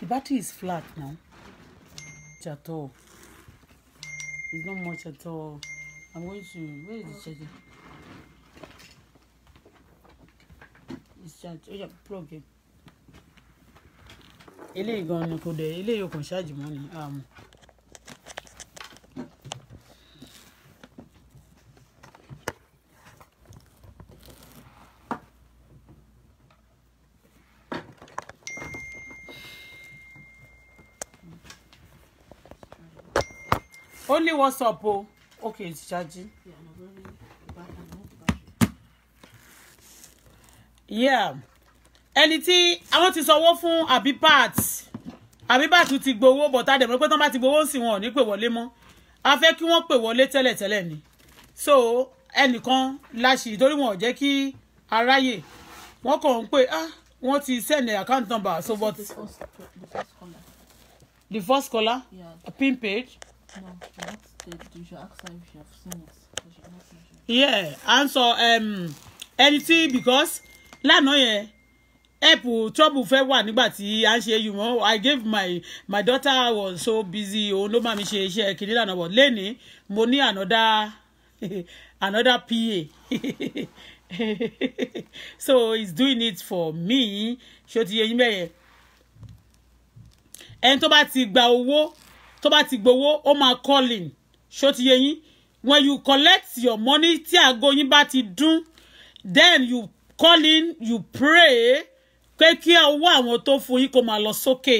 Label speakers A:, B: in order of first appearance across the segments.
A: The battery is flat now. At all. It's not much at all. I'm going to. Where is the charger? It's charged. Oh, yeah, plug it. Eléyìí gan ni kò dẹ̀ eléyìí ò kàn ṣáàjì mọ́ ni. Um, what's up o oh? okay it's charging yeah ẹni tí àwọn to sanwó fún a big ti A big a to mọ̀ pé tán bá ti gbowó sí wọn ò ní pè wọlé mọ́ a fẹ́ kí wọ́n pè wọlé tẹ́lẹ̀tẹ́lẹ̀ ni so any. láṣì torí wọn ò jẹ́ kí aráyè wọ́n kàn ń pè ah wọ́n you send the account number so what? the first caller yeah. A pin page yeah and so um, anything because lánàá yẹn help trouble fẹ́ wà nígbà tí a ń ṣe you know i gave my my daughter was so busy òun ló máa mi ṣe iṣẹ́ kìnìún lànà but lẹ́ni mo ní another another pa so he's doing it for me ṣó ti yẹ yín bẹ́ẹ̀ yẹn ẹni tó bá ti gba owó tó bá ti gbowó ó máa calling ṣó ti yé yín when you collect your money tí aago yín bá ti dún then you calling. you pray pé kí owó àwọn tó fún yín kó máa lọ sókè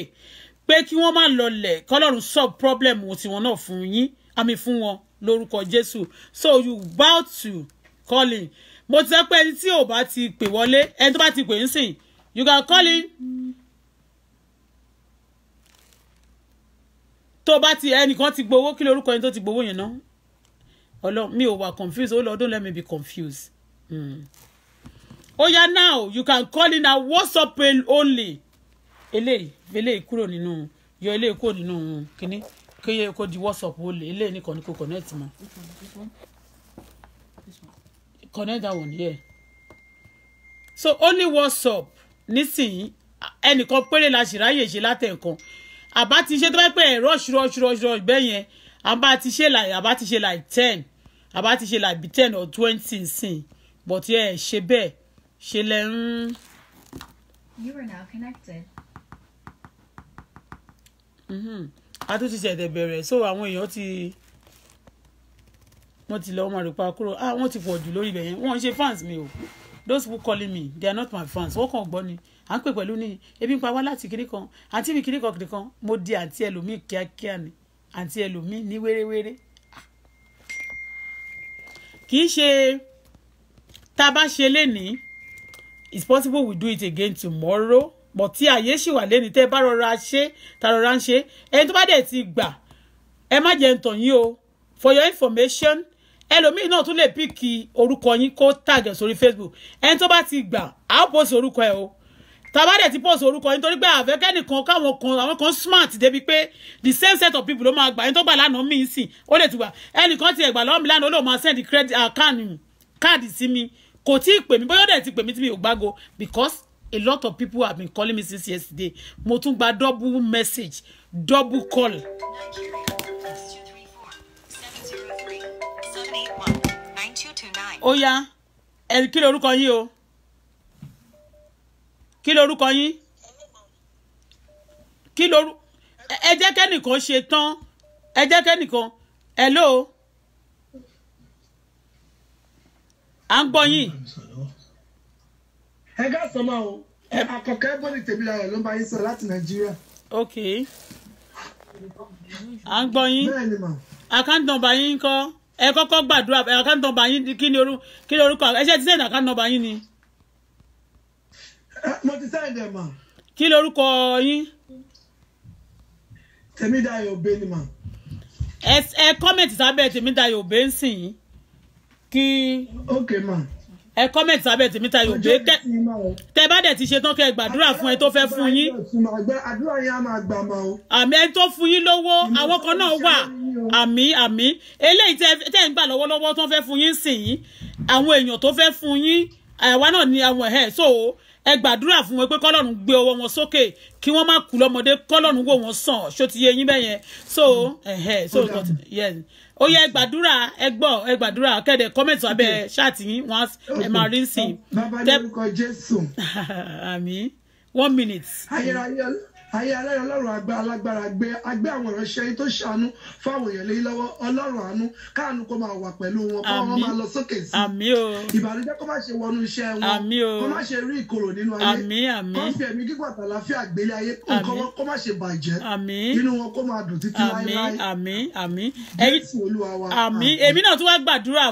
A: pé kí wọ́n máa lọlẹ̀ kọ́lọ́run solve problem tiwọn náà fún yín àmì fún wọn lórúkọ Jésù so you bow to calling mo ti sọ pé ẹni tí ò bá ti pè wọlé ẹni tó bá ti pè ń sìn you can calling. Mm -hmm. tó bá ti ẹnìkan ti gbowó kí lórúkọ ẹni tó ti gbowó yẹn ná ọlọ́run mi ò wà confused ó lọ don't let me be confused. Mm. ó yá now you can call in na whatsapp only eléyìí eléyìí kúrò nínú yọ eléyìí kúrò nínú kínní kéye kó di whatsapp only eléyìí nìkan ni kò connect mọ́ connect that one here so only whatsapp nísìnyí ẹnìkan péré la ṣì ráyè ṣe látẹ̀ẹ̀kan àbá ti ṣe tó bá pẹ́ rush rush rush rush bẹ́ẹ̀ àbá ti ṣe like àbá ti ṣe like ten àbá ti ṣe like ten or twenty nsìn but ẹ ṣe bẹ́ẹ̀ ṣe lẹ
B: you are now connected.
A: Mm-hmm. a tún ti ṣẹ̀dẹ̀ bẹ̀rẹ̀ so àwọn èèyàn ti wọ́n ti lọ ọmọ rẹ̀ pa kúrò ah wọ́n ti pọ̀ jù lórí ibẹ̀ yẹn wọ́n ń ṣe fans mi o those who calling me they are not my fans wọ́n kàn gbọ́ ni à ń pè pẹ̀lú ní ebi ń pa wá láti kinní kan àǹtí mi kinní kan kan mo di àǹtí ẹlòmíì kíákíá ni àǹtí ẹlòmíì ní wéréwéré kì í ṣe tá a bá ṣe lénìí it's possible we do it again tomorrow but tí àyè ṣì wà lénìí tẹ́ ẹ bá rọra ṣe tá a rọra ń ṣe ẹni tó bá dẹ̀ ti gbà ẹ má jẹ́ ń yín o for your information ẹlòmíì náà tún lè píkì orúkọ yín kó tàgẹ̀ sórí Facebook ẹni tó bá ti gbà á post orúkọ ẹ o tàbá dẹ̀ ti post orúkọ yín torí pé àfẹ́kẹ́ nìkan káwọn kan àwọn kan smart débi pé the same set of people ló máa gbà yín tó gbà lánàá mí ń sìn ó lè ti wà ẹnìkan ti ẹ̀gbà lọ́wọ́ mi lánàá ó lè máa send credit káàdì uh, sí mi kò tí ì pè mí bóyá dẹ̀ ti pè mí tí mi ò gbágo because a lot of people have been calling me since yesterday mo tún gba double message double call. ó yá ẹ kí lorúkọ yín o kí lorúkọ yín kí lorú ẹ jẹ́ kẹ́nìkan ṣe tán ẹ jẹ́ kẹ́nìkan hello à ń gbọ́
B: yín. ẹ ká sọ máa o àkọ́kẹ́ bọ́ọ̀lì tèmi lára ló ń bá
A: yín sọ láti nàìjíríà. ok à ń gbọ́ yín àkáǹtì yín kọ́ ẹ kọ́kọ́ gbàdúrà àkáǹtì yín kí ni orúkọ ẹ ṣe ti sẹ́yìn àkáǹtì yín ni mo ti sẹ́yìn dẹ̀ mà. kí lorúkọ yín. Tèmídayọ̀ Òbé ni mà. ẹ ẹ kọ́mẹ̀tì sábẹ́ Tèmídayọ̀ Òbé ń sìn yín kí. ok ma. ẹ kọ́mẹ̀tì sábẹ́ Tèmídayọ̀ Òbé kẹ tẹ bá dẹ̀ ti ṣe tán kẹ gbàdúrà fún ẹ tó fẹ́ fún yín.
B: àdúrà yẹn á máa gbà mà o.
A: àmì ẹni tó fún yín lówó àwọn kan náà wà àmì àmì eléyìí tẹ ń gbà lọ́wọ́lọ́wọ́ tó fẹ́ fún yín sìn yín àwọn èèyàn tó fẹ́ fún yín àwa náà ni àwọn ẹ̀ so ẹ gbàdúrà fún wọn pé kọ́lọ́run gbé ọwọ́ wọn sókè kí wọ́n má kú lọ́mọdé kọ́lọ́run wò wọ́n sàn ṣó ti yé yín bẹ́ẹ̀ yẹn so ẹ̀hẹ́ so ó yẹ ẹ gbàdúrà ẹ gbọ́ ẹ gbàdúrà kẹ́dẹ̀ kọ́mẹ̀tì abẹ́ ṣáàtì yín wọ́n ẹ máa rí sí i. bàbá lórúkọ Jésù. one minute. ayérayé
B: ọlọ́run ayé aláyọ̀ ọlọ́run àgbà alágbára gbé agbé àwọn ìránṣẹ́ yìí tó ṣàánú fáwọn èèyàn lé lọ́wọ́ ọlọ́run àánú káàánú kó máa wà pẹ̀lú wọn kó wọn máa lọ sókè
A: sí ìbànújẹ́ kó má ṣe wọnú iṣẹ́ wọn kó má ṣe rí ìkorò nínú ayé kó fi ẹ̀mí gígùn àtàlàfíà gbélé ayé nǹkan kó má ṣe bàjẹ́ inú wọn kó máa dùn títí láéláé jésù olúwa wa àmín èmi náà tún wá gbàdúrà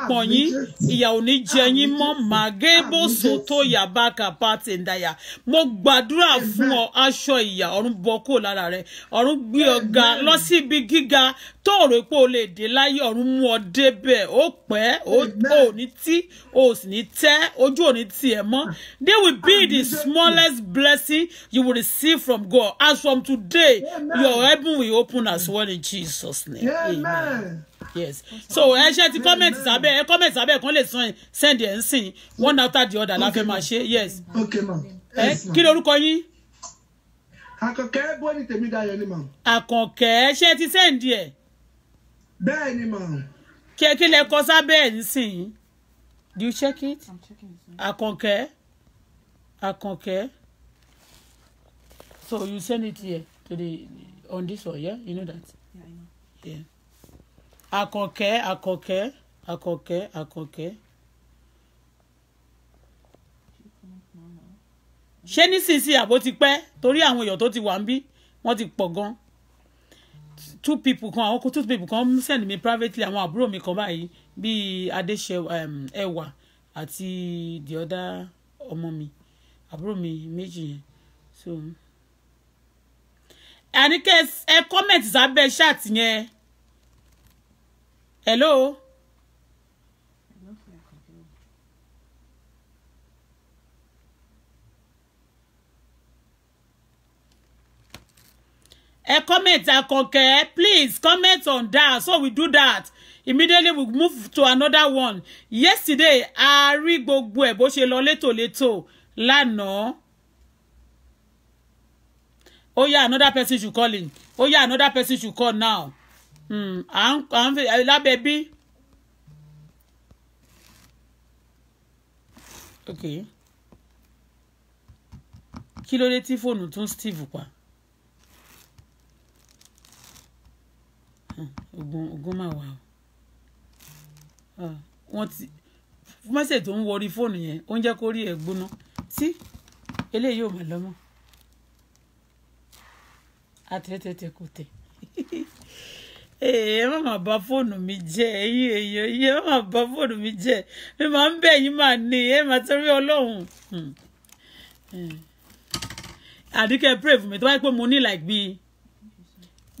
A: fún yín ìyà ò ní jẹ yín mọ́ màgébò sòtó yàbá kàpá tèǹdàyà mo gbàdúrà fún ọ aṣọ ìyà ọ̀run bọ́ kó lára rẹ ọ̀run gbé ọ ga lọ sí gíga tó rò pé o lè dé láyé ọ̀run mú ọ débẹ̀ ó pẹ́ ó ní tí ó sì ní tẹ́ ojú ò ní tì ẹ́ mọ́ they will be the smallest blessing you will receive from God as from today your heaven will open as well in Jesus name
C: Amen.
A: yes so ẹ ṣe ti comment sábẹ́ ẹ comment sábẹ́ kan lè send send ẹ ń one after the other la fẹ́ máa ṣe yes. okay ma ẹ kí lorúkọ yín. Àkànkẹ́ bọ́ọ̀nì tèmi dayọ̀ ni mà. Àkànkẹ́ ṣé ti sẹ́ǹdì ẹ̀ bẹ́ẹ̀ ni mà. kí ẹ kí lẹ kọ sábẹ́ ẹ̀ nísìnyí do you check it àkànkẹ́ àkànkẹ́ so you send it here to the on this one yeah you know that yeah, I know. yeah. àkànkẹ́ àkànkẹ́ àkànkẹ́ àkànkẹ́. ṣé nísinsìnyí àbó ti pẹ́ torí àwọn èèyàn tó ti wà ń bí wọ́n ti pọ̀ gan-an two people kan àwọn two people kan send me privately àwọn àbúrò mi kan báyìí bíi adéṣe um, ẹwà àti the other ọmọ mi àbúrò mi méjì yẹn so. àníkẹ́ ẹ kọ́mẹ̀tì sábẹ́ ṣáàtì yẹn hello. A comment akànkẹ́ please comment on that so we do that immediately we move to another one yesterday a rí gbogbo ẹ̀ bó ṣe lọ létòlétò lánàá ó yá another person should call in Oh yeah, another person should call now Hmm. ń eh, lábẹ́ okay kí ló dé tí fóònù tún steve pa. ogun ogun máa wà o ah, wọ́n ti mẹ́sẹ̀ tó ń wọrí fóònù yẹn ó ń jẹ́ kó rí ẹ̀ gbóná tí eléyìí ò mà lọ́mọ́ àtẹ̀tẹ̀tẹ̀ kò tẹ̀ ẹ má má bà fóònù mi jẹ́ ẹ̀yin èèyàn yìí ẹ má má bà fóònù mi jẹ́ mi máa ń bẹ̀ yín máa ní ẹ má torí ọlọ́run hmm. hmm. àdìkẹ́ pray fún mi tó bá yẹ pé mo ní like bíi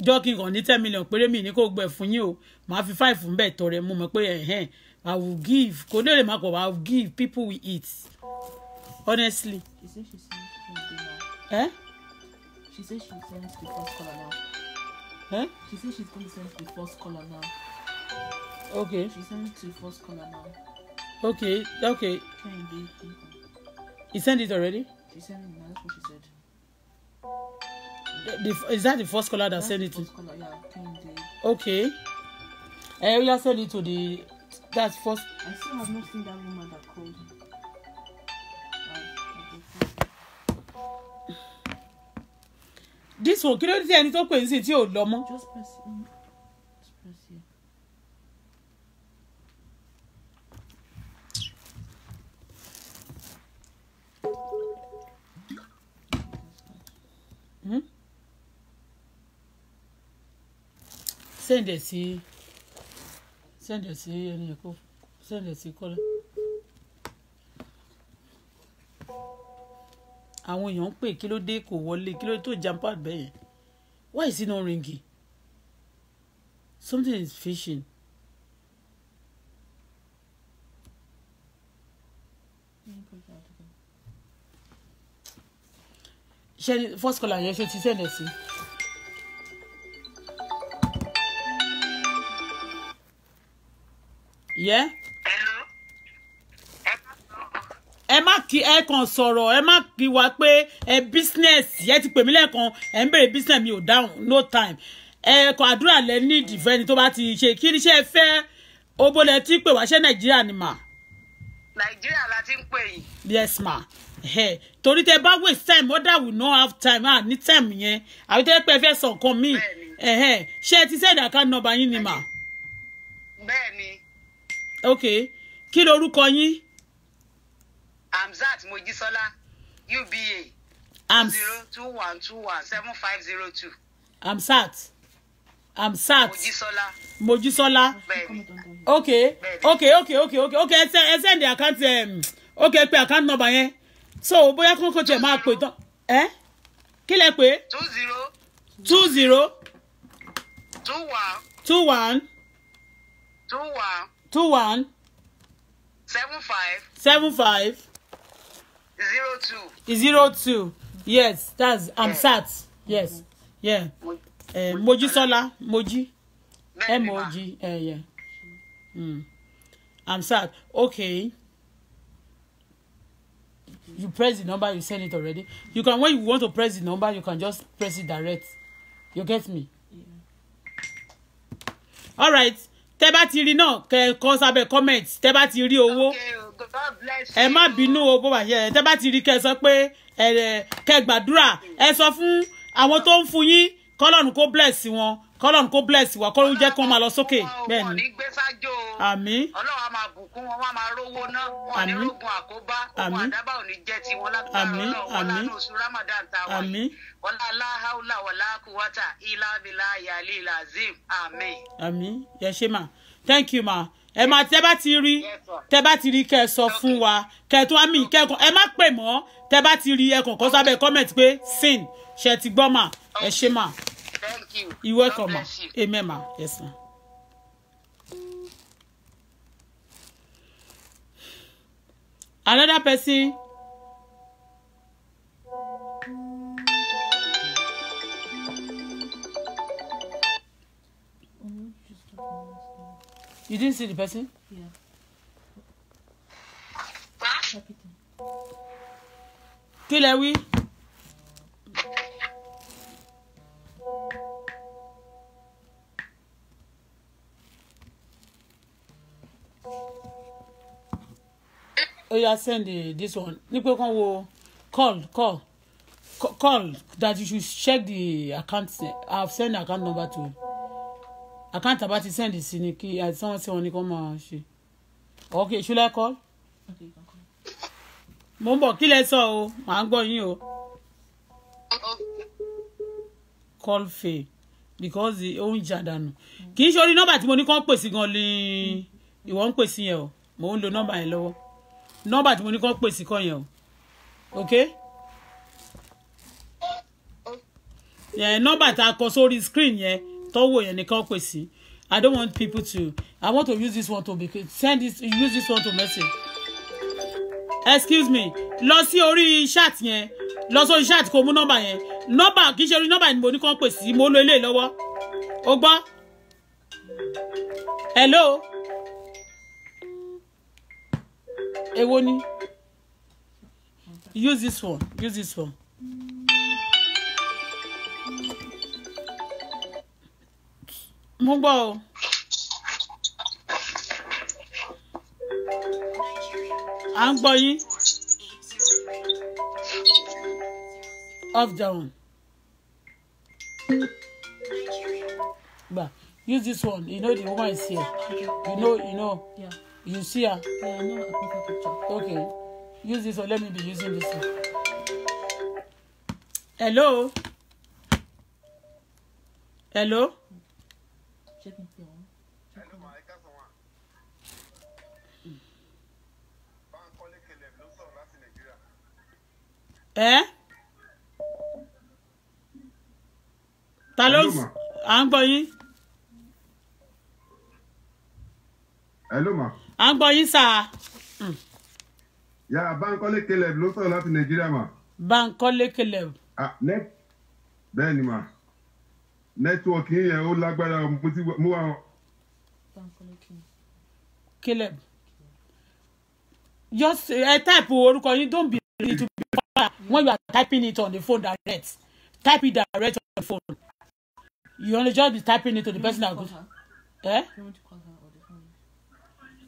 A: jọ́kìn kan ní ten million péré mi ní kò gbẹ fún yín o màá fi five ń bẹ̀ tọrẹ mo mọ̀ pé ẹ̀hẹ́n I will give kò ní èrè máa pọ̀ I will give people will eat honestly. She
D: she sent eh? She sent the first caller now. Eh? She say she's going to send the first caller now. Okay. She sent the first caller now.
A: Okay, okay. Can sent it already? She sent
D: it That's what she said the, is that the
A: first caller that That's send it to caller, yeah, okay eh oya send it to the that first. i still have not seen that woman that called this one kí ló dé ẹni tó pè é sí tí ò lọ mọ́. just press. Mm send ẹ̀ sí send ẹ̀ sí ẹni ẹ̀kọ́ send ẹ̀ sí kọ́lá. àwọn èèyàn ń pè kí ló dé kò wọlé kí ló dé tó jam pad why is it not ringing something is fishing. ṣe ni first caller yẹn ṣe ti send ẹ̀ sí. Si. Yeah. ẹ má kí ẹ kàn sọ̀rọ̀ ẹ má kí wa pé ẹ business ẹ ti pè mí lẹ́ẹ̀kan ẹ ń bèrè business mi ò dáhùn no time ẹ kọ àdúrà lẹ ní ìdìfẹ́ ni tó bá ti ṣe kí níṣẹ́ fẹ́ obólẹ̀ tí pè wá ṣẹ́ nàìjíríà ni mà.
E: nàìjíríà la ti ń pè yìí.
A: yes ma torí tẹ bá waste time mother we no have time ah ní time yẹn àbí tẹ pẹ fẹ́ sọ nǹkan míì ṣé ẹ ti sẹ́ẹ̀dà ká nọmba yín ni mà. bẹ́ẹ̀ni ok kí lorúkọ yín.
E: Amzat Mojisola. UBA zero two one two one seven five zero two.
A: Amzat Amzat Mojísọ́lá Mojísọ́lá ok ok ok ok ok ok ẹ send ẹ send account ok pe account number yẹn so bóyá kókó tiẹ̀ máa pè tán ẹ kí lẹ pè. two zero two zero two one two one
E: two one two one. seven five.
A: seven five.
E: zero
A: two. zero two yes that's I'm amsat yes yeah mojisola moji moji yeah mm. Hmm. sad. okay you press the number you send it already you can when you want to press the number you can just press it direct you get me yeah. all right tẹ bá ti rí náà kẹ kọ sábẹ́ comment tẹ bá ti rí owó oh, ẹ má bínú o bó bá tẹ bá ti rí kẹ sọ pé ẹ kẹ gbàdúrà ẹ sọ fún àwọn tó ń fún yín kọlọ́run kó bless wọn kọ́lọ́n kó bless wa kọ́lọ́n jẹ́ kí wọ́n máa lọ sókè bẹ́ẹ̀ ni àmín ọlọ́run á máa bùkún wọn wọ́n á máa rówó ná wọn ní rogun àkóbá
E: òun àdábà ò ní jẹ́ tiwọn lágbára ọlọ́run wọn lánà oṣù Ramadan táwọn yìí wọn lálá haúlà wọn lákùwátà ilá abilá yàlí lazim àmín.
A: àmín ẹ ṣé ma thank you ma ẹ máa tẹ bá ti rí tẹ bá ti rí kẹ ẹ sọ fún wa kẹ ẹ tún á mì kẹ ẹ má pè mọ́ tẹ bá ti rí ẹ kàn kọ sábẹ́ comment pé sin ṣe ti gbọ́ mà ẹ ṣé mà. Thank you. You're welcome. God bless you. Amen, ma. Yes, ma. Another person. You didn't see the person? Yeah. Kí lẹ wí? ó yá send the, this one ní pé kàn wo call call call that you should check the account i have sent account number to account number ti send sí ni kí àti sọ́wọ́n sí wọn ni kò máa ṣe okay should i call. Okay, mo ń bọ̀ kí lẹ sọ o màá gbọ́ yín o. call fail because the ń jà dànù kì í ṣe orí nọ́mbà tí mo ní kàn pèsè gan-an ni ìwọ ń pèsè yẹn o mò ń lo nọ́mbà yẹn lọ́wọ́ nọ́mbà tí mo ní kàn pè sí kàn yẹn o ok yẹn tá a kọ sórí screen yẹn tọ́wọ́ yẹn nìkan pè sí i don't want people to i want to use this one to be send this use this one to message excuse me lọ sí orí chat yẹn lọ sórí chat kó mú nọ́mbà yẹn nọ́mbà kì í ṣe orí nọ́mbà ni mo ní kàn pè sí mo lo eléyìí lọ́wọ́ o gbọ́ hello. èwo ni use this one use this one. mo gbọ́ o. à ń gbọ́ yín. off down. But use this one. You know the woman is here. You know, you know. Yeah. You see her? Yeah, uh, I know Okay. Use this one. Let me be using this one. Hello? Hello? ẹ eh? ta ló à ń gbọ́ yín. hello ma à ń gbọ́ yín sà. Hmm.
B: ya Bankole Caleb ló sọ̀rọ̀ láti Nàìjíríà ma.
A: Bankole Caleb.
B: bẹ́ẹ̀ ni mà nẹ́tíwọ̀kì yẹn ó
A: lágbára mú wa. Bankole Caleb. just ẹ táìpù orúkọ yín don't be ready to be far when you are typing it on the phone direct type it direct on the phone you only just be typing it to the person that go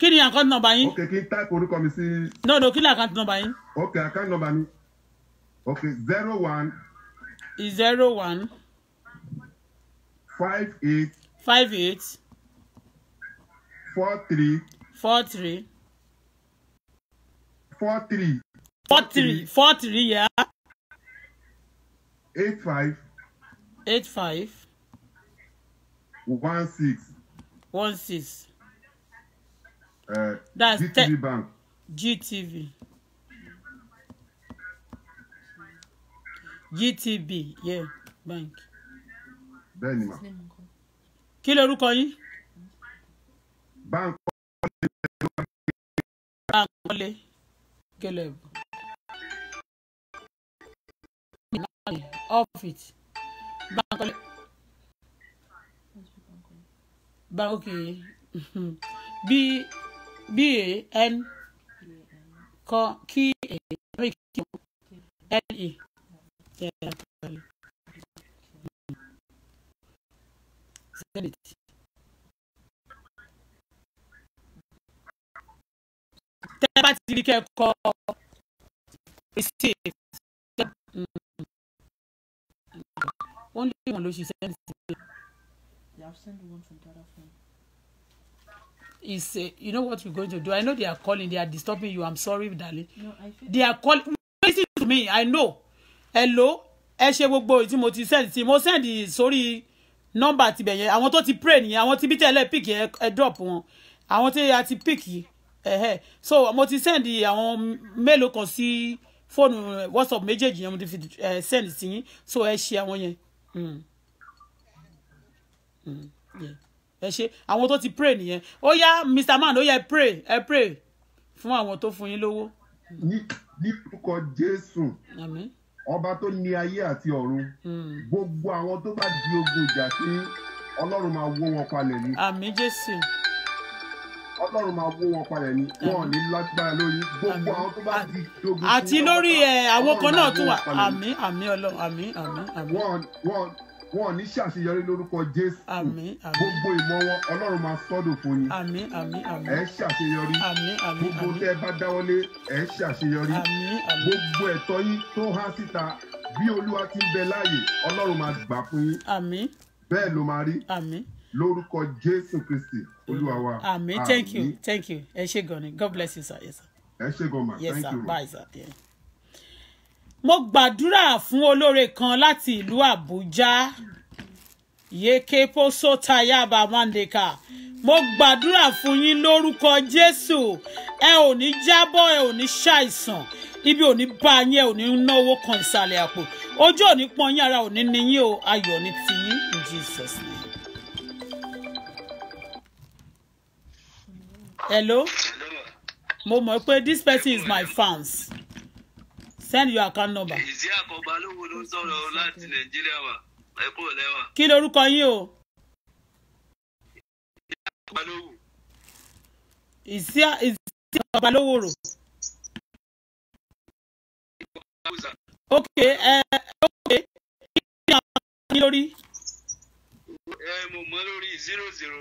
A: kí ni àkáǹtì nọ́mbà yín. ok kí n type orúkọ mi sí. no no kí ni àkáǹtì nọ́mbà yín. ok àkáǹtì nọ́mbà mi ok zero one. zero one. five eight. five eight. four three. four three. four three. four three four three yeah. eight five. eight five.
B: one six.
A: one six. Eh, That's GTV Bank. GTV. GTB, yeah, bank. Bẹ́ẹ̀ni ma. Kí lorúkọ yín? Báńkọ́lé. Báńkọ́lé. Caleb. Off it. Báńkọ́lé. Báńkọ́lé. Bá ok. Bí b a n K E n e send bá ti rí kẹ́kọ̀ọ́ receive only ní sílẹ̀. you have sent is uh, you know what you're going to do i know they are calling they are disturbing you i'm sorry darling
F: no, I feel
D: they
A: are calling listen to me i know hello ẹ ṣe gbogbo tí mo ti send tí mo send sórí nọ́mbà tibẹ̀ yẹn àwọn tó ti pray nìyẹn àwọn tí bí tẹ́lẹ̀ pick yẹn ẹ drop wọn àwọn tí a ti pick yìí ẹ̀hẹ́ so mo ti send àwọn mélòó kan sí fóònù whatsapp méjèèjì yẹn mo ti fi send sí yín so ẹ ṣe àwọn yẹn. Mm. Mm. Yeah ẹ ṣe àwọn tó ti pray nìyẹn ó yá mr man ó yá pray ẹ pray fún àwọn tó fún yín lówó.
B: ní orúkọ jésù ọba tó ní ayé àti ọ̀run hmm. gbogbo àwọn tó bá di ogun ìjà sí ọlọ́run máa wó wọn palẹ̀ ni. àmín jésù. Ọlọ́run máa wó wọn palẹ̀ ni wọn ò ní lágbára lórí gbogbo àwọn tó bá di dogun.
A: àti lórí eh, àwọn kan náà tún wà àmín
B: àmín Ọlọ́run àmín àmín àmín wọn ò ní ṣàṣeyọrí lórúkọ jésù gbogbo ìmọ̀ wọn ọlọ́run máa sọ́dọ̀ fún
A: yín ẹ ṣàṣeyọrí
B: gbogbo tẹ́ ẹ bá dáwọ́lé ẹ ṣàṣeyọrí gbogbo ẹ̀tọ́ yín tó há síta bí olúwa ti ń bẹ láàyè ọlọ́run máa gbà fún yín bẹ́ẹ̀ ló máa rí lórúkọ jésù kristi olúwa wa. àmín thank you
A: thank you ẹ ṣé gan ni god bless you sir. ẹ ṣé gan ma thank you ma. yes sir bye sir. Yeah mo gbàdúrà fún olóore kan láti ìlú àbújá yeke poso tayaba mandeka mo gbàdúrà fún yín lórúkọ jésù ẹ ò ní jábọ́ ẹ ò ní ṣàìsàn ibi ò ní bá yín ẹ ò ní náwó kan ìsàlẹ̀ àpò ojú ò ní pọ́n yín ara ò ní ní o ayọ̀ ní tiyín in jesus name. hello mo mọ̀ pé this person is my fans send your account number. ìsí
E: àkọ́bá lówó ló ń sọ̀rọ̀ láti nàìjíríà wá ẹ kúrò lẹ́wà.
A: kí lorúkọ yín o. ìsí àkọ́bá lówó rò. ok ok kí ni àwọn lórí. mo mọ lórí zero zero.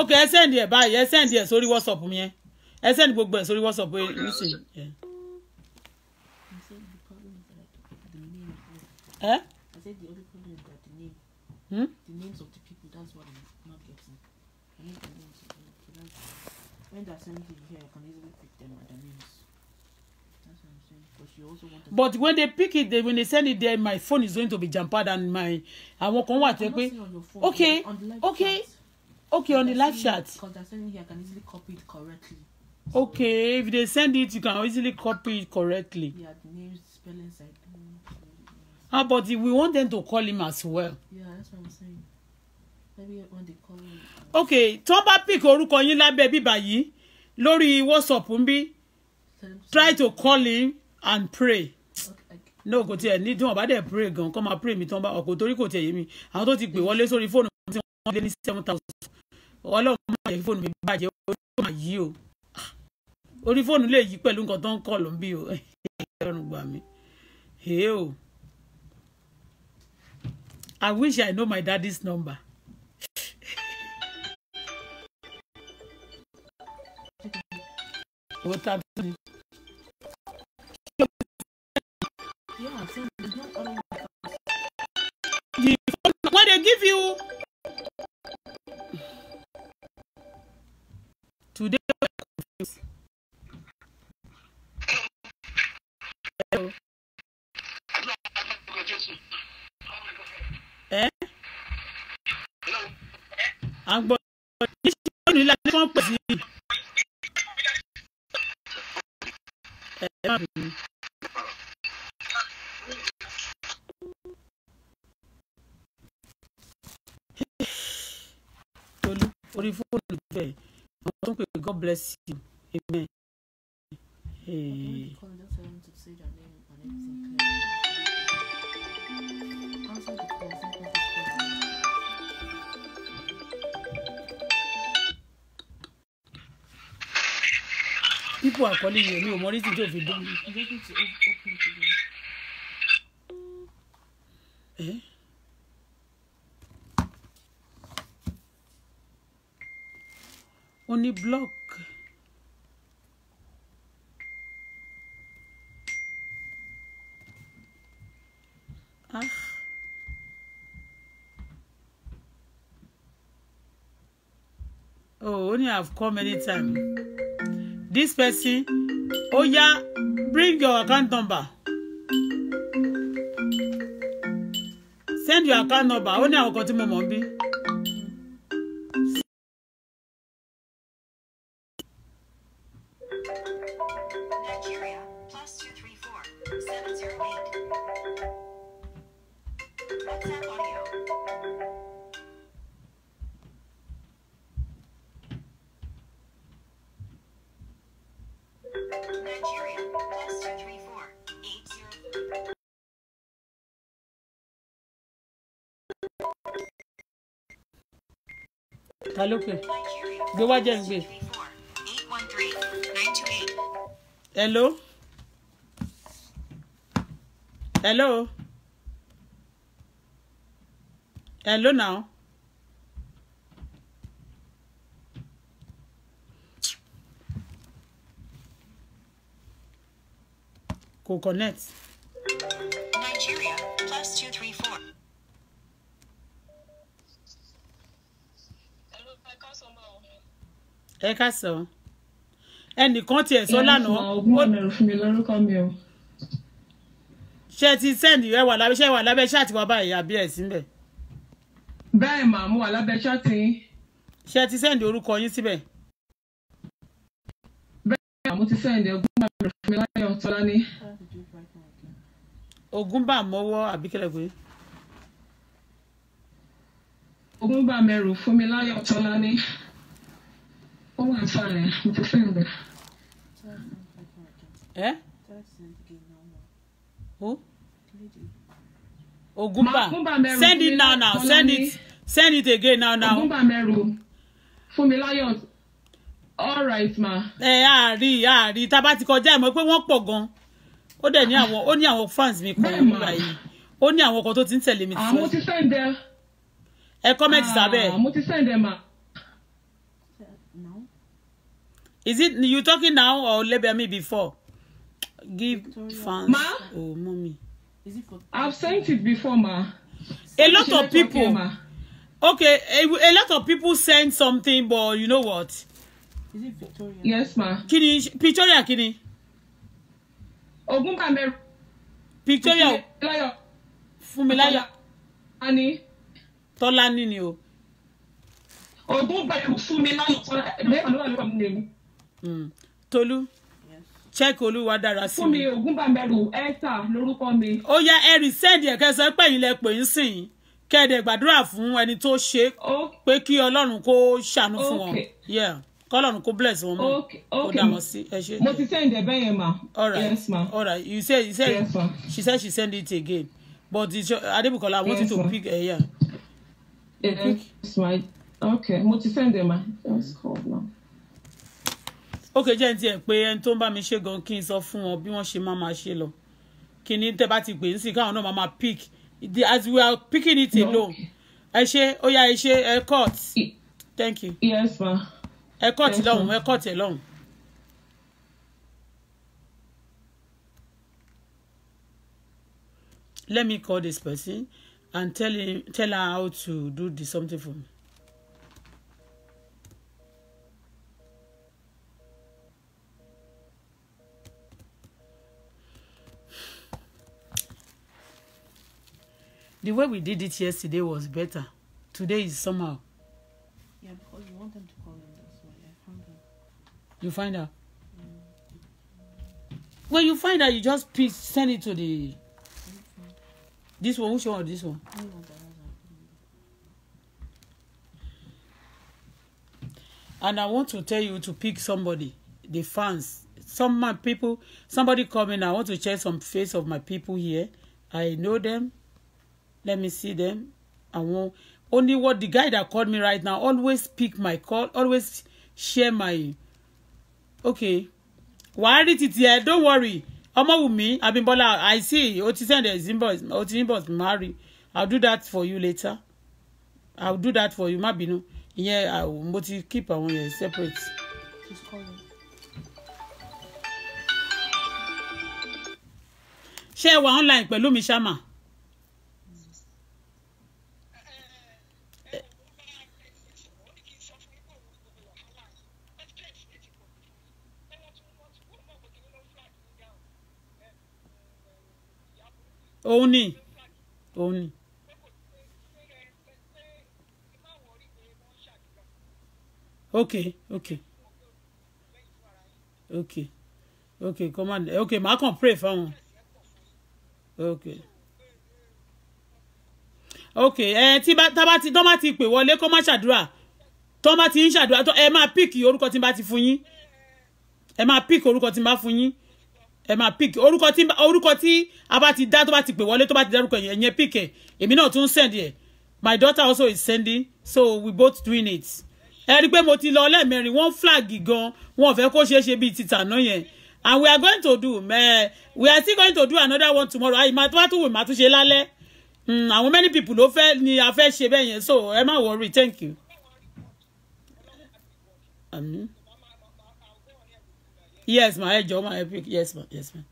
A: ok ẹ sẹ́ndì ẹ̀ báyìí ẹ sẹ́ndì ẹ̀ sórí wọ́sọ̀pù mi yẹn ẹ sẹ́ndì gbogbo ẹ̀ sórí wọ́sọ̀pù yẹn nísìnyí.
D: Eh? I said the only problem is that the name. Hmm? The names of the people, that's what I'm
A: not getting. I need the names of the
D: people. When they're sending here, I can easily pick them at the names.
A: but when they pick it they, when they send it there my phone is going to be jampered and my àwọn kan wà tó pé okay okay okay on the live chat so okay if they send it you can easily copy it correctly.
D: Yeah, the name, spelling,
A: Ah, but we want them to call him as well. Yeah, that's what I'm saying. Maybe when they call him. Okay, tó bá pick orúkọ yín lábẹ́ bíbá yìí lórí WhatsApp ń bí try to call him and pray. No, kò tiẹ̀ ní tí wọ́n bá dẹ̀ pray gan kọ́ máa pray mi tán bá ọkọ̀ torí kò tiẹ̀ yé mi. Àwọn tó ti pè wọlé sórí fóònù tí wọ́n lé ní seven thousand. Ọlọ́run máa yẹ fóònù mi bàjẹ́ orí fóònù máa yí o. Orí fóònù lè yí pẹ̀lú nǹkan tó ń kọ̀ ló ń bí o. Ẹ ẹ̀ ẹ̀ ẹ̀ ẹ̀ ẹ̀ ẹ̀ ẹ̀ ẹ̀ ẹ̀ ẹ̀ ẹ̀ ẹ̀ I wish I know my daddy's number. What I'm saying. Yeah, What they give you? Today. Hello. ẹ. Eh? àgbọ̀ yìí ṣe nílá tí wọ́n pè sí. ẹ má bínú. tolú orí fóònù bẹ́ẹ̀ àwọn tó ń pè God bless you amen. Hey. pípò àkọlé yìí mi ò mọ rísì tó fi dán mi. Eh? ó ní block. Ah. Oh, only I've come anytime this person oya oh bring your account number send your account number ó ní àwọn kan tí mo mọ̀ bí. ta ló pè
F: gbé wá jẹ́ gbé.
A: hello hello hello now. kò connect. ẹ ká sọ ẹnìkan tiẹ̀ sọ lánàá. ọgbọ́n mi ò fún mi lórúkọ mi o. ṣé ti sẹ́ndì ẹ wà lábẹ́ ṣé ẹ wà lábẹ́ àti bàbá ìyá bí ẹ̀ síbẹ̀. bẹ́ẹ̀ màá mú wà lábẹ́ ṣọ́ọ̀tì. ṣé ti sẹ́ndì orúkọ yín síbẹ̀. bẹ́ẹ̀ màá mú ti sẹ́ndì ọgbọ́n mi ò fún mi láyọ̀ tọ́lá ní. ogun mọ́wọ́ àbíkẹ́lẹ̀ pé. ogun mẹ́rù
C: fún mi láyọ̀ tọ́lá ní ó wà fàlẹ̀ mo ti sẹ́ǹdẹ̀.
A: ẹ o send it now now send it send it again now now. ogunba mẹ́rù Fúnmiláyọ̀ all right ma. Eh, Ari, Ari. á rí tá a bá ti kọjá ẹ mọ̀ pé wọ́n pọ̀ gan ó dẹ̀ ní àwọn ó ní àwọn fans mi kan nígbà yìí ó ní àwọn ti ń tẹ̀lé mi. àwọn ti sẹ́ǹdẹ̀. ẹ kọ́mẹ̀tì ah, sábẹ́. àwọn ti ma. Is it you talking now or me before? Give fans. Ma? Oh, mommy. Is it for I've sent it before, ma. A lot of people. Okay, a, a lot of people send something, but you know what? Is it Victoria? Yes, ma. Kini, Victoria kini. Ogunbamere. Victoria. Fumilayo. Fumilayo. Ani. Tolani ni o. Ogunbamere Fumilayo Tolani. Mm. Tolú check olúwa dára sí mi. fún mi
E: ògúnbàmẹ́rù ẹ́sà lórúkọ mi.
A: ó yá ẹ̀rì sẹ́ẹ̀dì ẹ̀kẹ́ sọ pé ìyìnlẹ̀ pè ń sìn kẹ́ẹ̀dẹ̀ gbàdúrà fún ẹni tó ṣe pé kí ọlọ́run kó ṣàánú fún wọn kọlọ́run kó bless wọn mọ́ kó dá wọn sí ẹ ṣe. mo ti send ẹ bẹ́ẹ̀ yẹn ma. all right yes ma. all right you say you say yes, ma. she said she send it again but Adebukola I want yes, you to ma. pick ẹ̀yà.
C: Eh, yes ma okay mo ti send ẹ ma just call now
A: ókè jẹ́ tiẹ̀ pé ẹni tó ń bá mi ṣe gan kí n sọ fún ọ bí wọ́n ṣe máa máa ṣe lọ kí ni tẹ́ bá ti pè é káwọn náà máa máa pick as we are picking it alone ẹ ṣe ó yá ẹ ṣe ẹ cut thank you Yes, ẹ cut lọ́hùn ẹ cut ẹ lọ́hùn. let me call this person and tell him tell her how to do the something for me. the way we did it yesterday was better. Today is somehow.
D: Yeah, because you want them to call them. so yeah, find found
A: out. You find out. Mm. When you find out, you just pick, send it to the. Okay. This one, which one? Or this one. And I want to tell you to pick somebody, the fans, some my people, somebody coming. I want to check some face of my people here. I know them let me see them I àwọn only what the guy that called me right now always pick my call always share my okay wàá rí títí ẹ don't worry ọmọwùmí abimbola i see o ti send the inbox o ti inbox mari i'll do that for you later i'll do that for you má bínú ìyẹn ah, mo ti keep àwọn yẹn separate. She's calling. ṣé ẹ wà online pẹ̀lú mi ṣáma. òun ni òun ni. ok ok ok ok command ok màá kàn pray fáwọn ok ok ẹ tí bá tí tọ́ bá ti pè wọlé kó má ṣàdúrà tọ́ bá ti ń ṣàdúrà ẹ máa píìkì orúkọ tí n bá ti fún yín ẹ máa píìkì orúkọ tí n bá fún yín ẹ máa pick orúkọ tí orúkọ tí a bá ti dá tó bá ti pè wọlé tó bá ti dárúkọ yẹn yẹn pick ẹ èmi náà tún send ẹ my daughter also is sending so we both doing it ẹ rí i pé mo ti lọ lẹ́ẹ̀mẹrin wọ́n flag gan wọn ò fẹ́ kó ṣeé ṣe bíi títà náà yẹn and we are going to do uh, we are still going to do another one tomorrow ayi ma tó bá tún wò má tún ṣe lálẹ́ hmm, àwọn many people ló fẹ́ ni a fẹ́ ṣe bẹ́ẹ̀ yẹn so ẹ má worry thank you. Um yes my ẹ My ma ẹ yes ma yes ma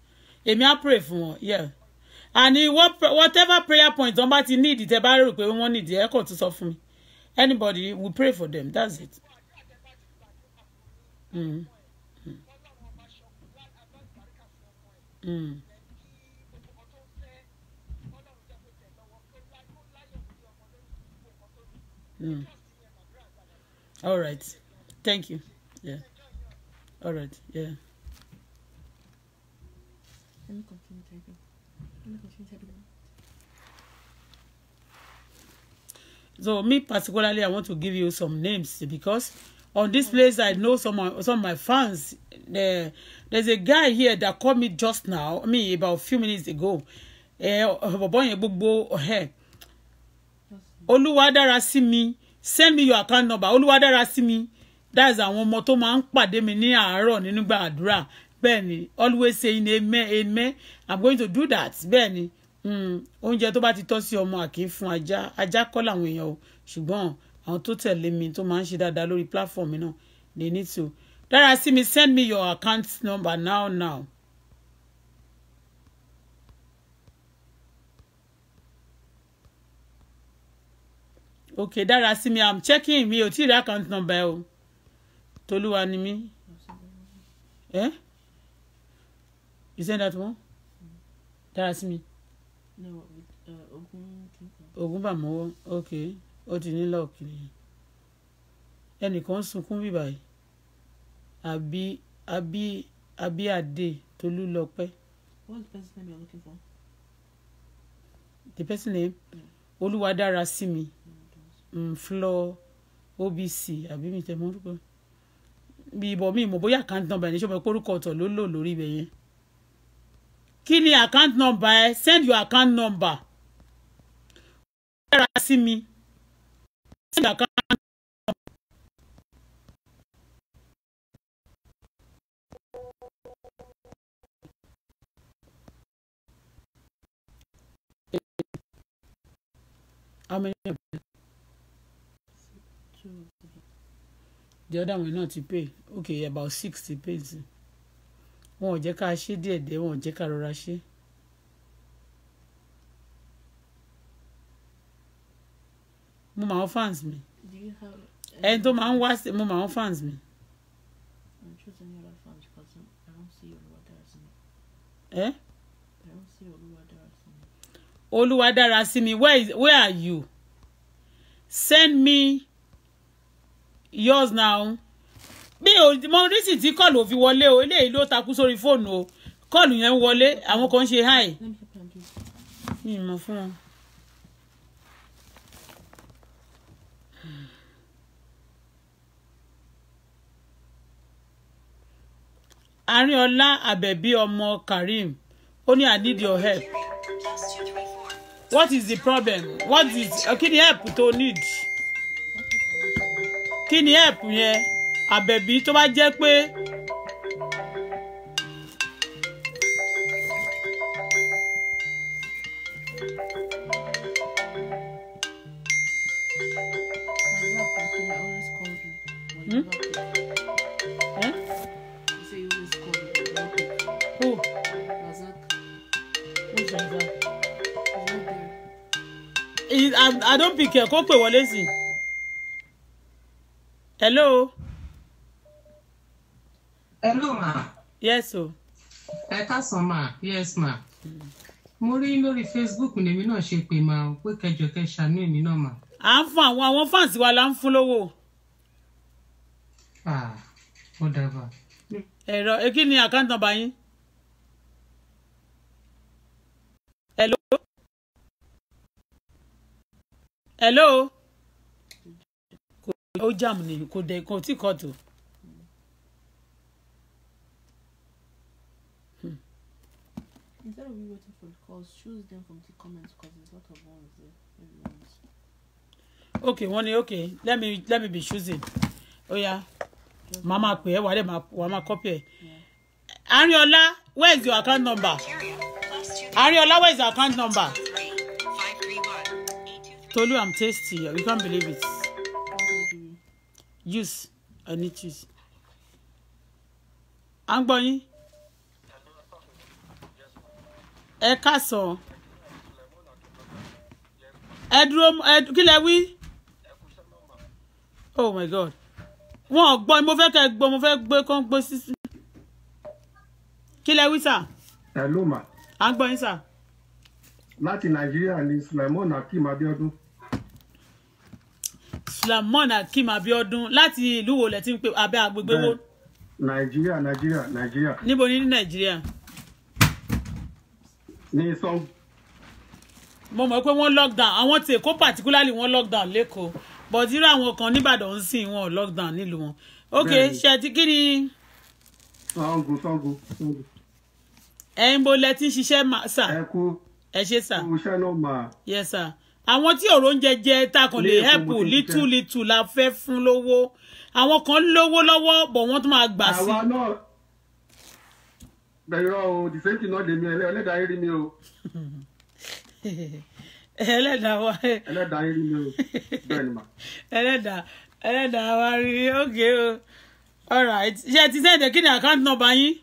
A: èmi á pray for wọn yeah and whatever prayer point somebody need tẹ bá rò pé want it. ẹ kàn to suffer. fún anybody we pray for them that's it. Hmm. Hmm. Mm. Mm. All right. Thank you. Yeah. All right, yeah.
D: Let me continue typing. Let me continue typing.
A: So me particularly, I want to give you some names because on this place I know some of, some of my fans. There, eh, there's a guy here that called me just now. I mean, about a few minutes ago. Uh, me. send me your account number. see me that's àwọn ọmọ tó máa ń pàdé mi ní àárọ̀ nínú gba àdúrà bẹ́ẹ̀ ni always saying amen amen i'm going to do that bẹ́ẹ̀ ni hmm, oúnjẹ tó bá ti tọ́ sí ọmọ àkì fún ajá ajá kọ́ làwọn èèyàn o ṣùgbọ́n àwọn tó tẹ̀lé mi tó máa ń ṣe dáadáa lórí platform mi náà they need to dára sí mi send me your account number now now. okay dára sí mi i'm checking mi ò tí ì rí account number o tolúwa ni mí ẹ you send that one dára sí mi ogun bàmọ́wọ́ ok ó ti ní lọ́ọ̀kì nìyẹn ẹnìkan sunkún bíbà yìí àbí àbí àbí àdè tolú lọ pẹ́.
D: what's the person name you're looking for.
A: the person name olúwa dára sí mi mm, floor obc àbí mi tẹ̀ mọ́ orúkọ bí ibọ̀ mi mọ̀ bóyá account number ẹ̀ ní sọ́mọ́ ìpórúkọ ọ̀tọ̀ ló lò lórí ibẹ̀ yẹn kí ni account number ẹ send your account number yára sí mi send your account number. the other one náà ti pay okay about six ti pay sí wọn ò jẹ́ ká ṣe díẹ̀díẹ̀ wọn ò jẹ́ ká rọra ṣe. mo mọ àwọn fans mi ẹni tó máa ń wá sí mo mọ àwọn fans mi. Eh? Olúwadarasimi where is where are you send me yours now mi ò mọ rísì tí kọ́ọ̀lù ò fi wọlé o eléyìí ló takú sórí fóònù o kọ́ọ̀lù yẹn ń wọlé àwọn kan ń ṣe hi mi ì mọ̀ fún wọn. Arínọlá Àbẹ̀bí ọmọ Karim ó ní I need your help what is the problem what is uh, kí ni help tó need kí ni help yẹn àbẹ̀bí tó bá jẹ́ pé
D: hmm? eh?
C: I, I don't pick her.
A: Kó pè wọlé sí i hello. hello ma. yes o. ẹ káàsán ma yes ma. mo rí lórí facebook lèmi náà ṣe pé ma pé kẹjọ kẹ ṣàánú èmi náà ma. à ń fún àwọn àwọn fans wa la ń fún lówó.
C: ah ó dábàá.
A: ẹ̀rọ ekí ni àkáǹtì nọ́mbà yín. hello. hello ó jàm ní kò dẹ̀ kò tí kò tó.
D: Hmm. Instead
A: Okay, wọ́n ní okay, let me let me be choosing. Oya, oh, yeah. màá máa pè é, wàá lè wàá máa copy ẹ̀. Ariola, where is your account number? Ariola, where is your account number? Tolu, I'm tasty. You can't believe it use i need to use. à ń gbọ́ yín. ẹ káàsán. ẹ dúró ẹ kí lẹ wí. oh my god. wọn ò gbọ́ mo fẹ́ kẹ́ gbọ́ mo fẹ́ gbé kán gbé sísú. kí lẹ wí sà. ẹ ló mà. à ń gbọ́ yín sà. láti nàìjíríà ni Sulaimon Akeem Abiodun. Sulamon Akim Abiodun láti ìlú wo lẹ ti ń pè abẹ́ agbègbè wo.
G: Nàìjíríà Nàìjíríà Nàìjíríà.
A: Níbo ni ní Nàìjíríà? Ní sọ́ọ̀. Mo mọ̀ pé wọ́n lockdown àwọn tí Èkó particularly wọ́n lockdown lẹ́kọ̀ọ́ but irú àwọn kan nìbàdàn ń sìn wọn lockdown nílùú wọn. Ok ṣe ti kí ni. Sango Sango Sango. Ẹ̀yin bo lẹ ti ń ṣiṣẹ́ sà. Ẹ kú. Ẹ ṣe sà. Mo ṣẹ́ náà mà. Yes sir àwọn tí ọ̀rọ̀ oúnjẹ jẹ ta kàn lè hẹ́pù lítú lítú la fẹ́ fún lówó àwọn kan lówó lọ́wọ́ bọ̀ wọ́n tún máa gbà sí. àwa náà
B: bẹ̀rẹ̀ o the same thing náà lè mi ẹlẹ́dàá rí mi o.
A: ẹlẹ́dàá wa ẹlẹ́dàá rí mi o bẹ́ẹ̀ ni mà. ẹlẹ́dàá wa rí mi ókè o all right ṣe ti sẹ́ǹdẹ̀ kí ni àkáǹtì nọ́mbà yín.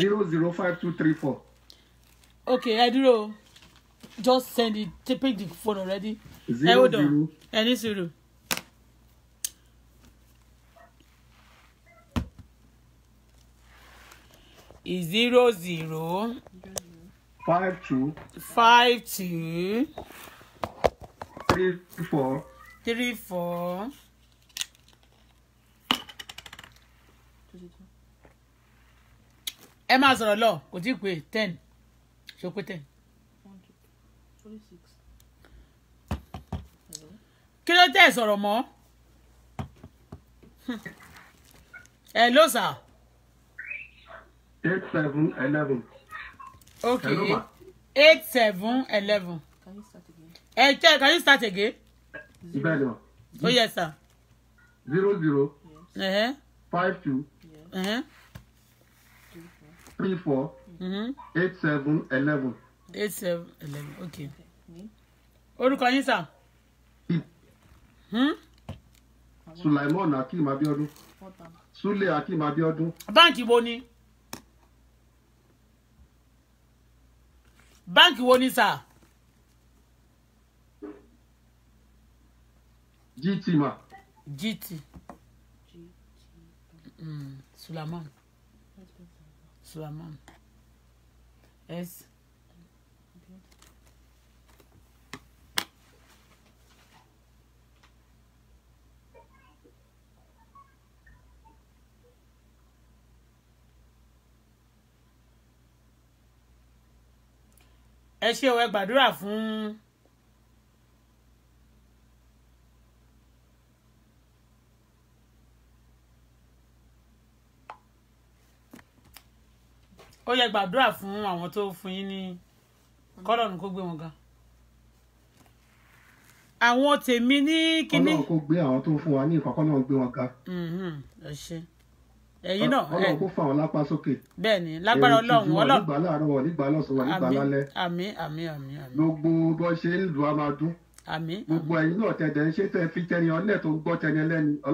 A: zero zero
B: five two three four
A: okay ẹ just send it take the phone already Zero zero. on zero. zero zero five two five two three four three four ẹ máa sọ̀rọ̀ lọ kò tí ì pé ten ṣé o pé kí ló tẹ̀ sọ̀rọ̀ mọ́ ẹ ló sà.
B: eight seven eleven.
A: okay eight seven eleven. can you start again. ẹ tẹ can start again. ìbẹ̀rẹ̀ o. oh yes sir. zero zero. Uh -huh. five two. Uh -huh. three four. Mhm.
B: eight seven eleven.
A: eight seven eleven okay. orúkọ yín sà.
B: Hmm? sulaimon Akim abiodun sule Akim abiodun. báǹkì wo ni.
A: báǹkì wo ni sà. gt ma. gt. Mm. Sulaiman. Sulaiman es ẹ ṣé o ẹ gbàdúrà fún ó yẹ gbàdúrà fún àwọn tó fún yín ní kọ́lọ́run kó gbé wọn ga àwọn tèmi ní kínní. Ọlọ́run
B: kó gbé àwọn tó fún wa ní ìkọ̀kọ̀ náà gbé wọn ga.
A: Mm-hmm. ẹ ṣe ẹ̀yin náà Ọlọ́run kó
B: fà wọn lápá sókè.
A: bẹ́ẹ̀ni lágbára Ọlọ́run Ọlọ́run nígbà
H: láàárọ̀ wọn nígbà lọ́sàn wọn nígbà lálẹ́.
A: àmín àmín àmín
H: àmín. gbogbo bó ṣe ń lu a máa
B: dún. àmín. gbogbo ẹ̀yin náà tẹdẹ ń ṣe tẹ fi tẹni ọlẹ tó ń gbọ́ tẹni a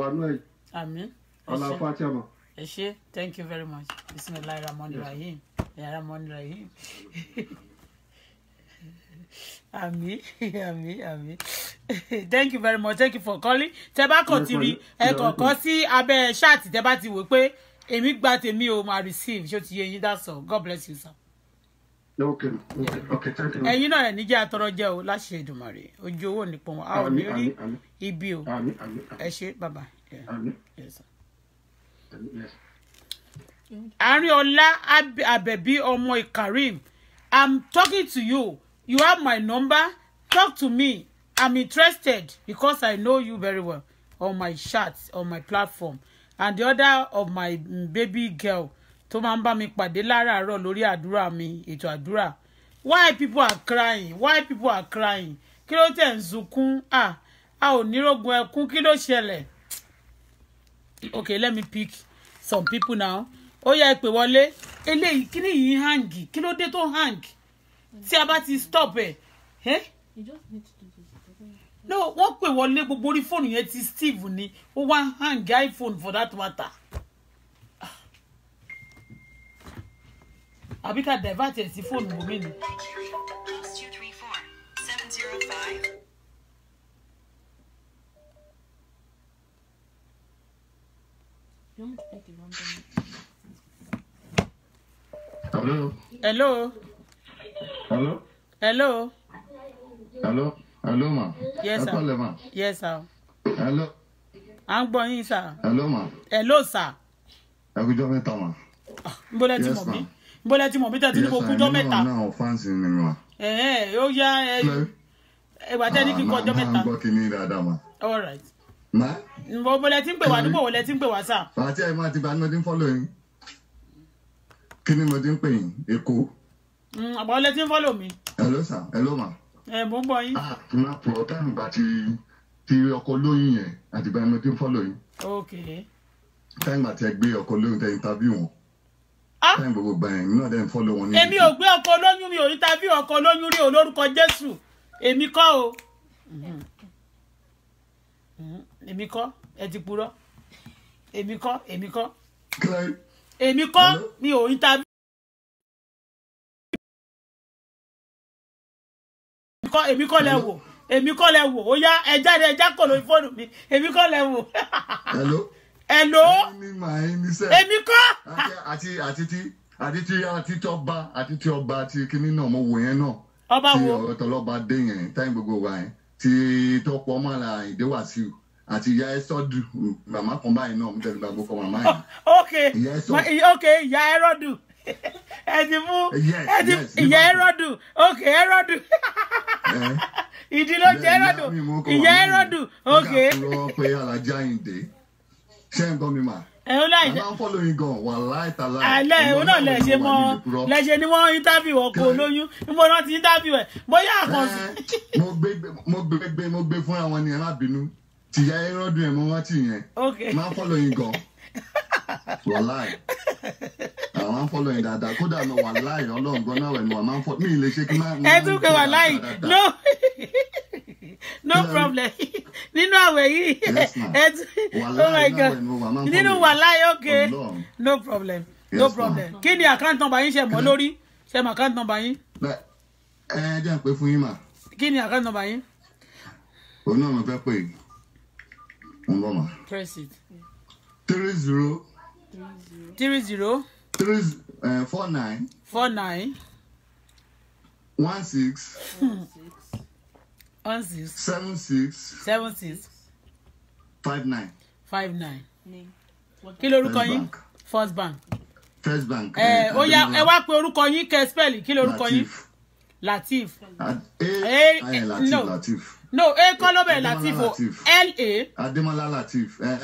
B: wà nú ẹ.
A: àmín. Ọlọ́run ẹ ṣé thank you very much bisimilahi ramoni rahim ramoni rahim àmì àmì àmì thank you very much thank you for calling tẹ bá kàn ti rí ẹ kọ̀ọ̀kan sí abẹ́ ṣáàtì tẹ ti wò pé èmi gba tèmi o máa receive ṣó ti yé yín that's all god bless you sir.
I: okay okay
A: okay thank you. ẹ̀yin náà ní jẹ́ atọ́rọ́ jẹ́ o láṣẹ Èdùmàrè ojú owó nípọn a ò ní rí ibi o ẹ ṣé bàbá. yes sir. Ariola Abebi ọmọ Karim, I'm talking to you. You have my number. Talk to me. I'm interested because I know you very well on my chat, on my platform. And the other of my mm, baby girl Tomamba máa ń bá mi pàdé mi, Ito Adura. Why people are crying? Why people are crying? Kilo ten zukun ń Ah, a ò ní rògùn ẹkún okay let me pick some people now ó yá ìpè wọlé eléyìí kí ni yìí hang kí ló dé tó hang tí a bá ti stop ẹ ẹ no wọ́n pè wọlé gbogbo orí fóònù yẹn ti steve ni ó wá hang iphone for that matter àbí ká divert ẹ̀ sí fóònù bòmí ni. Hello. Hello. Hello. Hello. Hello. Hello, ma. Yes, sir. Hello, ma. Yes, sir. Hello. I'm going sir. Hello, ma. Hello, sir.
I: Ẹ kú ọjọ́ it ma.
A: Ah, níbo lẹ ti mọ̀ mí? Níbo lẹ ti mọ̀ mí tẹ́ Yes, ma.
I: Náà fáǹsì ni mi, ma.
A: Ẹ ẹ́ ó yá ẹ ìgbà tẹ́ ní kíkọ́ ah, ọjọ́ mẹ́ta. All right ma. ǹbọ̀ bọ̀lẹ̀ tí ń pè wá nígbà wo lẹ tí ń pè wá sà.
I: àti ẹ̀ máa ti bá ní ọdún fọ́lọ̀ yín kí ni mo ti ń pè yín èkó.
A: àbọ̀ lẹ tí ń fọ́lọ̀ mi.
I: hello sir hello ma.
A: ẹ mò ń bọ̀ yín. a
I: ti máa pọ̀ táìmù bá ti ti ọkọ lóyún yẹn àti bá ní ọdún yín. ok. táìmù àti ẹ e gbé ọkọ lóyún tẹ e interview wọn ah! táìmù gbogbo gbà yẹn náà dẹ́n fọ́lọ̀ wọn ní. èmi
A: ò gbé ọkọ lóyún mi ò interview ọkọ lóyún rí olórúkọ Jésù èmi kọ́ o. Mm-hmm. Mm-hmm èmi kọ́ ẹ ti purọ́ èmi kọ́ èmi kọ́ èmi kọ́ mi ò interview. èmi kọ́ lẹ wò èmi kọ́ lẹ wò ó yá ẹ jáde ẹ jákò lórí fóònù mi èmi kọ́ lẹ wò. hello. èmi kọ́.
I: àti àti ti àti ti àti ti ọba àti ti ọba àti kinní náà mo wò yẹn náà. ọba wo tí ọ̀tọ̀lọ́ba dé yẹn táyìn gbogbo wa yẹn tí tọ́pọ̀ ọmọ àlà ìdéwàsíù àti ìyá ẹsọdù màmá kan báyìí náà mo tẹ̀lé bá màmá yìí. ok
A: ok ìyá ẹrọdù ẹ ti mú ẹ ti ìyá ẹrọdù ok ẹrọdù ìdílé oúnjẹ ẹrọdù ìyá ẹrọdù ok.
I: ìgbà tó pé alájà yìí dé ṣé ń gbọ́ mi mà. ẹ̀hún láì ṣe àwọn fọ́lọ́ yín gan wà láìta láì. àlẹ́ ẹ̀hún náà lẹ̀ ṣe mọ́ lẹ̀ ṣe
A: ni wọ́n interview ọkọ̀ eh? olóyún níbo náà ti interview ẹ̀
I: bóyá àkànṣe. Eh? mo gbé mo gbé mo gbé fún àwọn ènìyàn lábínú tìyá ẹrọdún ẹ mọ wọn tì yẹn máa ń fọlọ yín gan wàláì àwọn máa ń fọlọ yín dáadáa kódà mi wàláì Ọlọ́run gan náà ẹnu wa máa ń fọ mí lè ṣe kí máa.
A: ẹ tún pé wàláì no no problem nínú àwẹ̀ yìí ẹ tún oh my god nínú wàláì okay no problem no problem kí ni account number yín ṣe mọ́ lórí ṣe mọ́ account number yín.
I: ẹ jẹ́ n pè fún yín mà.
A: kí ni account number yín.
I: òun náà mo fẹ́ pè yín. Ngoma. Press it. Three zero. Three zero. Three uh, four nine.
A: Four nine. One six. One six. Seven six. Seven six. Five nine. Five nine. Kí lorúkọ yín? First bank. First bank. Ẹ eh, eh, ó yá ẹ wá pé orúkọ yín kẹ́ spẹ́ẹ̀lì kí lorúkọ yín? Latif. Latif.
I: A A Latif. No. Latif
A: no a kọ́ ló bẹ̀rẹ̀ L A.
I: ademola latif eh,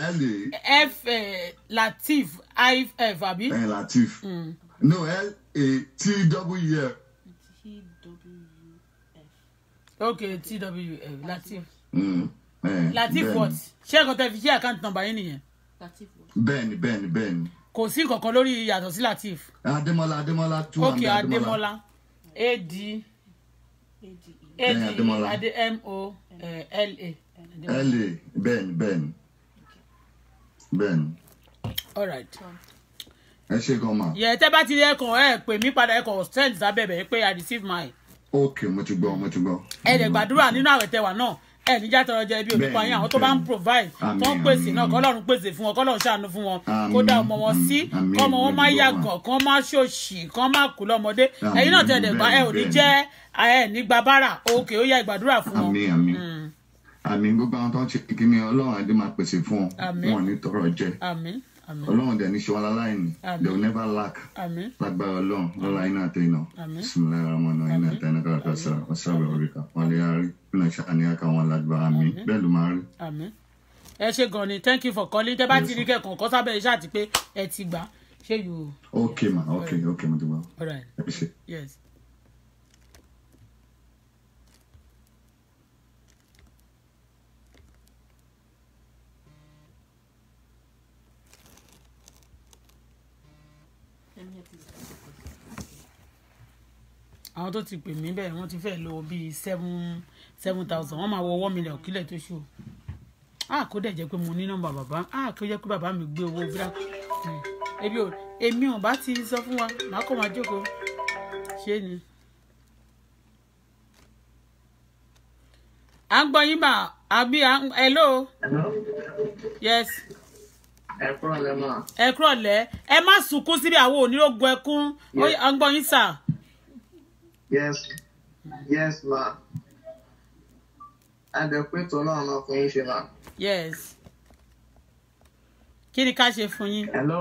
A: la f eh, latif if àbí. Eh, latif hmm.
I: no l a t w e
A: e f. okay t w e f latif. Hmm, latif ben. what ṣé nǹkan tẹ fi ṣe àkáǹtì nọ́mbà yín nìyẹn.
I: bẹ́ẹ̀ni bẹ́ẹ̀ni bẹ́ẹ̀ni.
A: kò sí kankan lórí yàtọ̀ sí latif.
I: ademola ademola two hundred ademola. Okay, ademola
A: ad. ad. Adémọ́lá Adé M O eh, L A.
I: L A Ben Ben Ben. all right ẹ ṣe gan ma.
A: yẹ tẹ bá ti rí ẹkàn ẹ pè mí padà ẹkàn send sábẹbẹ pé i receive my.
I: ok mo ti gbọ́ mo ti gbọ́.
A: ẹ lè gbàdúrà nínú àwẹ̀tẹ̀wà náà ẹ níjà tọrọ jẹ bí olùkọ́ yín àwọn tó bá ń provide tó ń pèsè náà kọ́lọ́run pèsè fún wọn kọ́lọ́run ṣàánú fún wọn kó dá ọmọ wọn sí kọ́mọ wọn má yàgàn kán má ṣòṣì kán má kú lọ́mọdé ẹ̀yin náà tẹ̀lé gbà ẹ ò ní jẹ́ ẹ ní gba bára òkè ó yá ìgbàdúrà fún wọn. Hmm.
I: àmín gbogbo àwọn tó ń ṣe kíkí ni ọlọ́run adé máa pèsè fún wọn wọn ò ní tọrọ jẹ.
B: àmín ọlọ́run
I: dẹ̀ ní ṣọwọ́ aláìní they will never lack lágbára ọlọ́run lọ́la iná àtẹ̀yìnà bisimilayi ramana iná àtẹ̀yìnà kàkà sára ọ̀sáwẹ̀ oríkà wọlé àárí pínlẹ̀ àníyá káwọn lágbára mi bẹ́ẹ̀ ló máa rí.
A: ẹ ṣe gan ni thank you for calling tẹ bá ti rí kẹkọọ kọ sábẹ iṣẹ àti pé ẹ ti gbà ṣé yóò. ok ma ok ok
H: mo ti gbà. all right
A: àwọn tó ti pè mí bẹ́ẹ̀ wọ́n ti fẹ́ lọ bíi seven seven thousand wọ́n máa wọ one million kílẹ̀ tó ṣù ah kó dẹ̀ jẹ́ pé mo ní nọ́mbà bàbá ah kó jẹ́ pé bàbá mi gbé owó bíra hmm. èmi ò èmi ò bá ti sọ fún wa màá kọ́ máa jókòó ṣé ni. à ń gbọ́ yín mà àbí à ń hello. yes.
E: ẹ kúrọ̀lẹ́ mà.
A: ẹ kúrọ̀lẹ́ ẹ má sunkún síbi àwọn onírògùn ẹkún à ń gbọ́ yín sà. Yes, yes, ma. Adẹ̀pẹ̀tò náà máa fún yín ṣe ma. Yes. Kí ni ká ṣe fún yín? Hello.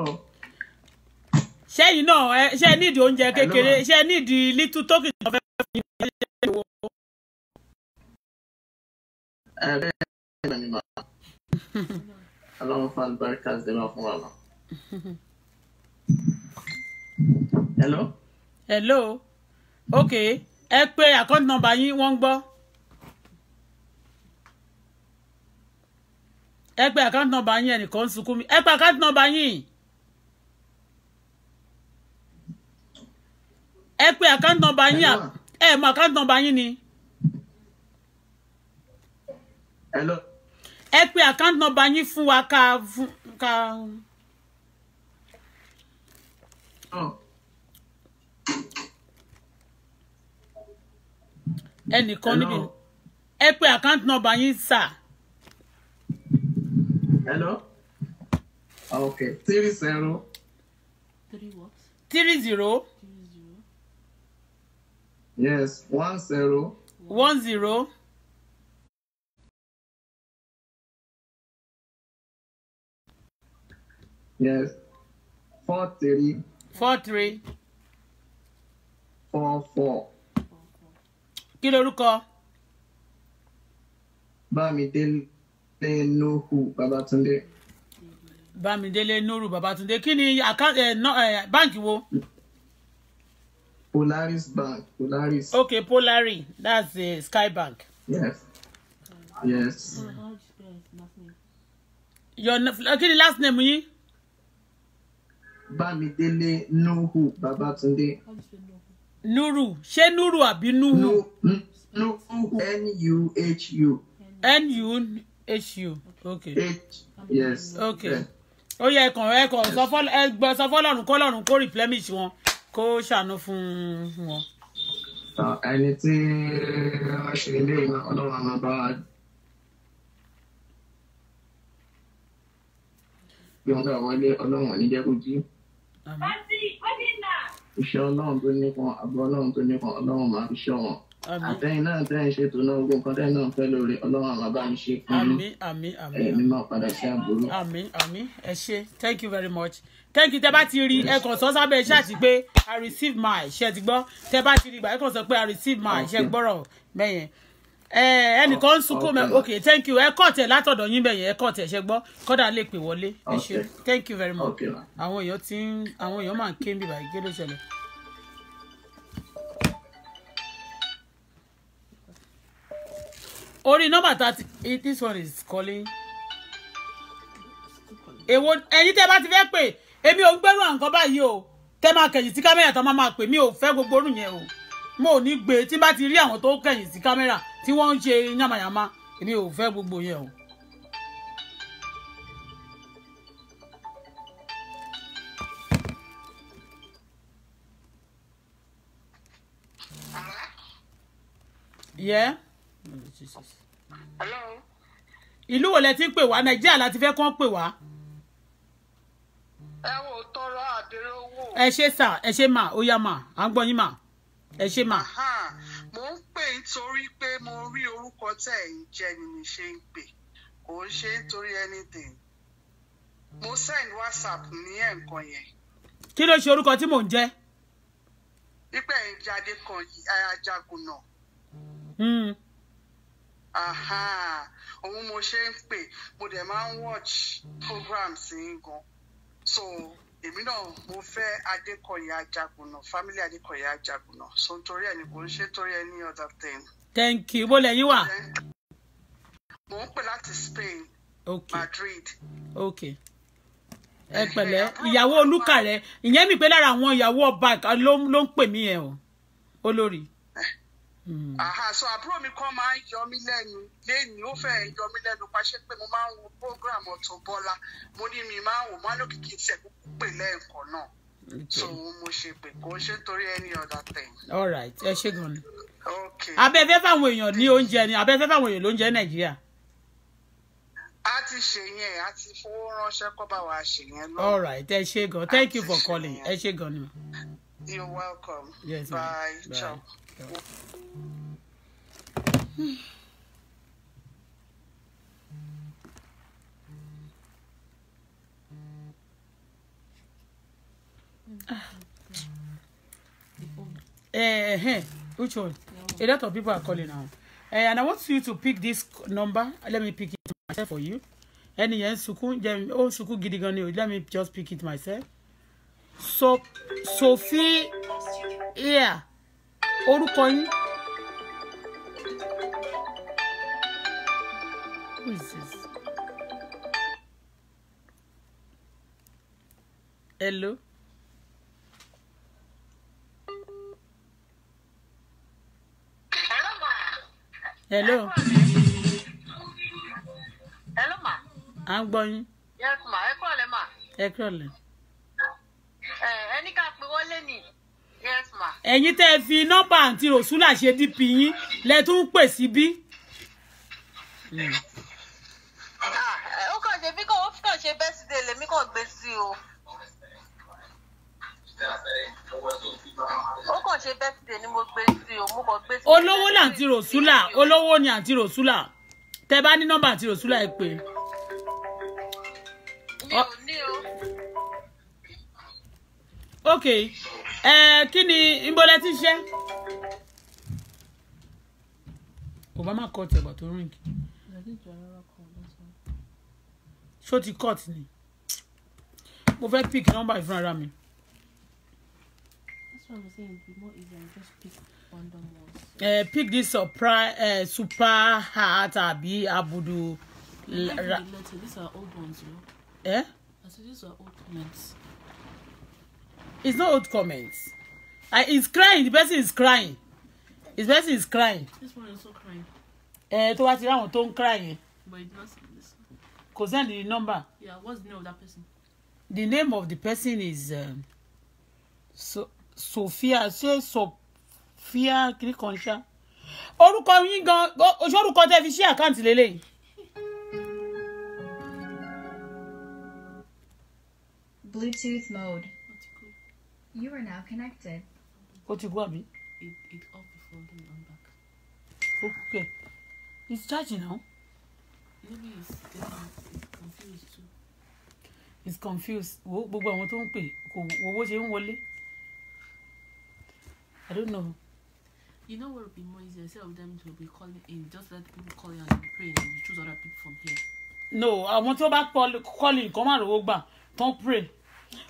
A: Ṣé ẹ̀yin náà ṣe nídìí oúnjẹ kékeré ṣe nídìí little talking tó fẹ́ fún yín ṣe ṣe wo? Ẹ̀rẹ́ ma.
I: Ọlọ́run fún àlùbáríkà ṣe máa fún wa ma.
A: Hello. Hello ok ẹ pé account number yín wọ́n ń gbọ́ ẹ pé account number yín ẹnìkan ń sunkún mi ẹ pé account number yín ẹ pé account number yín ẹ mọ account number yín ni. Hello. ẹ pé account number yín fún wa ká fún ká. Oh. ẹnìkan níbi ẹ pé account number yín sà. hello
H: ah, okay three zero.
A: three what? three zero. three zero.
H: yes one zero.
A: one zero. Yes. Four three. Four three.
H: Four four kí lorúkọ. bámidélé nóhù babátúndé.
A: bámidélé nóhù babátúndé kí ni báǹkì wo.
I: polaris bank polaris.
A: ok polari that's the sky bank.
I: yes yes.
A: your kí ni last name yín. bámidélé nóhù babatunde nuru ṣé nuru àbí nuhu. nuhu n u h u. n u h u okay. h yes. okay. Yeah ó yẹ ẹkàn ẹkàn ẹgbẹ sọ fọ́lọ́run kọ́lọ́run kó replenish wọn kó ṣàánú fún wọn.
H: ẹni tí wọ́n ṣe ilé ìwé ọlọ́run àwọn bá
I: bí wọ́n bá wọlé ọlọ́run ò ní jẹ́ kó jí. àmín iṣẹ́ ọlọ́run tó nípọn àbọ̀ ọlọ́run tó nípọn ọlọ́run máa fi ṣọ́ wọn àtẹ̀yìn náà tẹ̀yìn ṣètò náà ogun kan tẹ̀yìn náà fẹ́ lórí ọlọ́run àmọ́ bá ń ṣe fún
A: mi ẹ̀mí máa padà sí àbúrò. àmín àmín ẹ ṣé thank you very much thank you tẹ bá ti rí ẹkọ sọ sábẹ́ iṣẹ́ àti pé i receive my ṣe ti gbọ́ tẹ bá ti rí ẹkọ sọ pé i receive my ṣe gbọ́rọ̀ mẹyẹn Eh, ẹnìkan ń sunkún mẹ ok thank you ẹ kọ́ tẹ̀ látọ̀dọ̀ yín bẹ̀yẹ̀ ẹ kọ́ tẹ̀ ṣe gbọ́ kọ́dà lè pè wọlé ẹ thank you very much àwọn èèyàn ti ń àwọn èèyàn máa ń ké bíbá yìí kí ló ṣẹlẹ̀. orí nọ́mbà thirty eight this one is calling. èwo ẹ̀yin tẹ́ bá ti fẹ́ pè èmi ò gbẹ́rù àǹkan báyìí o tẹ́ máa kẹ̀yìn sí kámẹ́rà tó máa máa pè mí ò fẹ́ gbogbo orun yẹn o mo ò ní gbé tí bá ti rí àwọn tó kẹ̀yìn sí kámẹ́rà tí wọ́n ń ṣe yàmàyàmà èmi ò fẹ́ gbogbo yẹn o. Yeah. Hello. ìlú wo lẹ ti ń pè wá nàìjíríà láti fẹ́ kán pè wá.
E: ẹ wò tọrọ àdéhùn owó. ẹ ṣe sà
A: ẹ ṣe mà ó yá mà à ń gbọ́ yín mà ẹ ṣe mà
E: mo
J: ń pè nítorí pé mo rí orúkọ tẹ̀ ń jẹ́ ni mi ṣe ń pè kò ń ṣe nítorí anything mo send whatsapp ní ẹ̀ǹkan yẹn.
A: kí ló ṣe orúkọ tí mò ń jẹ́.
J: pípẹ́ ń jáde kan ajagunà. òun hmm. mo ṣe ń pè mo dẹ̀ máa ń watch programs yín gan so èmi náà mo fẹ́ adékọ̀yà ajagunà family adékọ̀yà ajagunà so nítorí ẹ̀ kò ń ṣe torí ẹ ní other
A: thank you bó lẹ́yìn wà.
J: mo ń pè láti Spain
A: okay. Madrid. Okay ẹ pẹ̀lẹ́ ìyàwó olúkà rẹ ìyẹn mi pé lára àwọn ìyàwó ọba ló ń pè mí ẹ o olórí.
J: Mm. so àbúrò mi kan máa ń yọ mí lẹ́nu lẹ́yìn ó fẹ́ mm. yọ mí lẹ́nu paṣẹ pé mo máa ń wo program Auto Bola mo ní mi máa ń wò má lókìkí tiẹ̀ kúkú pè lẹ́ẹ̀kan náà so mo ṣe pé kò ṣe torí any other
A: thing. all right ẹ ṣe gan ni abẹ́fẹ́ fáwọn èèyàn ní oúnjẹ ni abẹ́fẹ́ fáwọn èèyàn lóúnjẹ Nàìjíríà.
J: a ti ṣe yẹn a ti fowó
A: ránṣẹ́ kọ́ bá wa ṣe yẹn lọ. all right ẹ ṣe gan thank you for calling ẹ ṣe gan ni.
E: you're welcome yes, bye, bye. ciao. Uh,
A: which one? No. A lot of people are calling now. Uh, and I want you to pick this number. Let me pick it myself for you. Ẹni yẹn Oh, jẹ gidigani. Let me just pick it myself. So Sophie, yeah orúkọ yín. Who is this? Hello. Hello. Hello ma. À ń gbọ́ yín.
E: Yes ma, ẹ kúrọ̀lẹ́ ma. Ẹ kúrọ̀lẹ́. Ẹ ẹni ká pe wọlé ni
A: ẹ̀yin tẹ́ ẹ fi nọ́mbà àǹtí rọ̀ṣúlà ṣe dp yín lẹ tún pè sí bí.
E: Ah, ó kàn ṣe bí kò ó kàn ṣe bẹ́sídẹ̀ẹ́ lèmi kàn gbé sí o. ó kàn ṣe bẹ́sídẹ̀ẹ́ ni mo gbé sí o mo kàn gbé sí. olówó ni
A: àǹtí rọ̀ṣúlà olówó ni àǹtí rọ̀ṣúlà tẹ́ bá ní nọ́mbà àǹtí rọ̀ṣúlà ẹ pè. mi okay ẹ kí ni ìbọlẹ̀ ti ṣe. obama cut ẹ̀gbà tó rìn kì. ṣó ti cut ni mo fẹ́ pick nọ́mbà ìfúnra ara mi. That's pick this surprise, uh, super heart, àbí abudu. These Eh? I said these are old comments it's not old comments I, it's crying the person is crying the person is crying.
D: this one is so crying.
A: Eh, tó wá ti rí àwọn tó crying.
D: but it's not send this one. kò the number. yeah what's the name of that person.
A: the name of the person is um, so Sophia ṣe Sophia kirikanṣa orúkọ yín gan oṣù orúkọ tẹ́ fi ṣí àkáǹtì lélẹ́yìn.
C: Bluetooth mode.
B: You are now connected.
C: What you want me? It it off before
D: then on back.
A: Okay. It's charging now. Maybe it's, it's confused too. It's confused. Wo gbogbo àwọn tó ń pè kò wo bó ṣe ń wọlé. I don't know.
D: You know what would be more easier? Instead of them to be calling in, just let people call you and pray and you choose other people from here.
A: No, I want wọ́n back call Come on, máa rówó gbà tán pray.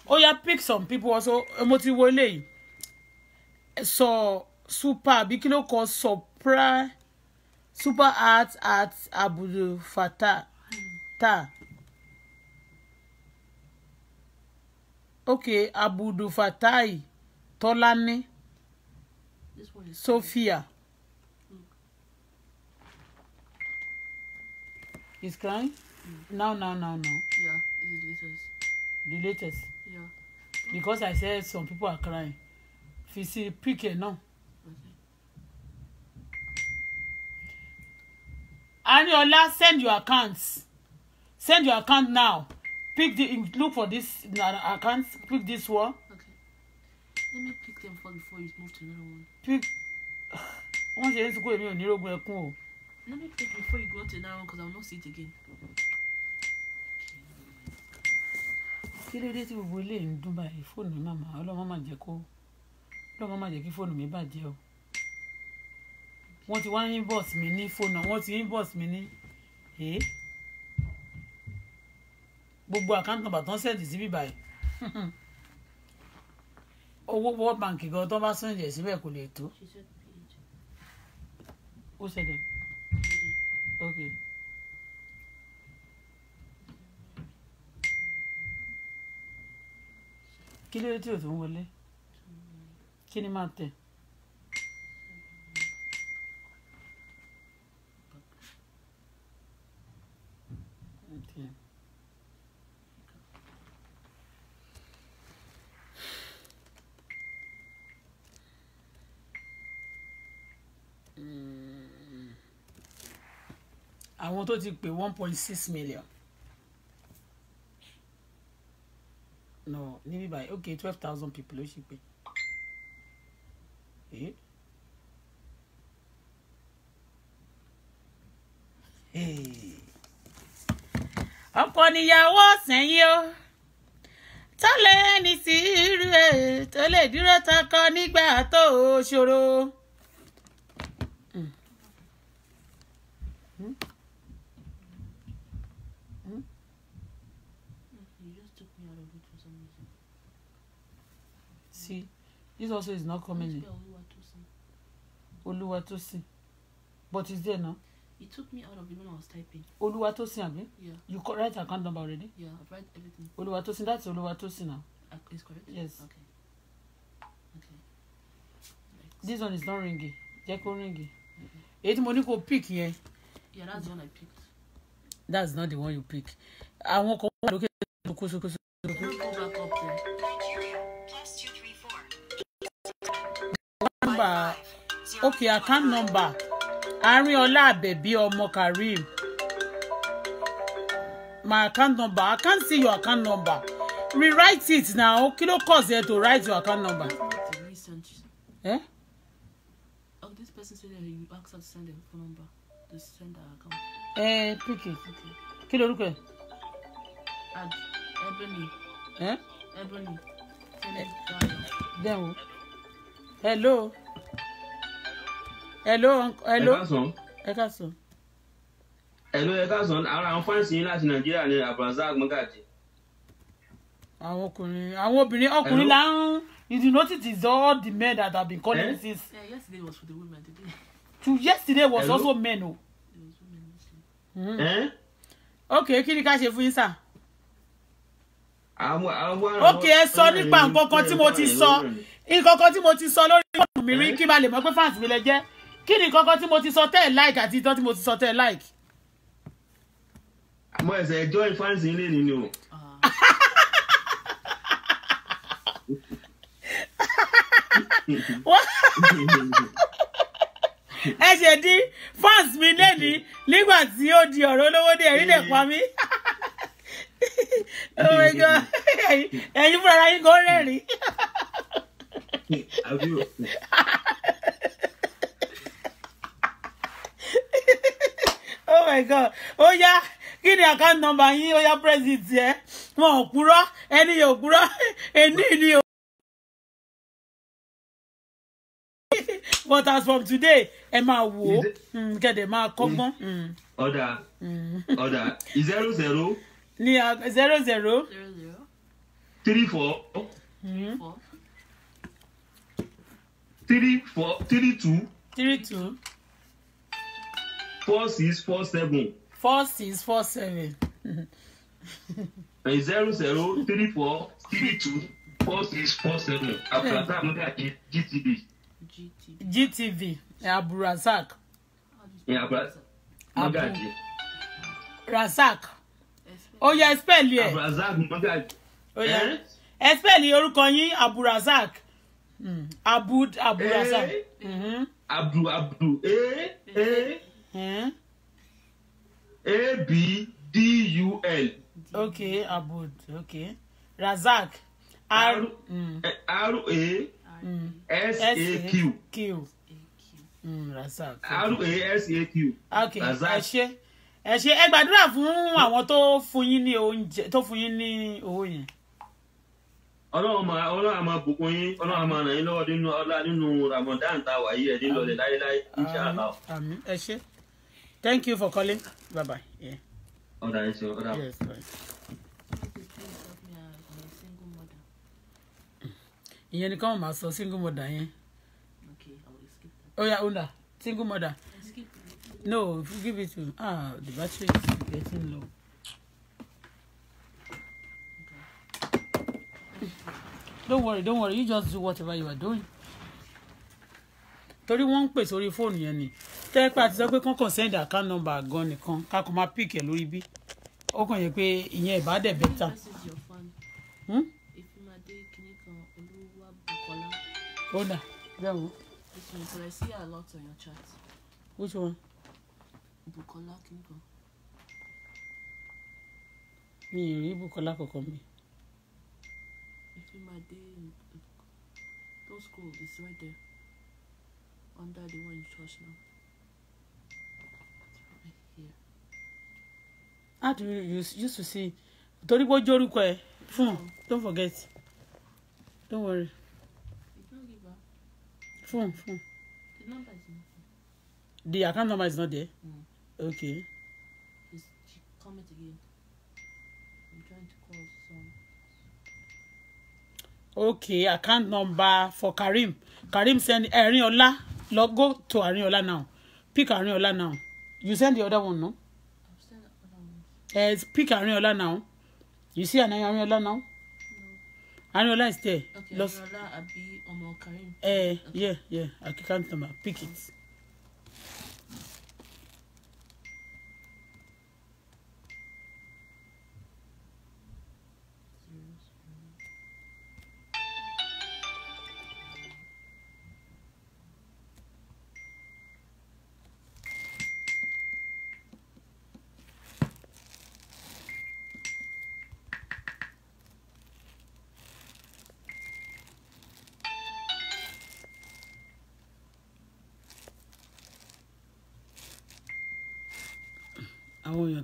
A: Oh, yá pick some people also mo so wo eléyìí sọ super àbí kí ló kọ sopra super art at Abdul Fatah ta okay Abdul Fatai Tọ́lání Sophia. Mm. He's crying? Mm. no, no, no. now. Yeah, it is the latest yeah. because I said some people are crying fi si pk náà. Aniola send your accounts send your account now pick the look for this uh, account pick this one. Okay. Let me pick them for before you move to another one. Pick. wọ́n ṣe é sí kó èmi ò ní rógun ẹkún o.
D: Let me pick before you go to another one because I will not see it again.
A: kí ló dé tí gbogbo ilé ń dún báyìí fóònù mi màmá ọlọ́run má jẹ́ kó ọlọ́run má jẹ́ kí fóònù mi bàjẹ́ o wọ́n ti wá inbox mi ní fóònù wọ́n ti inbox mi ní ee gbogbo àkáǹtì nọ́mbà tó ń sẹ́ǹdì sí bíbá yìí owó world bank gan tó bá sẹ́ǹdì síbẹ̀ kò lè tó
C: ó ṣẹlẹ̀ okay. kí ló dé tí
A: o tó ń wọlé kí ni máa tẹ̀. àwọn tó ti pè one point six million no níbí báyìí ok twelve thousand people ló ṣì pé eh? ọkọ níyàwó sẹ́yìn o tó lè ní sí irú ẹ̀ tó lè dúró tọkọ nígbà tó ṣòro. This also is not coming in. Oluwatosin. But is there now. It took me out of it when I was typing. Oluwatosin, abi? Yeah. You write account number already? Yeah,
D: I've write everything.
A: Oluwatosin, that's Oluwatosin now. Uh, is correct? Yes. Okay. Okay. Next. This one is not ringing. Jẹ́ kó ringing. Èyí tí mo ní kó pick yẹn.
D: Yeah, that's the one I picked.
A: That's not the one you pick. Àwọn kan wà lókè kóso go back up? number okay account number Arinola Abebi ọmọ Karim my account number I can't see your account number rewrite it now kí ló cause there to write your account
C: number. Eh? eh?
D: Oh, this person said that you asked her to send her phone number to send her account.
C: Eh, pick it. Okay. Kí lorúkọ ẹ? Ebony. Eh?
D: Ebony. Ebony. Eh,
A: then what? hello hello hello ẹ káàsán.
B: hello ẹ káàsán ara àwọn fáǹsì yín láti nàìjíríà ní abdulrasaq mọ́gàjì.
A: àwọn ọkùnrin àwọn obìnrin ọkùnrin là ń you dey notice it's all the men that have been calling eh? since.
D: Yeah, yesterday was for the women today.
A: to yesterday was hello? also men o. Oh. Mm. Eh? ok kí ni ká ṣe fún yín sà.
C: ok ẹ sọ nípa nǹkan kan tí mo
A: ti sọ. So ìkọ̀kọ̀ tí mo ti sọ lórí fóònù mi rí eh? kí n bá lè mọ̀ pé fans mi lẹ jẹ́ kí ni ìkọ̀kọ̀ tí mo ti sọ tẹ́ ẹ̀ like àti ìtọ́ tí mo ti sọ tẹ́ ẹ̀ like.
B: mo ẹsẹ̀ join fans yín lè nínú
A: o. ẹ ṣe dín fans mi lẹ́ni nígbà tí ó di ọ̀rọ̀ olówó dé ẹ̀rí lè pa mí oh my god ẹ̀yin fúnra yín kò rẹ́rìn-ín àbí oh my god Oh yá kí ni account number yín Oh yá president ẹ wọn ò kúrọ ẹni ò kúrọ ẹni ni ò. but as from today ẹ máa wò ó hmm, kẹ̀dẹ̀ máa kọ́gbọ́n. Hmm. Hmm.
B: Order. ọ̀dà zero zero.
A: ní zero zero. three four. three four three four three two. three two.
B: four six four seven.
A: four six four seven.
B: zero zero three four three two four six four seven abdulrasaq muda hmm. gtv.
A: gtv abdulrasaq. abdulrasaq. rasaq ó yẹ spẹ́ẹ̀lì ẹ̀. abdulrasaq muda. ó yẹ ẹ spẹ́ẹ̀lì orúkọ yín abdulrasaq abud mm. abud eh? hasan. Mm-hmm.
B: abdu abdu e
A: eh? e eh? a
B: b d u
A: l. ok abud ok razak r r mm. mm. a s a q. q. razak. r a s a q. ok ẹ ẹ ṣe ẹ gbàdúrà fún àwọn tó fún yín ní oúnjẹ tó fún yín ní owó yẹn. ọlọ́run
B: máa bùkún yín ọlọ́run máa yín lọ́wọ́ nínú ọlá nínú ramadan tá yìí ẹ̀dín láéláé
A: ẹ thank you for calling bye bye.
B: ọ̀dà ọ̀dà.
A: ìyẹn ni máa sọ single mother yẹn single mother no give it to ah the battery is getting low. don't worry don't worry you just do whatever you are doing torí wọ́n ń pè sórí fóònù yẹn ni tẹ́pẹ́ àti sọ pé kọ́kàn send account number gan nìkan kákan máa pick ẹ̀ lórí bí ó kàn yẹ pé ìyẹn ìbá dẹ̀ better. Hmm? ó dà bẹ́ẹ̀ wọ́n.
D: I see a lot on your chat.
A: Which one? Bukola Kingo. Mi ì rí Bukola kankan mi
D: spend my day in those schools. is right there. Under the one you trust now.
A: right here. How do you use, used to see? Torí pé ojú orúkọ ẹ fún don't forget don't worry. Fun, fun. The account number is not there. Mm. Okay. It's, comment again. okay account number for karim karim send Eriniola eh, log go to Eriniola now pick Eriniola now you send the other one no uh, pick Eriniola now you see Eriniola now. Arinola is there. Okay, Los...
D: Arinola Abi Omo Karim. Eh, uh,
A: okay. yeah, yeah. Account number. Pick it.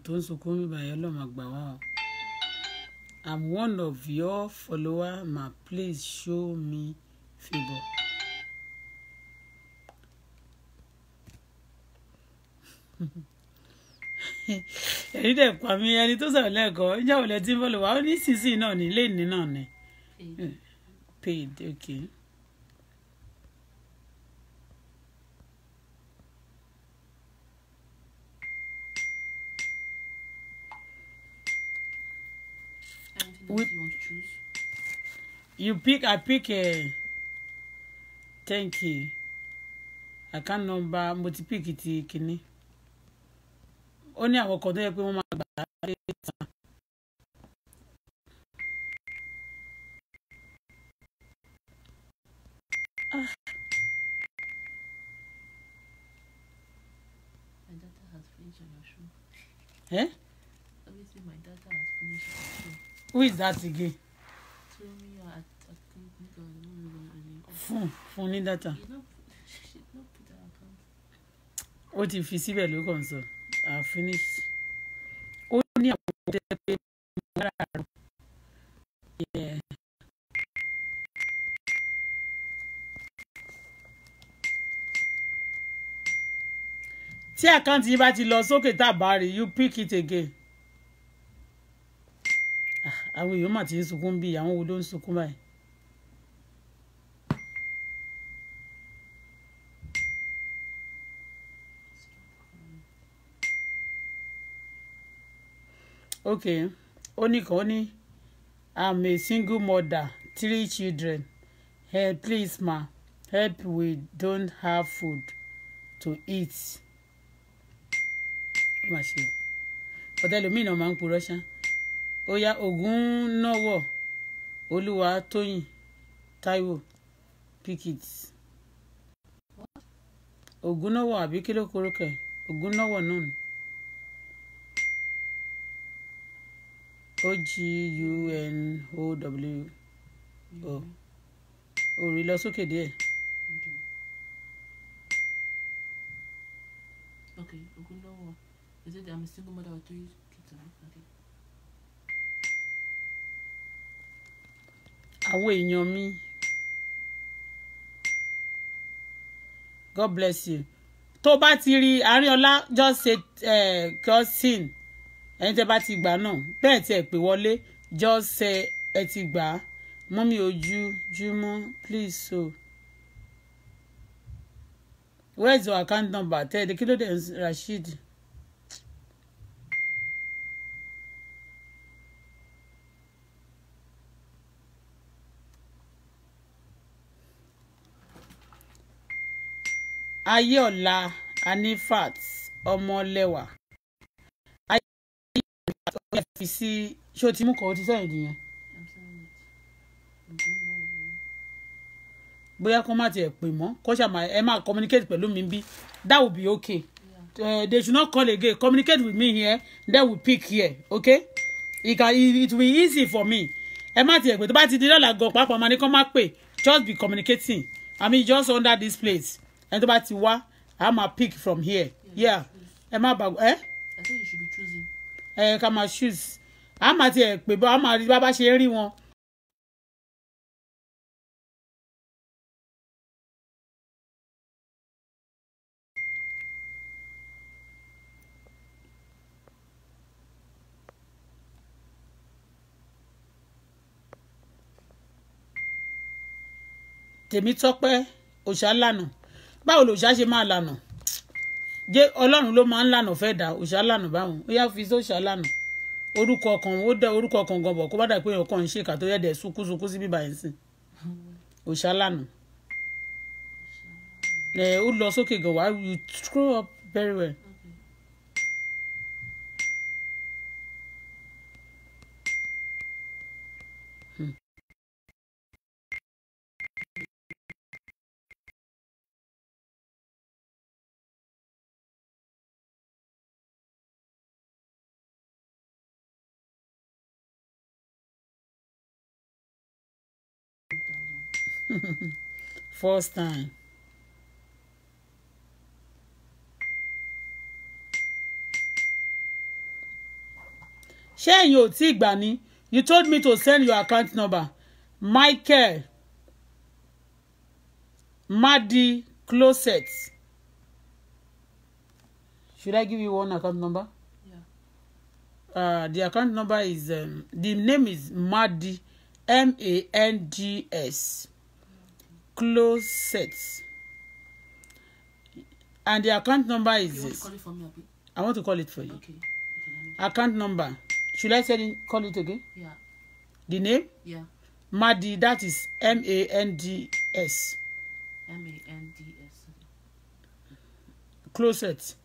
A: tó ń sunkún mi báyìí ọlọ́run máa gbà wọ́n o i'm one of your follower ma please show me favour. ẹ̀rí dẹ̀ pa mí ẹni tó sọ̀rọ̀ lẹ́ẹ̀kọ́ ìjà òlẹ̀ tí ń bọ̀ lọ́wọ́ ó ní sísìn náà ní lẹ́ẹ̀ni náà ní hmm, paid okay. You pick, I pick a. Thank you. I can number, mo ti pick ti kìíní. Ó ní àwọn kan tó yẹ pé wọ́n Ah.
D: My daughter has finished on your shoe. Eh? Obviously, my daughter has finished
A: on your Who is that again? fún fún ní data ó ti fi síbẹ̀ ló kàn sọ i finish ó ní àwọn ọmọdé pé mo rà á rò yẹ. tí àkáǹtì yìí bá ti lọ sókè tá a bá rí you pick it again. Ah, àwọn èèyàn mà ti ń sunkún bíi àwọn wo ló ń sunkún báyìí. okay ó ní kan ó ní i'm a single mother three children help please ma help we don't have food to eat. ó mà ṣe ọ̀tẹ́lómìnà máa ń purọ́ ṣá ó yá ògún náwọ̀ olúwa tóyìn táíwò pickett ògún náwọ̀ àbí kí ló korúkẹ̀ ògún náwọ̀ náà o g u n o w mm-hmm. oh. o òrì lọ sókè díẹ̀.
D: Okay, Ogunlowo. Is it I'm a single mother of three kids? Okay.
A: Àwọn èèyàn mi. God bless you. Tó bá ti rí Arínọlá just say uh, ẹni tẹ́ bá ti gbà náà bẹ́ẹ̀ tí pè wọlé just say ẹ ti gbà á mọ́mí ojújúmọ́ please so. where is your account number Tell the dé kí ló dé Rasheed. anifat ọmọlẹ́wà fi sí ṣé o ti mú kàn ó ti sẹ́yìn nìyẹn. bóyá kó má tiẹ̀ pè mọ́ kó ṣàmà ẹ máa communicate pẹ̀lú mi bí that will be okay yeah. uh, they should not call again communicate with me here then we pick here okay it, can, it, will be easy for me ẹ má tiẹ̀ pé tó bá ti di lọ́la gan pàápàá máa ní kó má pè just be communicating i mean just under this place ẹni tó bá ti wá i ma pick from here yeah ẹ má bàgbọ́ ẹ. I think you should ẹ ká máa shoes a máa tiẹ̀ pè bá a máa rí bábá ṣe rí wọn. tèmi tọ́pẹ́ òṣà lànà báwo lòṣà ṣe máa lànà jẹ́ ọlọ́run ló máa ń lànà fẹ́ dà òṣà lànà báwọn ó yá fi sóṣà lànà orúkọ kan ó dẹ orúkọ kan gan bọ̀ kó bá dà pé ọkàn ń ṣèkà tó yẹ dẹ̀ sunkúnsunkún sí bíbá yẹn sìn òṣà lànà ẹ ó lọ sókè gan wá you throw up very well first time. ṣé ẹ̀yin ò tí ì gbà ní you told me to send your account number Michael Madi Closet should I give you one account number yeah. uh, the account number is um, the name is Madi M-A-N-D-S closets and the account number is this. I want to call it for you. Okay. account number. Should I say call it again? Yeah. The name? Yeah. Madi, that is M A N D S. M A N D S. Closet.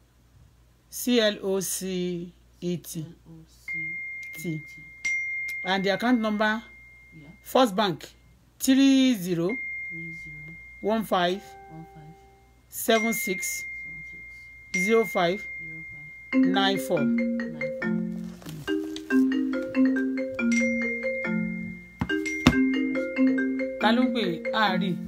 A: C L O C E T. E T. And the account number? Yeah. First Bank. Three zero one five one five seven six zero five nine four. ta ló ń pè é àárín.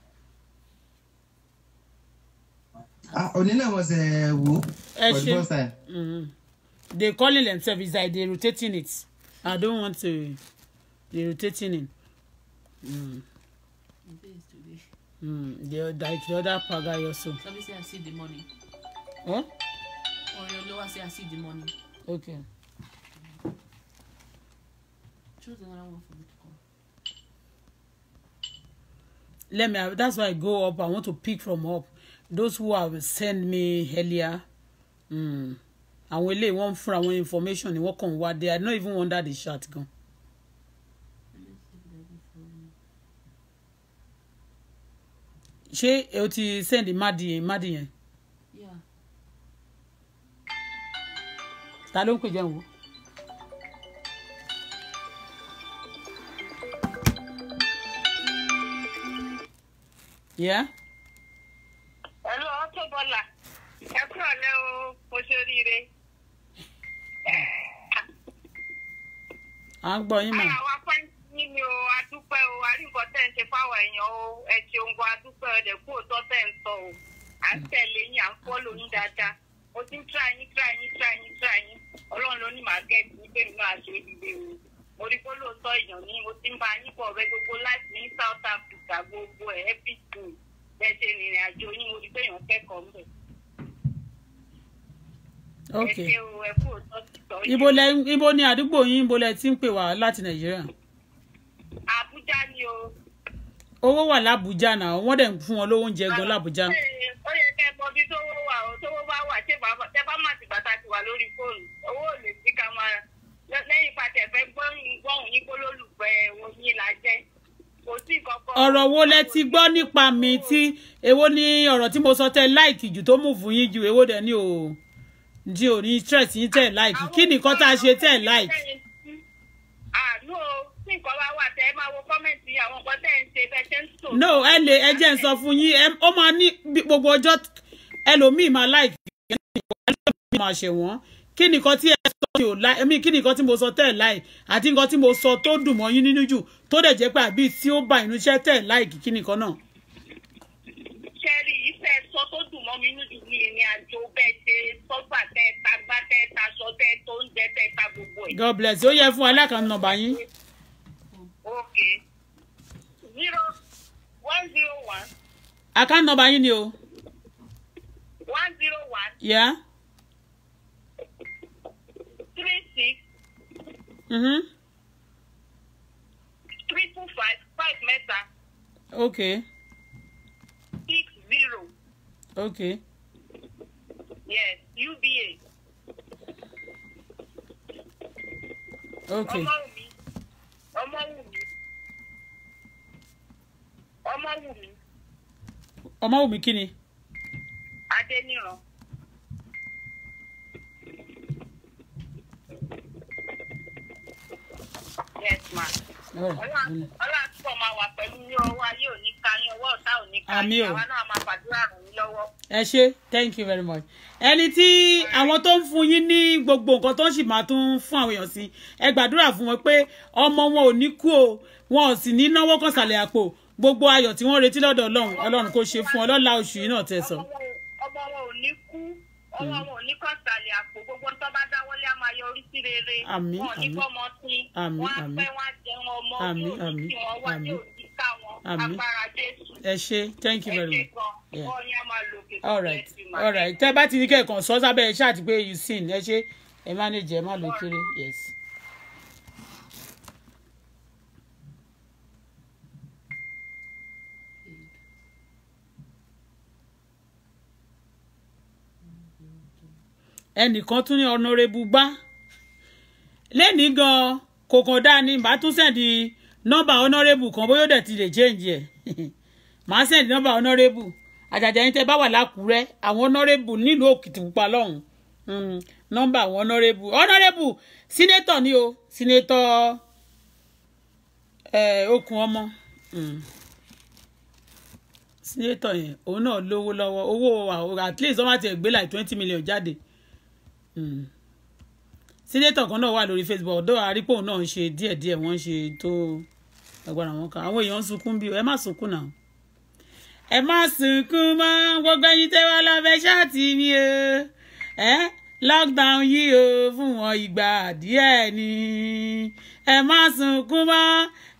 H: Ah, òní náà was ṣe wò for the first time.
A: Mm. they calling themselves is like they rotating it i don't want to they rotating it. Mm. Mm, the, like the other paga also.
D: Somebody say I see the money. Huh? Or your lower say I see the money. Okay. Choose another one for me to call.
A: Let me. That's why I go up. I want to pick from up those who have sent me earlier um, àwọn eléyìí wọ́n ń fún àwọn information ni wọ́n kàn wá they are not even under the shirt gan. ṣé o ti send madi madi yẹn. ta ló ń pè jẹun yeah
E: bọ́là ẹ kúrọ̀ lẹ́ o mo ṣe oríire.
A: à ń gbọ́ yín mà. àwa
E: fẹ́ yín ni o a dúpẹ́ o a rí nǹkan tẹ́ ń ṣe fáwọn èèyàn o ẹ ṣeun gan a dúpẹ́ o dẹ̀ kú òótọ́ tẹ́ ń sọ o à ń tẹ̀lé yín à ń fọ́lò yín dáadáa mo ti ń tíra yín tíra yín tíra yín tíra yín ọlọ́run ló ní màá gẹ̀ẹ́sì ní pé mi náà ṣe é o mo rí kó lóòótọ́ èèyàn ni mo ti ń bá yín bọ̀ ọ̀rẹ́ gbogbo láti ní South Africa gbogbo ẹ̀ everything bẹ́ẹ̀ ṣe rìnrìn àjò yín mo rí pé èèyàn kẹ́kọ̀ọ́ mbẹ̀. ok ibo lẹ ibo ni
A: àdúgbò yín ibo lẹ ti ń pè wá láti nàìjíríà.
E: àbújá ni o.
A: owó wà lábújá náà wọ́n dẹ̀ ń fún wọn lówó oúnjẹ gan lábújá. ó
E: yẹ kẹ́ ẹ mọ bí tówó wà ó tówó bá wà ṣé bá má ti bàtà ti wà lórí fóònù owó ò lè sí ká máa lẹ́yìn pàtẹ́ fẹ́ gbọ́n gbọ́n yín kó lólùfẹ́ wọn yín la jẹ́
A: ọ̀rọ̀ wo lẹ ti gbọ́ nípa mi tí èwo ni ọ̀rọ̀ tí mo sọ tẹ láìkì jù tó mú fún yín ju èwo dẹ̀ ni o di ò ní stress yín tẹ̀ láìkì kí nìkan tá a ṣe tẹ̀ láìkì.
E: àánú o tí nǹkan bá wà tẹ ẹ máa wo kọ́mẹ̀ntì àwọn nǹkan tẹ̀ ń ṣe bẹ́ẹ̀ ṣe ń sọ. no ẹ
A: lè ẹ jẹ́ ń sọ fún yín ó máa ní gbogbo ọjọ́ ẹlòmíì máa láìkì ẹlòmíì máa ṣe wọ́n kí nìkan tí ẹ mi ò láì mi kí ni nǹkan tí mo sọ tẹ́ ẹ̀ láì àti nǹkan tí mo sọ tó dùn mọ́ yín nínú jù tó dẹ̀ jẹ́ pé àbí tí ó ba inú iṣẹ́ tẹ́ ẹ̀ láì kí ni nǹkan náà.
E: ṣẹ́rí iṣẹ́ sọ tó dùn mọ́ mi nínú jù ní ìrìn àjò bẹ́ẹ̀ ṣe sọ́gbà tẹ́ ẹ ta gbá tẹ́ ẹ ta sọ tẹ́ tó ń jẹ tẹ́ ta gbogbo ẹ̀. God bless
A: ó yẹ fún alákan nọ́mbà yín.
E: ok zero one zero one.
A: account nọ́mbà yín ni o.
E: one zero one. yeah three six. Mm-hmm. three two five five mẹ́ta. okay. six zero. okay. yes UBA.
A: okay. ọmọ
B: wù mí
E: ọmọ wù mí ọmọ wù mí. ọmọ yes ma
C: ẹ ṣe
A: thank you very much ẹni tí àwọn tó ń fún yín ní gbogbo nǹkan tó ń sì máa tún fún àwọn èèyàn sí ẹ gbàdúrà fún wọn pé ọmọ wọn ò ní kú o wọn ò sì ní náwó kan sàlẹ̀ àpò gbogbo ayọ̀ tí wọ́n retí lọ́dọ̀ ọlọ́run ọlọ́run kó ṣe fún ọlọ́lá oṣù yìí náà tẹ̀sán. ọmọ
E: wọn ò ní k ọwọ́ mm. wọn ò ní kọ́ sàlẹ̀ àpò gbogbo tó bá dáwọ́lé a máa yọrí sí rere wọn ò ní kọ́ ọmọ sí wọn á pẹ́ wọn á jẹun ọmọ yóò ní kí wọn wá yóò ní ká wọn agbára jésù. ẹ ṣe
A: thank you very much.
E: Yeah. all right
A: all right tẹ́ bá ti ní kẹ́ẹ̀kan sọ sábẹ́ ẹ ṣáà ti pé you sin ẹ ṣe ẹ má ní jẹ ẹ má lókèrè yes. ẹnìkan tún ní honorable gbá lẹ́nìí gan kòkàn dání màá tún sẹ́ndì nọ́mbà honorable kan bóyá ó dẹ̀ ti lè change ẹ̀ màá sẹ́ndì nọ́mbà honorable àjàjà yín tẹ́ bá wà lákùúrẹ́ àwọn honorable nílùú òkìtìpupa lọ́hùn hmm, nọ́mbà àwọn honorable honorable senator ni o senator okùn ọmọ hmm. senator yẹn òun náà lówó lọ́wọ́ owó at least wọ́n bá ti gbé like twenty million jáde sínétọ̀ kan náà wà lórí Facebook ọ̀dọ́ àrípò náà ń ṣe díẹ̀díẹ̀ wọ́n ń ṣe tó agbára wọn kan àwọn èèyàn ń sunkún bí ẹ má sunkún náà ẹ má sunkún mọ́ gbogbo ẹyin tẹ́ wá lọ́fẹ́ ṣáàtì mi o ẹ lockdown yìí o fún wọn ìgbà díẹ̀ ni ẹ má sunkún mọ́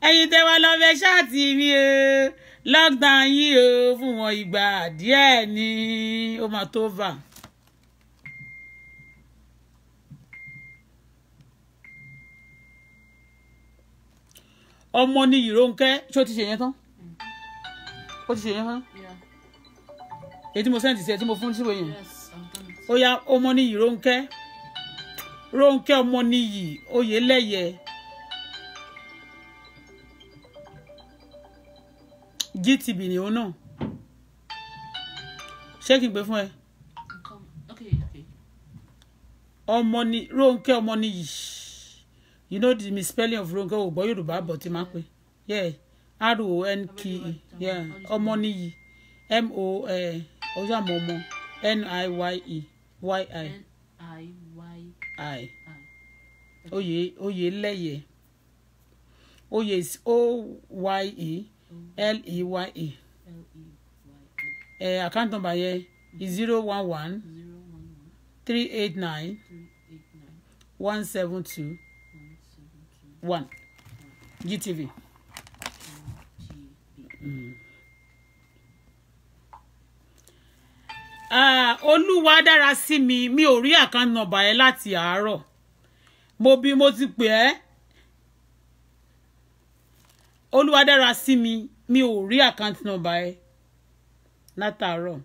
A: ẹyin tẹ́ wá lọ́fẹ́ ṣáàtì mi o lockdown yìí o fún wọn ìgbà díẹ̀ ni ó máa tó bà. ọmọ ni ìrónkẹ́ ṣé o ti ṣe yẹn tán o ti ṣe yẹn tán èyí tí mo sẹ́ǹtì sí ẹ tí mo fún síwèé yẹn ó yá ọmọ ni ìrónkẹ́ rónkẹ́ ọmọ nìyí oyè lẹ́yẹ gtb ni òun náà ṣé kí n gbé fún ẹ ọmọ ni rónkẹ́ ọmọ nìyí you know the misspelling of ronke ò gbọ́ yorùbá bọ̀ tí máa ń yeah r o n k e yeah ọmọ m o ọjọ́ àmọ́ ọmọ n i y e y i i oyè oyè lẹ́yẹ̀ oyè is o y e l e y e ẹ̀ account number yẹn is zero one one three eight nine one seven two one GTV. Mm. Uh, ah, olúwa dára sí mi mi ò rí àkàn nọ́mbà ẹ láti àárọ̀ mo bí mo ti pè ẹ́ olúwa dára sí mi mi ò rí àkàn nọ́mbà ẹ látàárọ̀.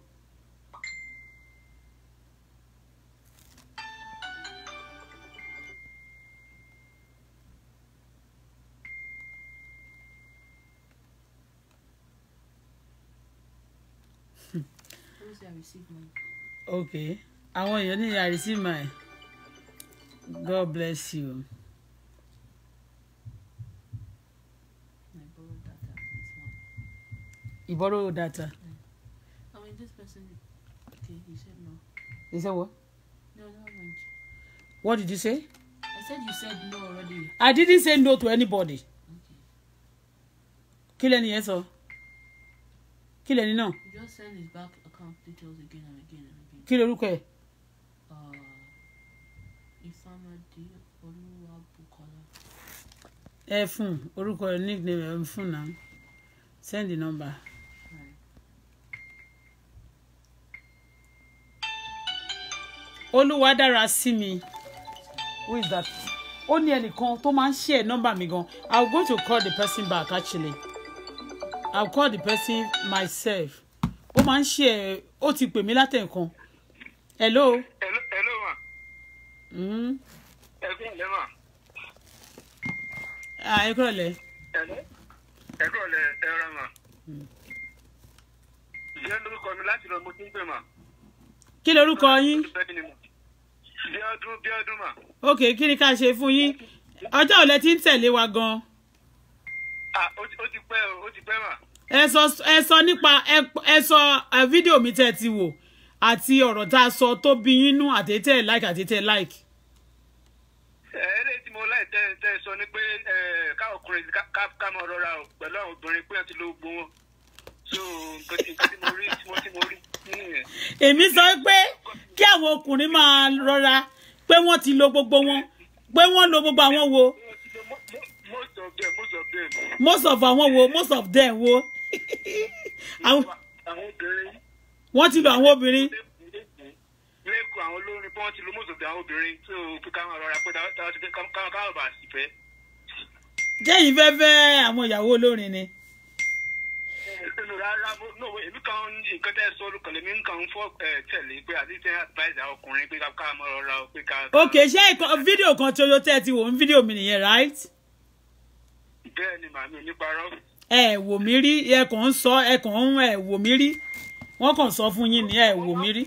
A: okay àwọn èèyàn ní I receive my God bless you. You borrow data. Yeah.
D: I mean, this person. Okay, he said no. He said what? No, no. mind.
A: What did you say?
D: I said you said no already.
A: I didn't say no to anybody. Kill any yes or kill any no.
D: Just send his bank account details again and again kí ni orúkọ ẹ. Uh,
A: ẹ fún orúkọ ẹ nickname ẹ fún náà send the number. olúwa dára sí mi who is that ó ní ẹnìkan tó máa ń share nọ́mbà mi gan i will go to call the person back actually i will call the person myself ó máa ń share ó ti pè mí látẹ̀kan hello. hello hello ma. Hmm?
J: ẹ kú ọ̀lẹ́ ma.
A: Ah, kú ọ̀lẹ́.
J: ẹ kú ọ̀lẹ́ ẹ rà ma. ìyá hmm. lórúkọ mi láti lọ mo ti ń pè ma.
A: kí lorúkọ yín.
B: bíọ́dún bíọ́dún ma.
A: ok kí ni ká ṣe fún yín ọjọ́ òlẹ̀ tí ń tẹ̀lé wa gan-an. ó ti pẹ́ ó ti pẹ́ mà. ẹ sọ ẹ sọ nípa ẹ sọ fídíò mi tẹ́ ti wò àti ọ̀rọ̀ tá a sọ tó bí yín nú àtẹ́tẹ́ like àtẹ́tẹ́ like.
J: eléyìí tí mo láì tẹ́ tẹ́ sọ ni pé káwọn ọkùnrin ká máa rọra pẹ̀lú àwọn obìnrin
A: pé àti ló gbó wọn so nǹkan tí mo rí tí mo tí mo rí nìyẹn. èmi sọ pé kí àwọn ọkùnrin máa rọra pé wọ́n ti lo gbogbo wọn pé wọ́n lo gbogbo àwọn wo. most of them most of them. most of àwọn wo most of them wo. àwọn obìnrin wọ́n ti lo àwọn obìnrin. lẹ́kọ̀ọ́ àwọn olórin pọ́n ti lo
J: mọ́tò àwọn obìnrin tó fi káwọn rọra pé káwọn bá sì fẹ́.
A: jẹ́yìn fẹ́ àwọn ìyàwó olórin ni. rárá èmi kan nǹkan tẹ́ sọ orúkọ lèmi nǹkan fọ́ tẹ̀lé pé àdìsẹ́ advice àwọn ọkùnrin pé káwọn mọ̀ rọra pé káwọn. ok ṣé fídíò kan tí oyo tẹ́ ti wò ń fídíò mi nìyẹn right.
J: bẹ́ẹ̀ ni màmí oníparọ́.
A: ẹ wò mí rí ẹ kàn ń sọ ẹ kàn ń wò mí rí wọ́n kàn sọ fún yín ní ẹ wò mí rí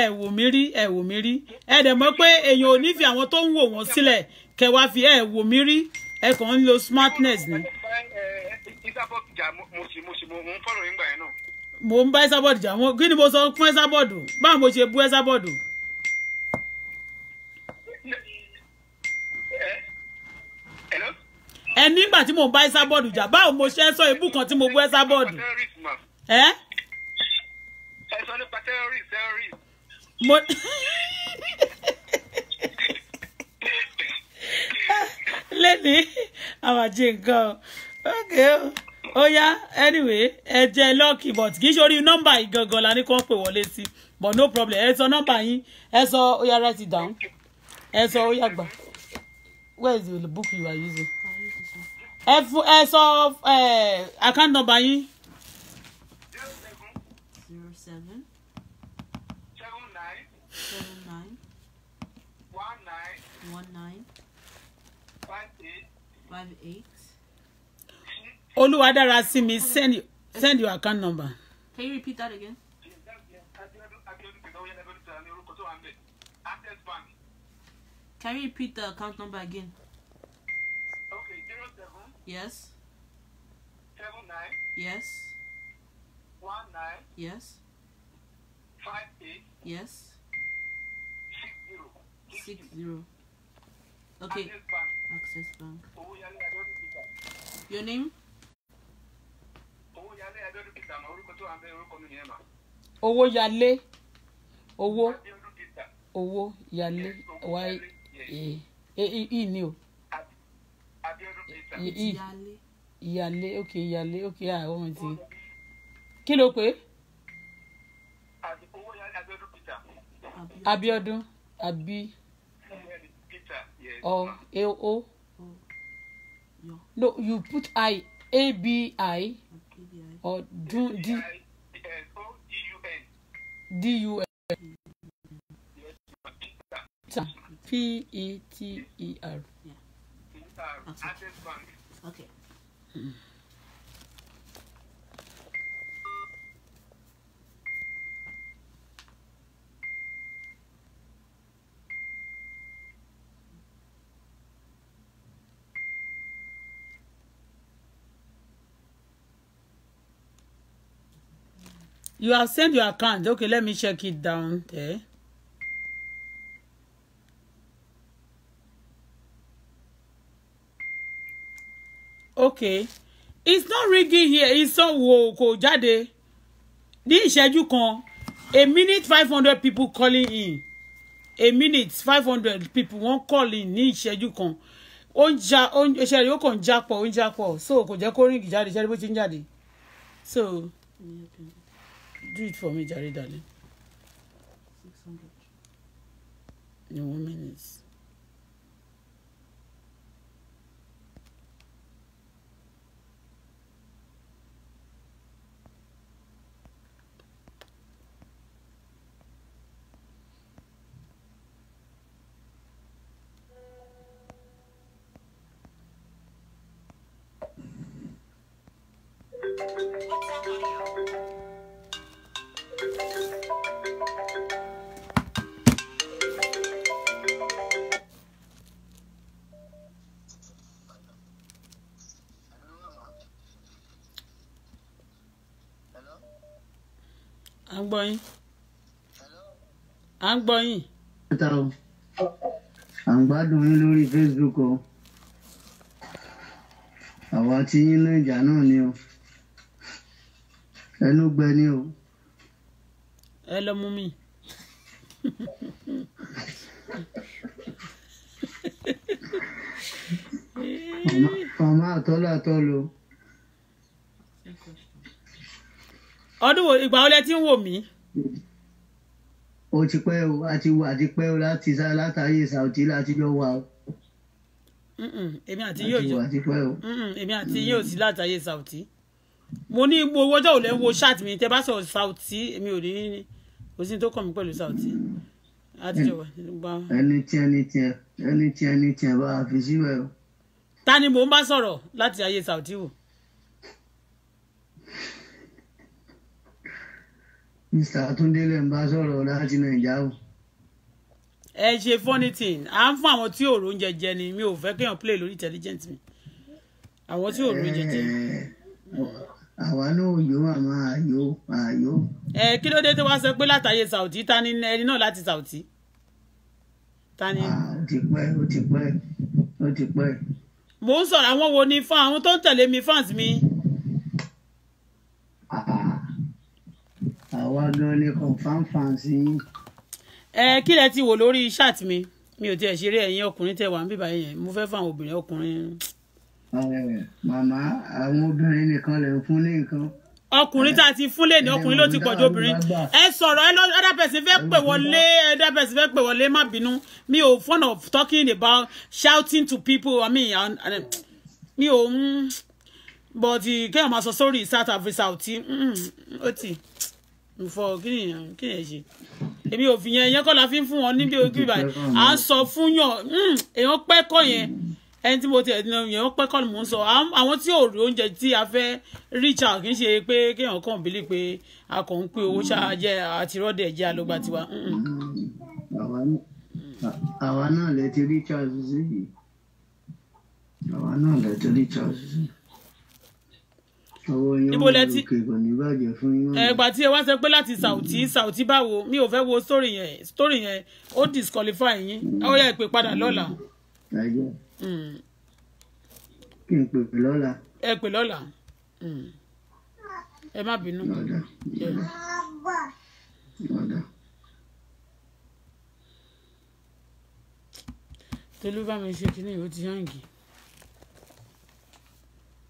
A: ẹ wò mí rí ẹ wò mí rí ẹ dẹ̀ mọ̀ pé èèyàn ò ní fi àwọn tó ń wò wọ́n sílẹ̀ kẹ fi ẹ wò mí rí ẹ kàn ń lo smartness ni. mo ń bá ẹ sábọ̀dù jà kí ni mo sọ fún ẹ sábọ̀dù báwo mo ṣe bú ẹ sábọ̀dù. ẹ nígbà tí mò ń bá Esabod jà báwo mo ṣe sọ ebú kan tí mo bú Esabod. ẹ
E: sọ nípa terrorist terrorist.
A: mo lẹ́ni àwàjẹ nǹkan okay o ó yá anyway ẹ jẹ́ lọ́ọ̀kì but kì í ṣorí nọ́mbà yìí gangan la ní kó pè wọlé sí but no problem ẹ sọ nọ́mbà yín ẹ sọ ó write it down ẹ sọ ó yá gbà where is the book you are using ẹ fún ẹ sọ ẹ account number yín.
D: zero seven. zero seven.
J: nine. seven nine. one nine. one nine. five eight.
D: five eight.
A: Oluwadarasimi, send you, send your account number.
E: Can you repeat that again?
D: Can you repeat the account number again? Yes. Seven nine. Yes.
E: One nine. Yes. Five eight. Yes. Six zero.
D: Six, zero.
E: Okay. Access Bank. Access Bank.
D: Your
A: name?
J: Owóyalé Abíọ́dún Peter ma orúkọ E E E orúkọ mi nìyẹn ma.
A: Owóyalé. Owó. Owóyalé. Wáyé. Ee. Ee ni o ìyàlé ok ìyàlé ok àwọn ọmọ ti kí ló pé. Abíọ́dún abi or O. no you put i a b i or dun d d u n p e t e r
E: um, okay. Access Bank. Okay.
A: You have sent your account. Okay, let me check it down there. okay it's not ringing here it's not wo kò jáde ní ìṣẹ́jú kan a minute five hundred people calling in a minute five hundred people wọ́n call in ní ìṣẹ́jú kan ó ń ja ó ń ṣe ó kàn ń jápọ̀ ó ń jápọ̀ so kò jẹ́ kó ring jáde ṣẹ́ni bó ti ń jáde so do it for me jare darling in one minute. gbọ́ yín. à ń gbọ́ yín.
I: à ń gbádùn yín lórí Facebook o àwa tí yín ní ìjà náà ni o ẹnu gbẹ ni o.
A: ẹ lọ mú mi.
C: màmá àtọ́lá àtọ́
A: ọdún ìgbà ọlẹ tí ń wò mí.
B: o ti pẹ́ o àti wà àti pẹ́ o láti sá látàrí Saoty láti jọ wà o.
A: èmi àti yóò jọ èmi àti yóò sí látàrí Saoty mo ní mo wọjọ́ ò lẹ́ wo ṣáàtì mi tẹ́ bá sọ Saoty èmi ò ní ní kò sí tó kàn mí pẹ̀lú Saoty ẹni
I: tí ẹni tí ẹni tí ẹni tí ẹ bá fi síbẹ̀ o.
A: ta ni mò ń bá sọ̀rọ̀ láti ayé Saoty wò.
I: mr Túndélé ń bá sọ̀rọ̀ láti nàìjíríà o.
A: ẹ ṣe funny thing à ń fún àwọn tí òòrùn oúnjẹ jẹ ni mi ò fẹ́ kéèyàn play lórí intelligent mi àwọn tí òòrùn
B: oúnjẹ jẹ. Eh, àwa náà yó àmọ́ àyó àyó.
A: ẹ eh, kí ló dé tó wá sọ pé látàyè Saudi ta ni ẹni náà láti Saudi ta ni.
E: ó ti pẹ́ ó ti pẹ́ ó ti pẹ́.
A: mò ń sọ̀rọ̀ àwọn wo ni fún àwọn tó ń tẹ̀lé mi fans mi. Mm -hmm. àwa
B: gan ni confam fans yín.
A: ẹ kí lẹ ti wò lórí chat mi mi ò tiẹ̀ ṣeré ẹ̀yin ọkùnrin tẹ̀ wá ń bíbá yẹn mo fẹ́ fáwọn obìnrin ọkùnrin.
I: màmá àwọn obìnrin nìkan lè fún ní nǹkan
A: ọkùnrin tá a ti fún lè ní ọkùnrin ló ti pọ̀ ju obìnrin ẹ sọ̀rọ̀ ẹ lọ other person fẹ́ pè wọlé other person fẹ́ pè wọlé má bínú mi ò fun of talking about shouting to people i mean mi ò mm, but kéèyàn máa sọ sórí South Africa ò tí mm, mm, ó tì nfọ kíni kíni ẹ ṣe èmi ò fi yẹn yẹn kọ́ la fi ń fún wọn níbi ojú ìbàdàn à ń sọ fún yàn hmm, èèyàn pẹ́ kọ́ yẹn ẹni tí mo ti ẹ̀dínà yẹn pẹ́ kọ́ ni mò ń sọ àwọn tí ò rí oúnjẹ tí a fẹ́ ríjà kì í ṣe pé kéèyàn kàn bílí pé a kàn ń pé owó ṣáájẹ àti rọ́dẹ̀ jẹ́ alógbà tiwa.
I: àwa náà lè ti rí charles sí àwa náà lè ti rí charles sí
B: níbo
A: lẹ ti ẹgbà tí ẹ wá sọ pé láti Saudi Saudi báwo mi ò fẹ́ wo story yẹn story yẹn ó disqualify yín ó yẹ ìpè padà lọ́la. Hmm.
B: kí n pè pè lọ́la.
A: ẹ pè lọ́la hmm. ẹ má bínú. tolú bá mi ṣe kínní ó ti yànjì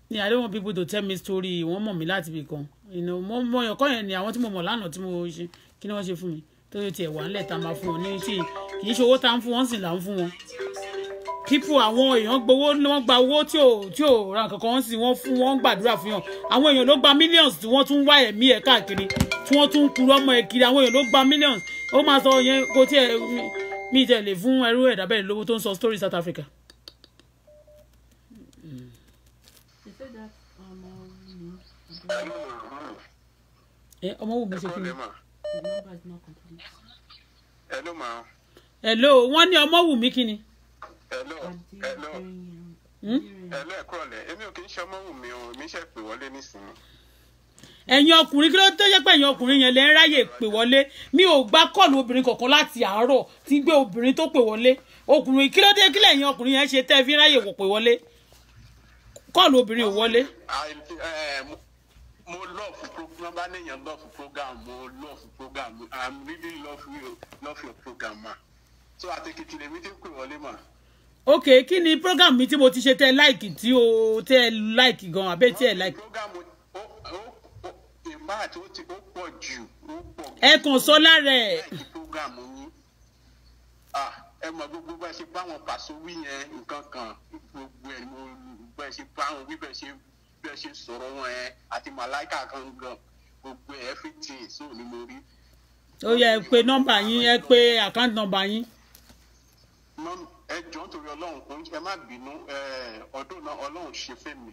A: yeah, I don't want people to tell me story wọ́n mọ̀ mí láti ibì kan mo mọ ọkọ yẹn ni àwọn tí mo mọ̀ lánàá tí mo ṣe kí ni wọ́n ṣe fún mi tó yóò tiẹ̀ wà ńlẹ̀ tá a máa fún wọn ní tí kì í ṣe owó tá a ń fún wọn sì là ń fún wọn people àwọn èèyàn gbowó wọ́n gba owó tí ò tí ò ra nǹkan kan sì wọ́n fún wọn gbàdúrà fún yàn àwọn èèyàn ló gba millions tí wọ́n tún wá ẹ̀mí ẹ̀ káàkiri tí wọ́n tún kúrò ọmọ ẹ̀ kiri àwọn èèyàn ló gba millions ó máa sọ yẹn kó tiẹ̀ mi ìtẹ̀lé fún ẹrú ẹ̀dá bẹ́ẹ̀ lówó tó ń sọ story South Africa.
F: Hello,
A: wù Hello, ṣe kí hello ma. hello wọ́n ní ọmọ wù mí kí ni.
J: hello hello
A: hmm? hello ẹ̀kọ́ rẹ̀
J: èmi ò kì í ṣe ọmọ wù mí o èmi ṣe pè wọlé nísìnyí
A: ẹ̀yin ọkùnrin kí ló tó yẹ pé ẹ̀yin ọkùnrin yẹn lè ń ráyè pè wọlé mi ò gbà kọ́ọ̀lù obìnrin kankan láti àárọ̀ tí ń gbé obìnrin tó pè wọlé ọkùnrin kí ló dé kí lẹ́yìn ọkùnrin yẹn ṣe tẹ́ fi ráyè wò pè wọlé kọ́ọ̀lù obìnrin ò wọlé.
J: Eh, mo love program bá níyàn love program mo love program i'm really love you love your program ma so àti kìkìlẹ̀ mi ti pè wọlé mà.
A: ok kí ni program mi tí mo ti ṣe tẹ láìkì tí o tẹ láìkì gan abẹ́ tí ẹ láìkì. program o ti o pọ̀ jù o pọ̀ jù. ẹ kàn sọ lára ẹ.
J: ẹ mọ gbogbo bá ṣe bá wọn pàṣẹ wí yẹn nǹkan kan gbogbo ẹ mo bá ṣe bá wọn wí bẹ́ẹ̀ ṣe bí ẹ ṣe sọ̀rọ̀ wọn yẹn àti màláìkà gangan gbogbo everything so ni mo rí.
A: ó yẹ ẹ pé nọ́mbà yín ẹ pé àkáǹtì nọ́mbà yín.
J: ẹ jọ nítorí ọlọ́run kò ẹ má bínú ọdún náà ọlọ́run ṣe fẹ́ mi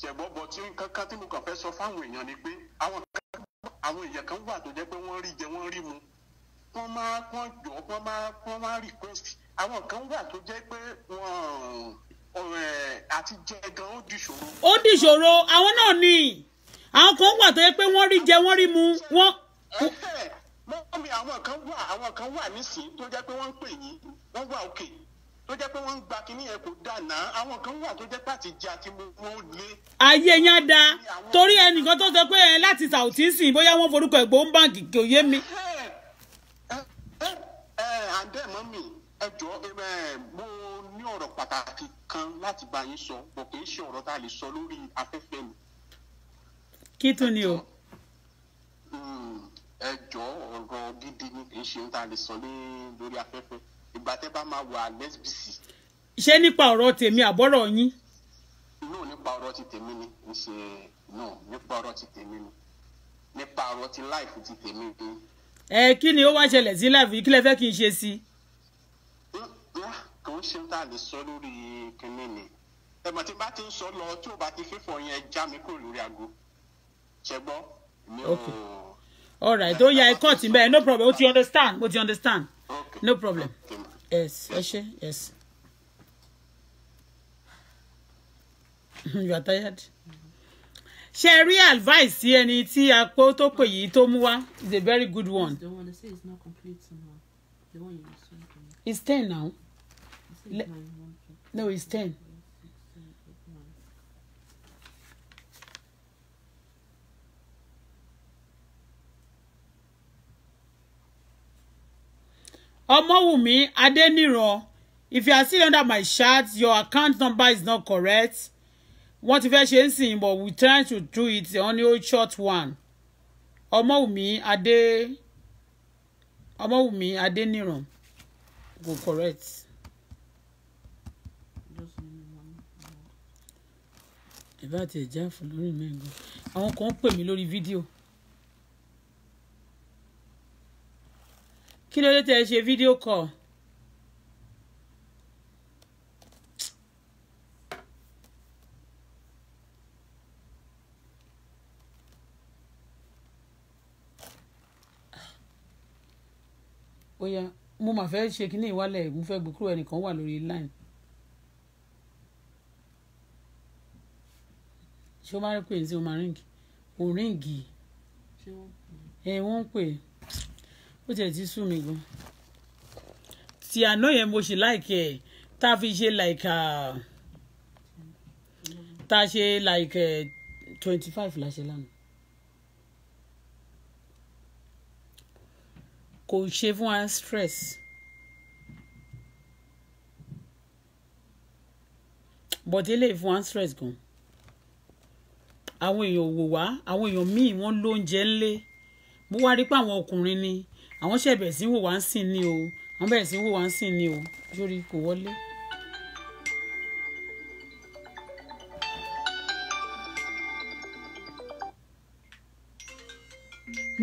J: ṣẹ̀gbọ́n tí kankan tí mo kàn fẹ́ sọ fáwọn èèyàn ni pé àwọn èèyàn kan wà tó jẹ́ pé wọ́n rí jẹ wọ́n rí mu wọ́n máa wọ́n jọ wọ́n máa wọ́n máa request àwọn kan wà tó jẹ́ pé wọ́n
A: Eh, àti jẹ gan ó di ìṣòro. ó di ìṣòro àwọn náà ni àwọn kan wà tó yẹ pé wọ́n rí jẹ wọ́n rí mu wọ́n.
J: mọ́mí àwọn kan wà àwọn kan wà nísìnyí tó jẹ́ pé wọ́n ń pè yín wọ́n wà òkè tó jẹ́ pé wọ́n ń gba kínní yẹn kò dáná àwọn kan wà tó jẹ́ pé àti jẹ àti mu wọn ò lé.
A: ayé yẹn á da torí ẹnìkan tó sọ pé ẹ láti sàùtì sìn bóyá wọ́n forúkọ ẹ̀gbọ́n báǹkì kò yé mi.
J: ẹ ẹ àdẹ́ mọ́mí ẹ jọ ẹ mo ní ọ̀rọ̀ pàtàkì kan láti bá yín sọ bọ̀ kì í ṣe ọ̀rọ̀ tá a lè sọ lórí afẹ́fẹ́ mi. kí tún ni o. ẹ jọ mm, ọ̀rọ̀ gidi ni kì í ṣe ohun tá a lè sọ lórí afẹ́fẹ́ ìgbà tẹ́ bá máa wà
A: lẹ́sbìsì. ṣé nípa ọ̀rọ̀ tèmi àbọ̀rọ̀ yín.
J: inú nípa ọ̀rọ̀ ti tèmi ni n ṣe inú nípa ọ̀rọ̀ ti tèmi ni nípa ọ̀rọ̀ ti láìfù ti tèmi ni.
A: ẹ kí ni ó wá ṣẹlẹ̀ sí láìfù yìí kí lẹ fẹ́ kí n ṣe sí i
J: kò ń ṣe tá a lè sọ lórí kinní ni ẹ̀mọ̀ tí bá ti ń sọ lọ tí ò bá ti fífọ̀ yẹn já mi kúrò lórí aago ṣẹgbọ́n
A: mi ò. all right ó yá ẹ̀kọ́ tí bẹ́ẹ̀ no problem ó ti understand ó ti understand okay. no problem yes ẹ ṣe yes. you are tired. ṣe ẹ rí advice sí ẹni tí apó tó pè yìí tó mú wá is a very good one. the
D: one they say is not complete now. the one you use.
A: it's ten now. Le- no, it's 10. Omowumi Adeniro, if you are still under my shirt, your account number is not correct. Wọ́n ti fẹ́ ṣe ń sìn, but we try to do it on your short one. Omowumi Ade Omowumi Adeniran go correct. ìbá àti ìjà fún lórí mi gan àwọn kan pè mí lórí fídíò kí ló dé tẹ ẹ ṣe fídíò kọ. ó mo mà fẹ́ ṣe kínní ìwálẹ̀ mo fẹ́ gbé ẹnìkan wà lórí line ṣé ó bá rí pé ṣé ó máa ríǹgì kò ríǹgì ẹ wọ́n ń pè ó tiẹ̀ ti sú mi gan ti àná yẹn mo ṣe láìkẹ́ ẹ̀ tá a fi ṣe like ah, tá a ṣe like eh, twenty five la ṣe lánàá kò ṣe fún wa stress. But lè fún wa stress gan àwọn èèyàn wò wá àwọn èèyàn míì wọ́n lóúnjẹ ńlé mo wá rí pé àwọn ọkùnrin ni àwọn ṣe bẹ̀rẹ̀ sí wò wá ń sìn ni o àwọn bẹ̀rẹ̀ sí wò wá ń sìn ni o sórí kò wọlé.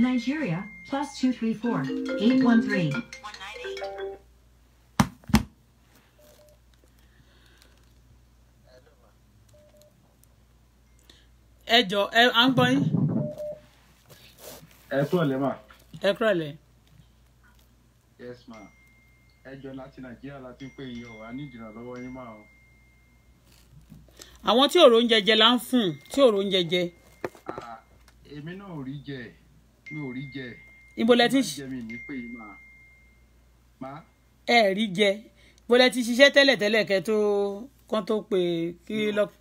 C: Nigeria plus two three four eight one three.
A: ẹ jọ ẹ à ń gbọ́ yín. ẹ kúrò lẹ́ mà. ẹ kúrò lẹ́.
H: yes ma ẹ jọ láti nàìjíríà láti pé iye ọ̀ a ní ìdìrànlọ́wọ́ yín máa o.
A: àwọn tí òrò oúnjẹ jẹ là ń fún tí òrò oúnjẹ jẹ. èmi náà ò rí jẹ mi ò rí jẹ. ibo ma. ẹ rí jẹ bó lẹ ti ṣiṣẹ́ tẹ́lẹ̀tẹ́lẹ̀ kẹ́ tó kán tó pè kí lọ́kùn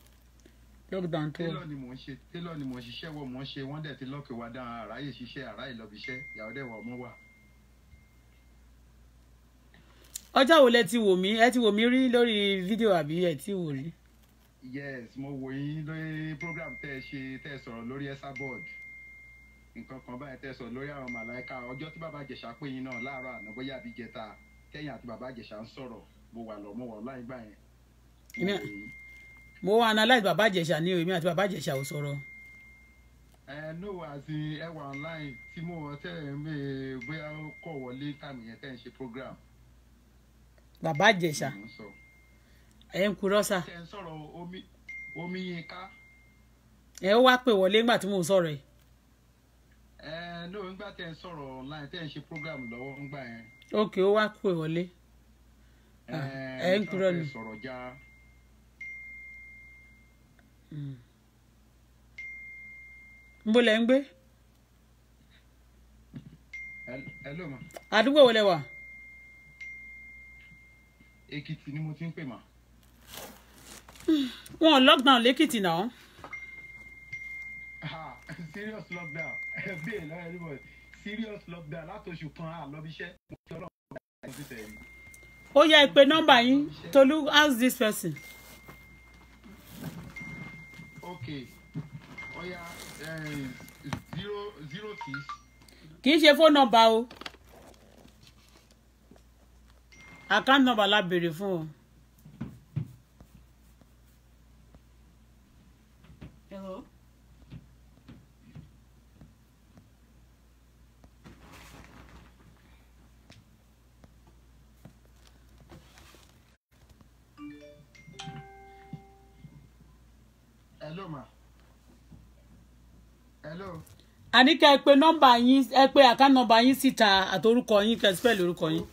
A: lockdown tó. télọ̀
H: ni mò ń ṣe télọ̀ ni mò ń ṣiṣẹ́ wọ̀ mò ń ṣe wọ́n dẹ̀ ti lọ́ọ̀kì wá dáhùn àráyè ṣiṣẹ́ àráyè lọ́bi iṣẹ́ ìyàwó dẹ̀ wọ̀ ọmọ wà.
A: ọjọ́ wo lẹ ti wò mí ẹ ti wò mí rí lórí fídíò àbí ẹ ti wò rí.
H: yes mo wò yín lórí program tẹ́ ẹ ṣe tẹ́ ẹ sọ̀rọ̀ lórí ẹ́sà board nǹkan kan báyìí tẹ́ ẹ sọ̀rọ̀ lórí àwọn màláìka ọjọ́ tí bàbá àjẹsà pé yín náà láàárọ̀ àná bóyá àbí jẹta tẹ́yìn àti bàbá àjẹsà ń sọ̀rọ̀ mo wà lọ́mọ́wọ́ láì gbà yẹn.
A: mo analyze bàbá ìjẹ̀ṣà n'i omi àti bàbá ìjẹ̀ṣà ò sọrọ.
H: ẹ ní o àti online tí mo wọ tẹ ẹ mẹ bóyá ó kọ wọlé tàmì ṣe program.
A: bàbá ìjẹ̀ṣà ẹ ń kúrọ́ sà. ẹ ń sọ̀rọ̀ omi omi yín wọlé nígbà tí sọ̀rọ̀
H: ẹ o nígbà tẹ ẹ sọ̀rọ̀ online tẹ ẹ ṣe program lọ́wọ́ yẹn.
A: ó wá pè wọlé. nbó lẹ ń hello ma. àdúgbò wo lẹ wà. èkìtì ni mo ti ń pè mà. wọn ò lockdown lẹ́kìtì náà.
B: Ah, serious lockdown ẹ bẹ́ẹ̀ lọ́wọ́ ẹ lọ́wọ́ serious
H: lockdown látòṣù kan àlọ́bíṣẹ́ mo ti ọlọ́run
A: ó yá ẹ pè nọ́mbà yín Tolu ask this person
H: okay oya eh, zero zero six.
A: kì í ṣe fóònù nọ́mbà o àkáǹtì nọ́mbà la fún o.
C: hello.
H: hello ma
B: hello.
A: àní kẹ́ ẹ pé nọ́mbà yín ẹ pé àkáǹtì nọ́mbà yín síta àtòrúkọ yín kẹ́ ẹ spẹ́ lórúkọ yín.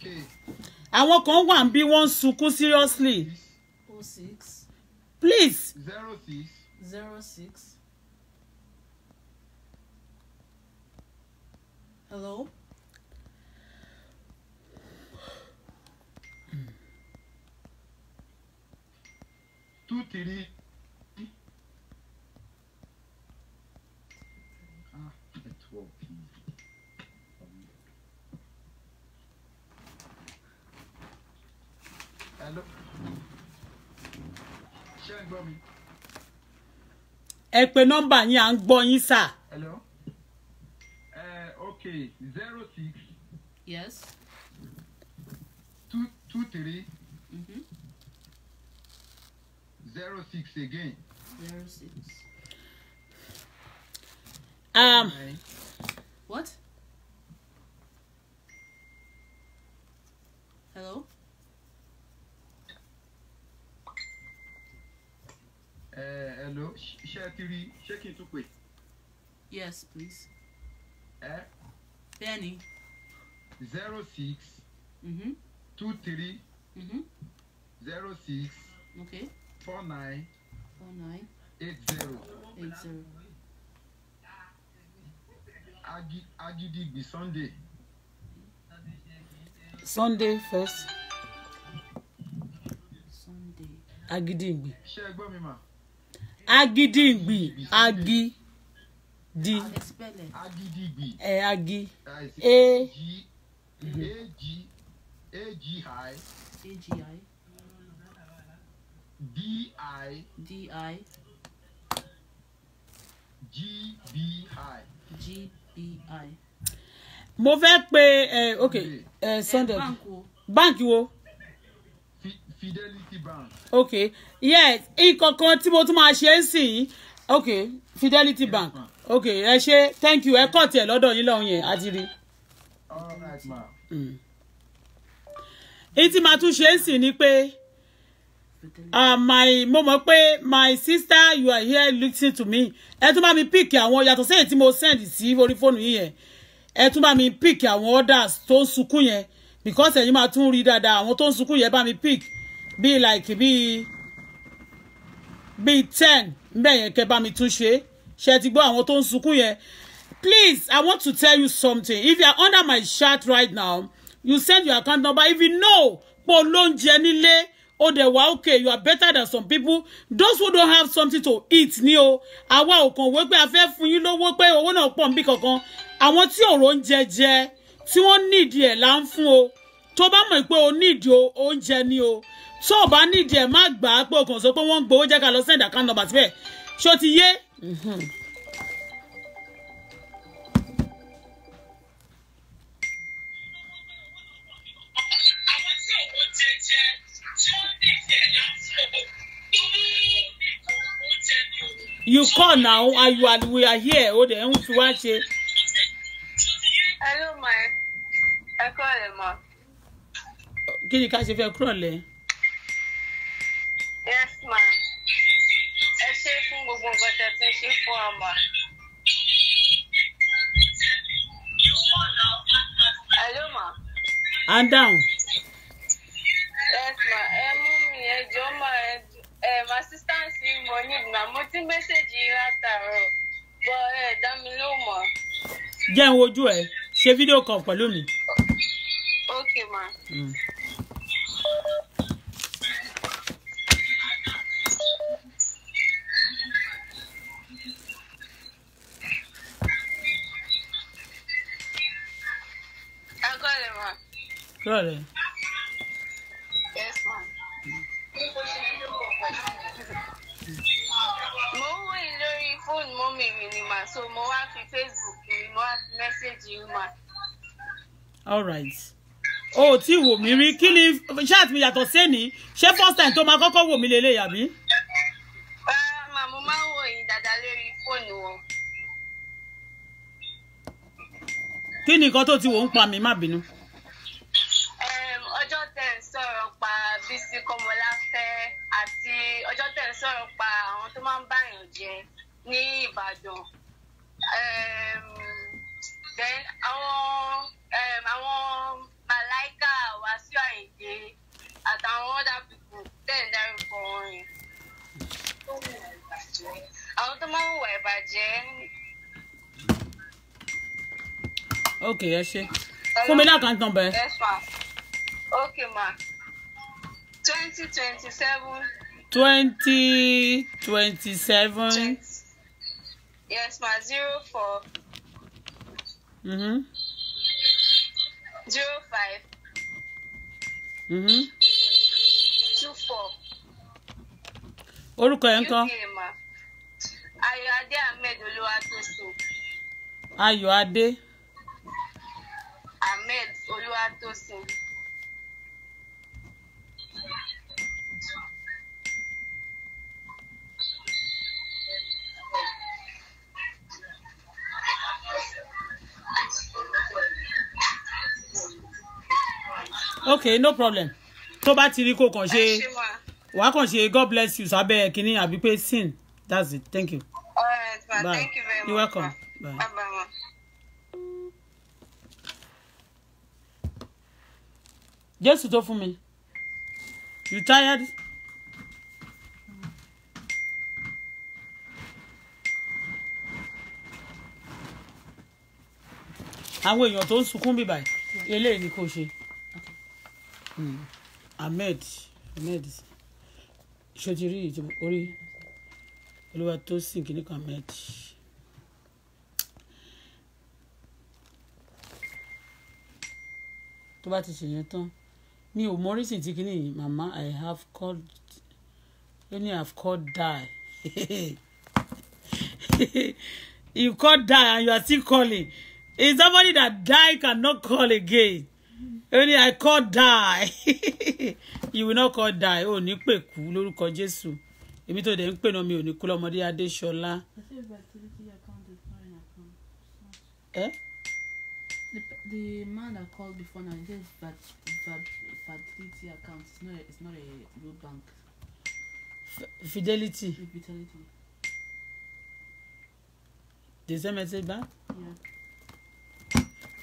A: àwọn kan wà ń bí wọ́n ń sunkún seriously. oh six. please. zero six.
D: zero six. hello.
H: two three
A: ẹ pè nọ́mbà yín à ń gbọ́ yín sà.
H: hello uh, okay zero six. yes.
A: two two three.
H: Mm-hmm. zero six again. zero six. Um, What? iṣẹ́ ti tún pè. yes please. ẹ. bẹ́ẹ̀ni. zero six. Mm-hmm. two three. Mm-hmm. zero six. okay. four nine. four nine. eight zero. eight zero. Agi, Agidigbi Sunday.
A: Sunday first.
H: Sunday. Agidigbi. Ṣé ẹ gbọ́ mi mà?
A: agidigbi agi di ẹ e, agi e di
H: di gbi gbi.
A: mo fẹ́ pe e, ok e, Sunday Bank wo. Fidelity Bank. okay yes nǹkankan tí mo tún máa ṣe ń sìn okay Fidelity yes, Bank ma. okay ẹ ṣe thank you ẹ kọ́ tiẹ̀ lọ́dọ̀ yín lọ́hùn yẹn àdìrí.
G: all right ma.
A: ìtì mm. màá tún ṣe ń sìn ni pé uh, my mo mọ̀ pé my sister you are here listening to me ẹ tún bá mi pick àwọn yàtọ̀ sẹ́yìn tí mo send sí orí fóònù yìí yẹn ẹ tún bá mi pick àwọn orders tó ń sunkún yẹn because ẹ̀yin máa tún rí dáadáa àwọn tó ń sunkún yẹn bá mi pick bíi like bíi bíi ten nbẹ yẹn kẹ bá mi tún ṣe ṣe ti gbọ àwọn tó ń sunkún yẹn please i want to tell you something if you are under my shirt right now you send your account number if you know pé olóúnjẹ nílé ó dẹ̀ wá okay you are better than some people those who don't have something to eat ni o àwa ò kàn wé pé a fẹ́ fún yín lówó pé owó náà pọ̀ nbí kankan àwọn tí òrò ń jẹ jẹ tí wọ́n nídìí ẹ̀ là ń fún o tó bá mọ̀ pé o nídìí oúnjẹ ni o tó o bá nídìí ẹ̀ má gbà á pé o kàn sọ pé wọ́n ń gbowó jẹ́ ká lọ send account number síbẹ̀ ṣó ti yé. Mhm. you call now and you are we are here o de ń fi wá ṣe.
E: hello ma ẹ kúrọ̀lẹ́ ma.
A: kí ni ká ṣe fẹ́ kúrọ̀lẹ́.
E: gbogbo nǹkan tẹ́ ti ń ṣe fún àmà. Hello ma. I'm down. Yes ma, ẹ mú mi ẹjọ́ ma ẹm assistance yìí mo ní ma mo ti mẹ́sẹ̀gì yìí látàárọ̀ bọ ẹ dá
A: mi ló mọ̀. Jẹ́ ń wojú ẹ, ṣe fídíò kan pẹ̀lú mi. Okay ma. Mm. Rọ̀lẹ́.
E: Yes ma. Mo ń wòye lórí fóònù mọ́mì mi ni mà so mo wá fi Facebook mi mo wá fi mẹ́sẹ̀gì yìí mà.
A: All right. O Oh, tí wò mí rí kí ni ṣáàtì mi yàtọ̀ sẹ́ni ṣé first time tó máa kọ́kọ́ wò mí lélẹ́yà mi.
E: Ah, Màmá mo máa ń wò yín dáadáa lórí fóònù wọn.
A: Kí ni nǹkan tó ti wò ń pa mi má bínú.
E: sọ̀rọ̀ pa àwọn tó máa ń báyàn jẹ ní Ìbàdàn then àwọn àwọn màláìkà Wàsíù Àyìndé àtàwọn other people tẹ̀ ń dárúkọ wọn yẹn àwọn tó máa ń hùwà ìbàjẹ́. ok ẹ ṣe fún mi lákàn tán bẹ́ẹ̀. ok ma twenty twenty seven
A: twenty twenty seven.
E: yes ma zero four. Mm-hmm. zero five. Mm-hmm. two four. orúkọ yẹn kọ́. ayọ̀ adé ahmed olúwatósìn.
A: ayọ̀ adé.
E: ahmed olúwatósìn.
A: okay no problem tó bá ti rí kó kàn ṣe wàá kàn ṣe god bless you sábẹ́ kínní àbí pé sin that's it thank you.
E: all right ma bye. thank you very much. you're welcome. Ma. bye. bye. bye.
A: jésù tó fún mi you tired. àwọn èèyàn tó ń sunkún bíbáyìí eléyìí ni kò ṣe. Hmm. ahmed ahmed ṣòtìrí orí olúwa tó sìn kí nìkan ahmed. tó bá ti ṣèyẹn tán mi ò mọ orísìí tí kìíní màmá i have called ó ní i have called die you called die and you are still calling is somebody that die cannot call again ó ní i call die you will not call die ò ní pè kú lórúkọ jésù èmi tó dẹ̀ ń pè náà mi ò ní kú lọ́mọdé adéṣọlá.
D: The, man that called before now, he says that Fidelity account is not a, it's not a real
A: bank. F Fidelity. Fidelity. Deuxième message back?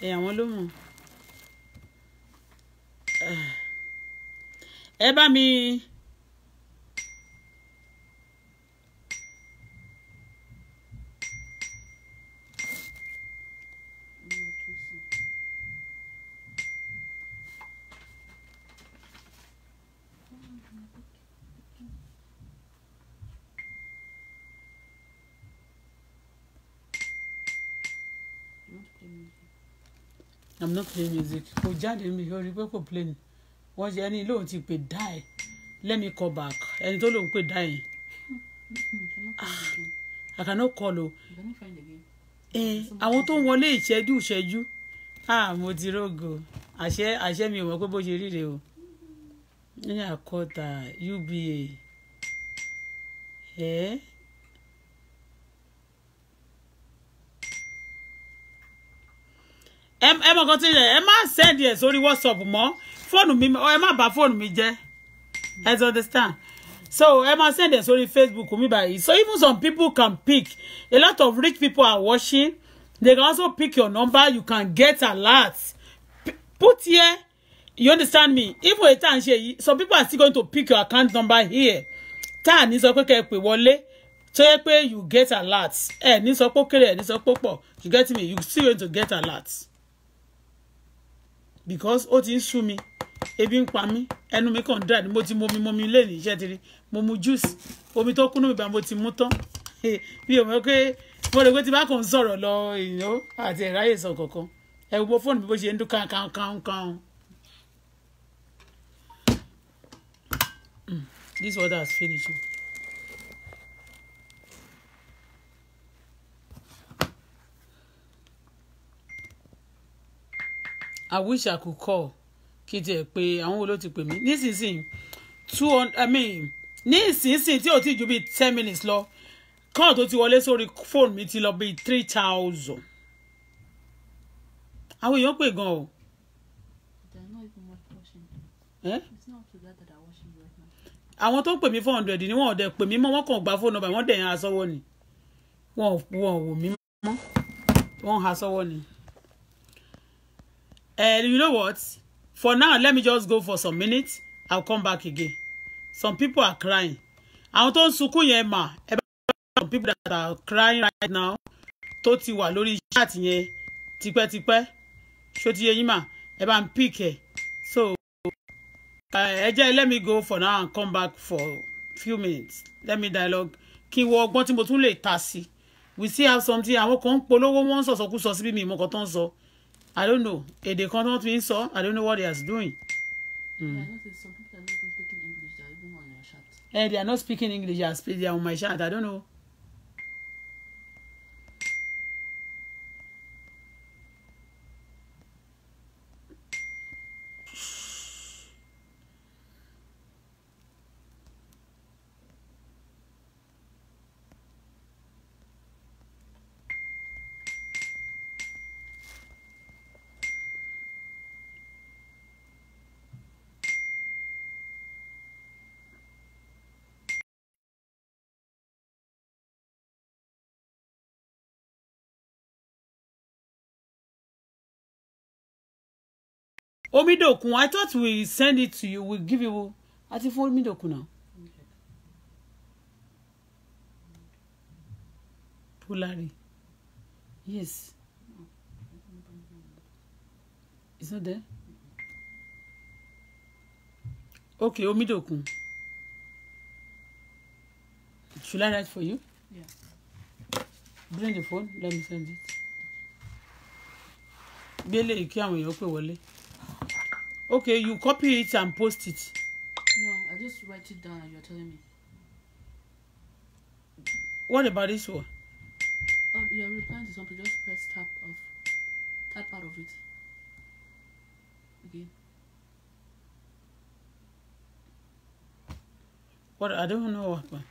A: Yeah. I want to know ẹ bá mi. i'm not playing music kò jáde mi ó rí pé kò play ni wọ́n ṣe ẹni lóun ti pè die let me call back ẹni tó lóun pè die
F: yẹn
A: ah, i cannot call o eh, àwọn tó ń wọlé ìṣẹ́jú ìṣẹ́jú ah mo ti rógo àṣẹ àṣẹ mi ò mọ̀ pé bó ṣe ríre o ní àkọ́tà uba ẹ̀. Eh? ẹ mọ kan tí ẹ má send ẹ sórí whatsapp mọ́ fóònù mi ẹ má bà fóònù mi jẹ́ ẹ ti understand so ẹ má send ẹ sórí facebook mi báyìí so even some people can pick a lot of rich people are watching they can also pick your number you can get alert put here you understand me even a tan ṣe some people are still going to pick your account number here tá ní sọ pé kẹ́ ẹ wọlé tó yẹ pé you get alert ẹ ní sọ pé ó kéré ẹ ní sọ pé ó pọ̀ you get me you still going to get alert because ó ti ń sú mi ebi ń pa mí ẹnu mi kàn dà ní mo ti mu omi mu omi lẹ́nu iṣẹ́ tiri mo mu juice omi tó kúnnú mi bá mo ti mu tán bí o mọ̀ pé mo rò pé tí bá kàn ń sọ̀rọ̀ lọ èèyàn àti ẹ̀ráyè sọ kankan ẹ wo fóònù bí mo ṣe ń dún kankan kankan kankan. Hmm, this water has finished. I wish I could call kí n tiẹ̀ pé àwọn wo ló ti pè mí nísinsìnyí two hundred I mean nísinsìnyí tí ò tí ju bíi ten minutes lọ kàn tó ti wọlé sórí fóònù mi ti lọ bíi three thousand àwọn èèyàn pè gan o. Eh? àwọn tó pè mí four hundred ni wọn ò dẹ̀ pè mí mọ́ wọn kàn gba fóònù nọ́mbà wọn dẹ̀ yàn asọ́wọ́ ni wọn ò wò mí mọ́ wọn ń asọ́wọ́ ni and eh, you know what for now let me just go for some minutes i'll come back again some people are crying àwọn tó ń sunkún yẹn mà ẹ bá some people that are crying right now tó ti wà lórí chat yẹn tipẹ́tipẹ́ ṣó ti yé yín mà ẹ bá ń pick ẹ so eh, ẹ jẹ́ let me go for now and come back for few minutes let me dialogue kí n wo ọgbọ́n tí mo tún lè ta sí we still have something àwọn kan ń polówó wọ́n ń sọ̀sọ̀kú sọ síbí mi ìmọ̀kan tó ń sọ. So I don't know If they cannot ń fi I don't know what they are doing. Mm. Yeah,
F: I noticed some people are not speaking English they
D: are even on your chat.
A: Eh, they are not speaking English they are on my chat I don't know. Omidokun, I thought we send it to you, we give you. I think for Omidokun now. Pulari. Yes. Is not there? Okay, Omidokun. Should I write for you? Yeah. Bring the phone, let me send it. Gbélé kí àwọn èèyàn pè wọlé. Okay, you copy it and post it.
D: No, I just write it down
A: you're telling me. What about this one?
D: Um, you're replying to something, just press tap of, Tap out of it.
A: Again. What? I don't know what happened.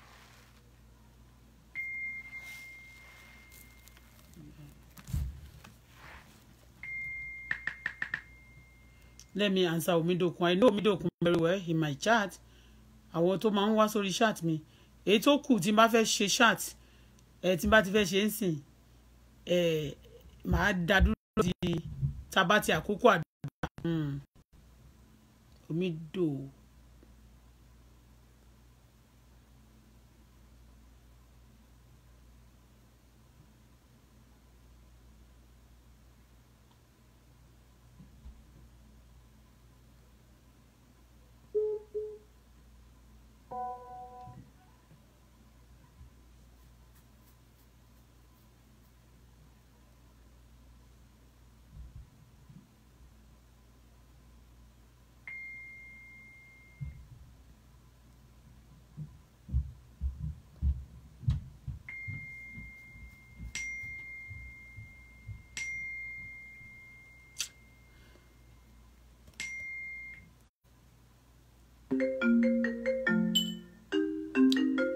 A: let me answer Omidokun I know Omidokun very well in my chat àwọn tó máa ń wá sórí chat mi èyí tó kù tí n bá fẹ́ ṣe chat ẹ tí n bá ti fẹ́ ṣe ń sìn ẹ màá dá dúró di tabati àkókò àdúrà hmm. Omido.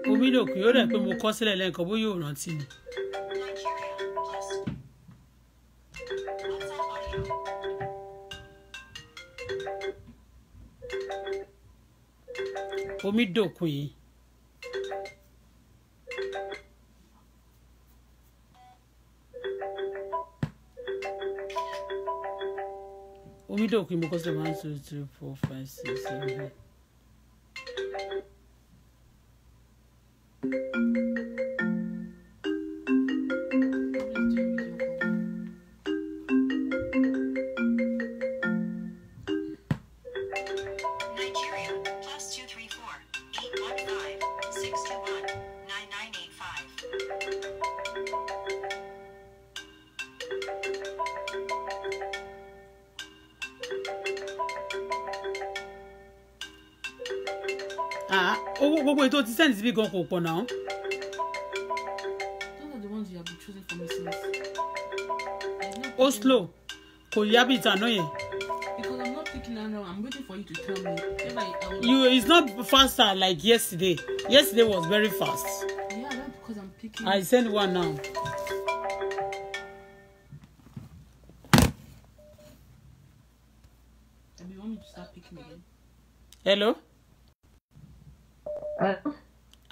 A: mo fídíò kì yóò dẹ̀ pé mo kọ sílẹ̀ lẹ́ẹ̀kan bó yóò rántí ni. omi dòkun yìí. omi dòkun yìí mo kọ sílẹ̀ one two three four five six seven eight. choices bí gan kò pọ̀ those are the ones you have been choosing for me since. Oh, slow kò yá bí ìtàn i'm waiting for you to tell me
D: if you it's
A: not faster like yesterday yesterday was very fast. yeah that's because i'm picking. i send one now.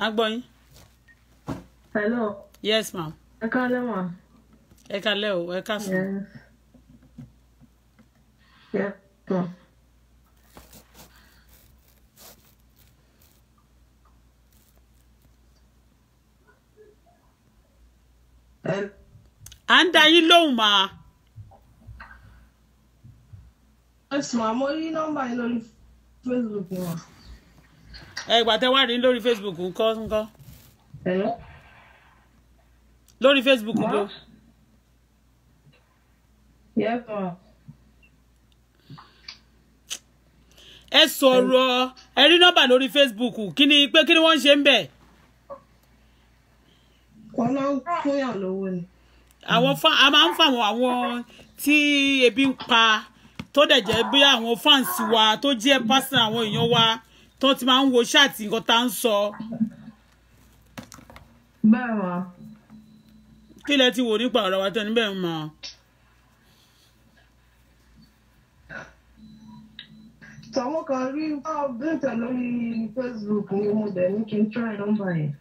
A: a yín. hello. yes ma'am.
C: ẹ kálẹ́ mà. ẹ kálẹ́ o ẹ ká sùn. yes ma.
A: à ń dá yín lóhùn mà.
C: yes ma mo rí nọ́mbà yín lórí Facebook wọn
A: ẹ ìgbà tẹ wá rí lórí facebook ńkọ́ ńkọ́. lórí facebook bó. ẹ sọ̀rọ̀ ẹ rí nọ́mbà lórí facebook kí ni pé kí ni wọ́n ń ṣe ń bẹ̀. wọ́n máa ń kóyàn lọ́wọ́ ni. àwọn fa a máa ń fa àwọn tí ebi ń pa tó dẹ̀ jẹ́ bí àwọn fáǹsì wa tó jẹ́ pásítọ̀ àwọn èèyàn wa tó ti máa ń wo ṣáàtì nǹkan tá ń sọ. bẹ́ẹ̀ ma. kí lẹ ti wò nípa ọ̀rọ̀ wa tó ní bẹ́ẹ̀ ma.
C: tọ́wọ́ kan rí bá ọ̀bẹ́tẹ̀ lórí Facebook ni mo dẹ̀ ní kí n try nọ́mbà yẹn.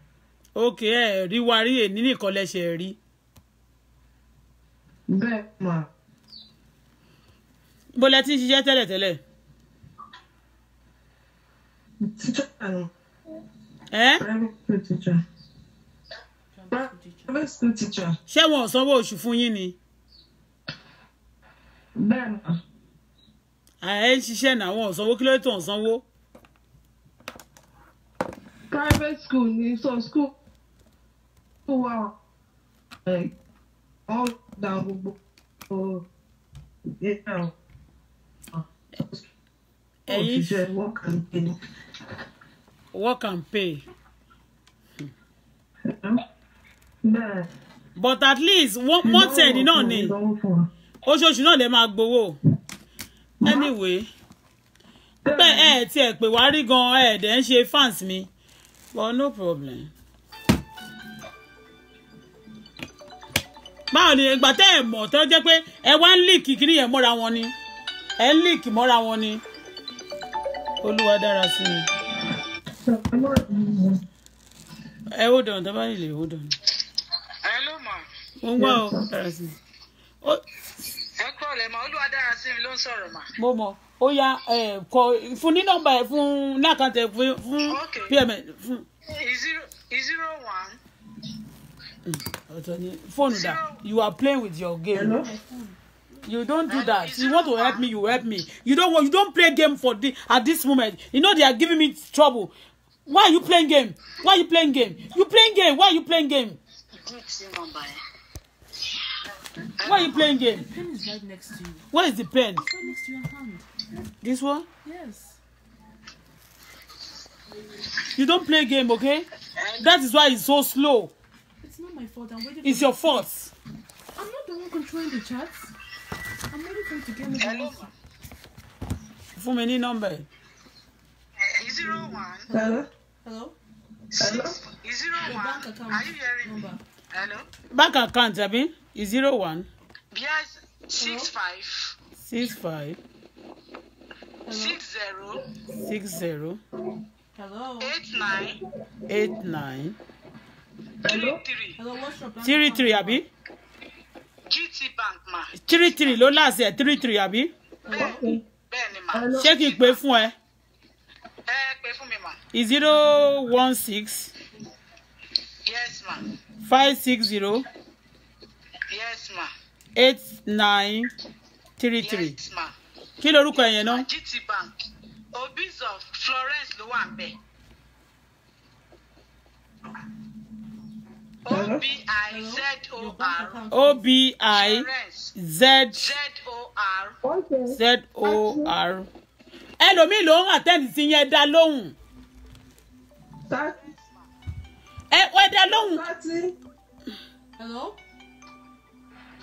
A: ok ẹ rí wa rí èní nìkan lẹ́sẹ̀ rí. bẹ́ẹ̀ ma. bó lẹ ti ń ṣiṣẹ́ tẹ́lẹ̀tẹ́lẹ̀ teacher. Eh? Private school teacher. Private school teacher. Ṣé wọn ò sanwó oṣù fún yín ni? Bẹ́ẹ̀ni. Àyẹ̀ ń ṣiṣẹ́ náà wọn ò sanwó kí ló tó ń sanwó.
C: Private school ni so school school wa wọ́n gba gbogbo ẹ̀yìn òṣìṣẹ́ wọ́n kàn ń
A: work and pay. bẹ́ẹ̀. but at least one tẹ̀ ní you know? oṣooṣù náà lè máa gbowó anyway pé eh, tiẹ̀ pè wá rí gan ẹ dẹ̀ ń ṣe fans mi but no problem. báwo ni ìgbà tẹ́ ẹ mọ̀ tó jẹ́ pé ẹ wá ń líìkì kíní yẹn mọ́ra wọn ni ẹ ń líìkì mọ́ra wọn ni olúwa dára sí mi
C: ẹ
A: eh, hold on dábàá lè hold on.
E: hello ma. mo ń gbọ́ ọ dára sí i. ẹ kọ́ ọ̀lẹ́ ma olúwa dára sí mi ló ń sọ̀rọ̀ ma.
A: mo mọ ó yá ẹ kọ fún ní nọ́mbà ẹ fún lákàntẹ fún pm
E: fún. zero one.
A: Hmm, ọ̀tọ̀ ni fóònù dà you are playing with your game. Hello? you don't do that you want to help me you help me you don't you don't play game for the at this moment you know they are giving me trouble why are you playing game why are you playing game you playing game why are you playing game. Why are you playing game? What is the pen? This one? Yes. You don't play game, okay? That is why it's so slow.
D: It's not my fault. I'm waiting. It's your
A: fault. I'm not the one controlling the chat. I'm waiting for you to get me the For many number
E: zero one. Hello. Hello. Six, Zero one. Are you hearing me?
A: Hello. Bank account, Abi. Is Zero one.
E: Yes. Six five.
A: Six five.
E: Hello. Six zero. Six zero. Hello. Eight nine. Eight
A: nine. Hello.
E: Three three. Hello, what's your bank three
A: three, Abi.
C: GT Bank ma.
A: three three ló láàṣẹ three three Abi? bẹ́ẹ̀ni bẹ́ẹ̀ni ma. ṣé kí n pè ẹ pè mi mà. zero one six. yes ma. five six zero. yes ma. eight nine three three. yes ma. kí lorúkọ ẹ̀yẹn náà. GT
E: Bank Obizo Florence ló wà ń O B I Z O R. O
A: B I Z
E: O R.
A: Z O R ẹlòmíì ló ń àtẹ́ǹdì sí yẹn dá lóhùn.
C: ẹ wẹ́ dá lóhùn.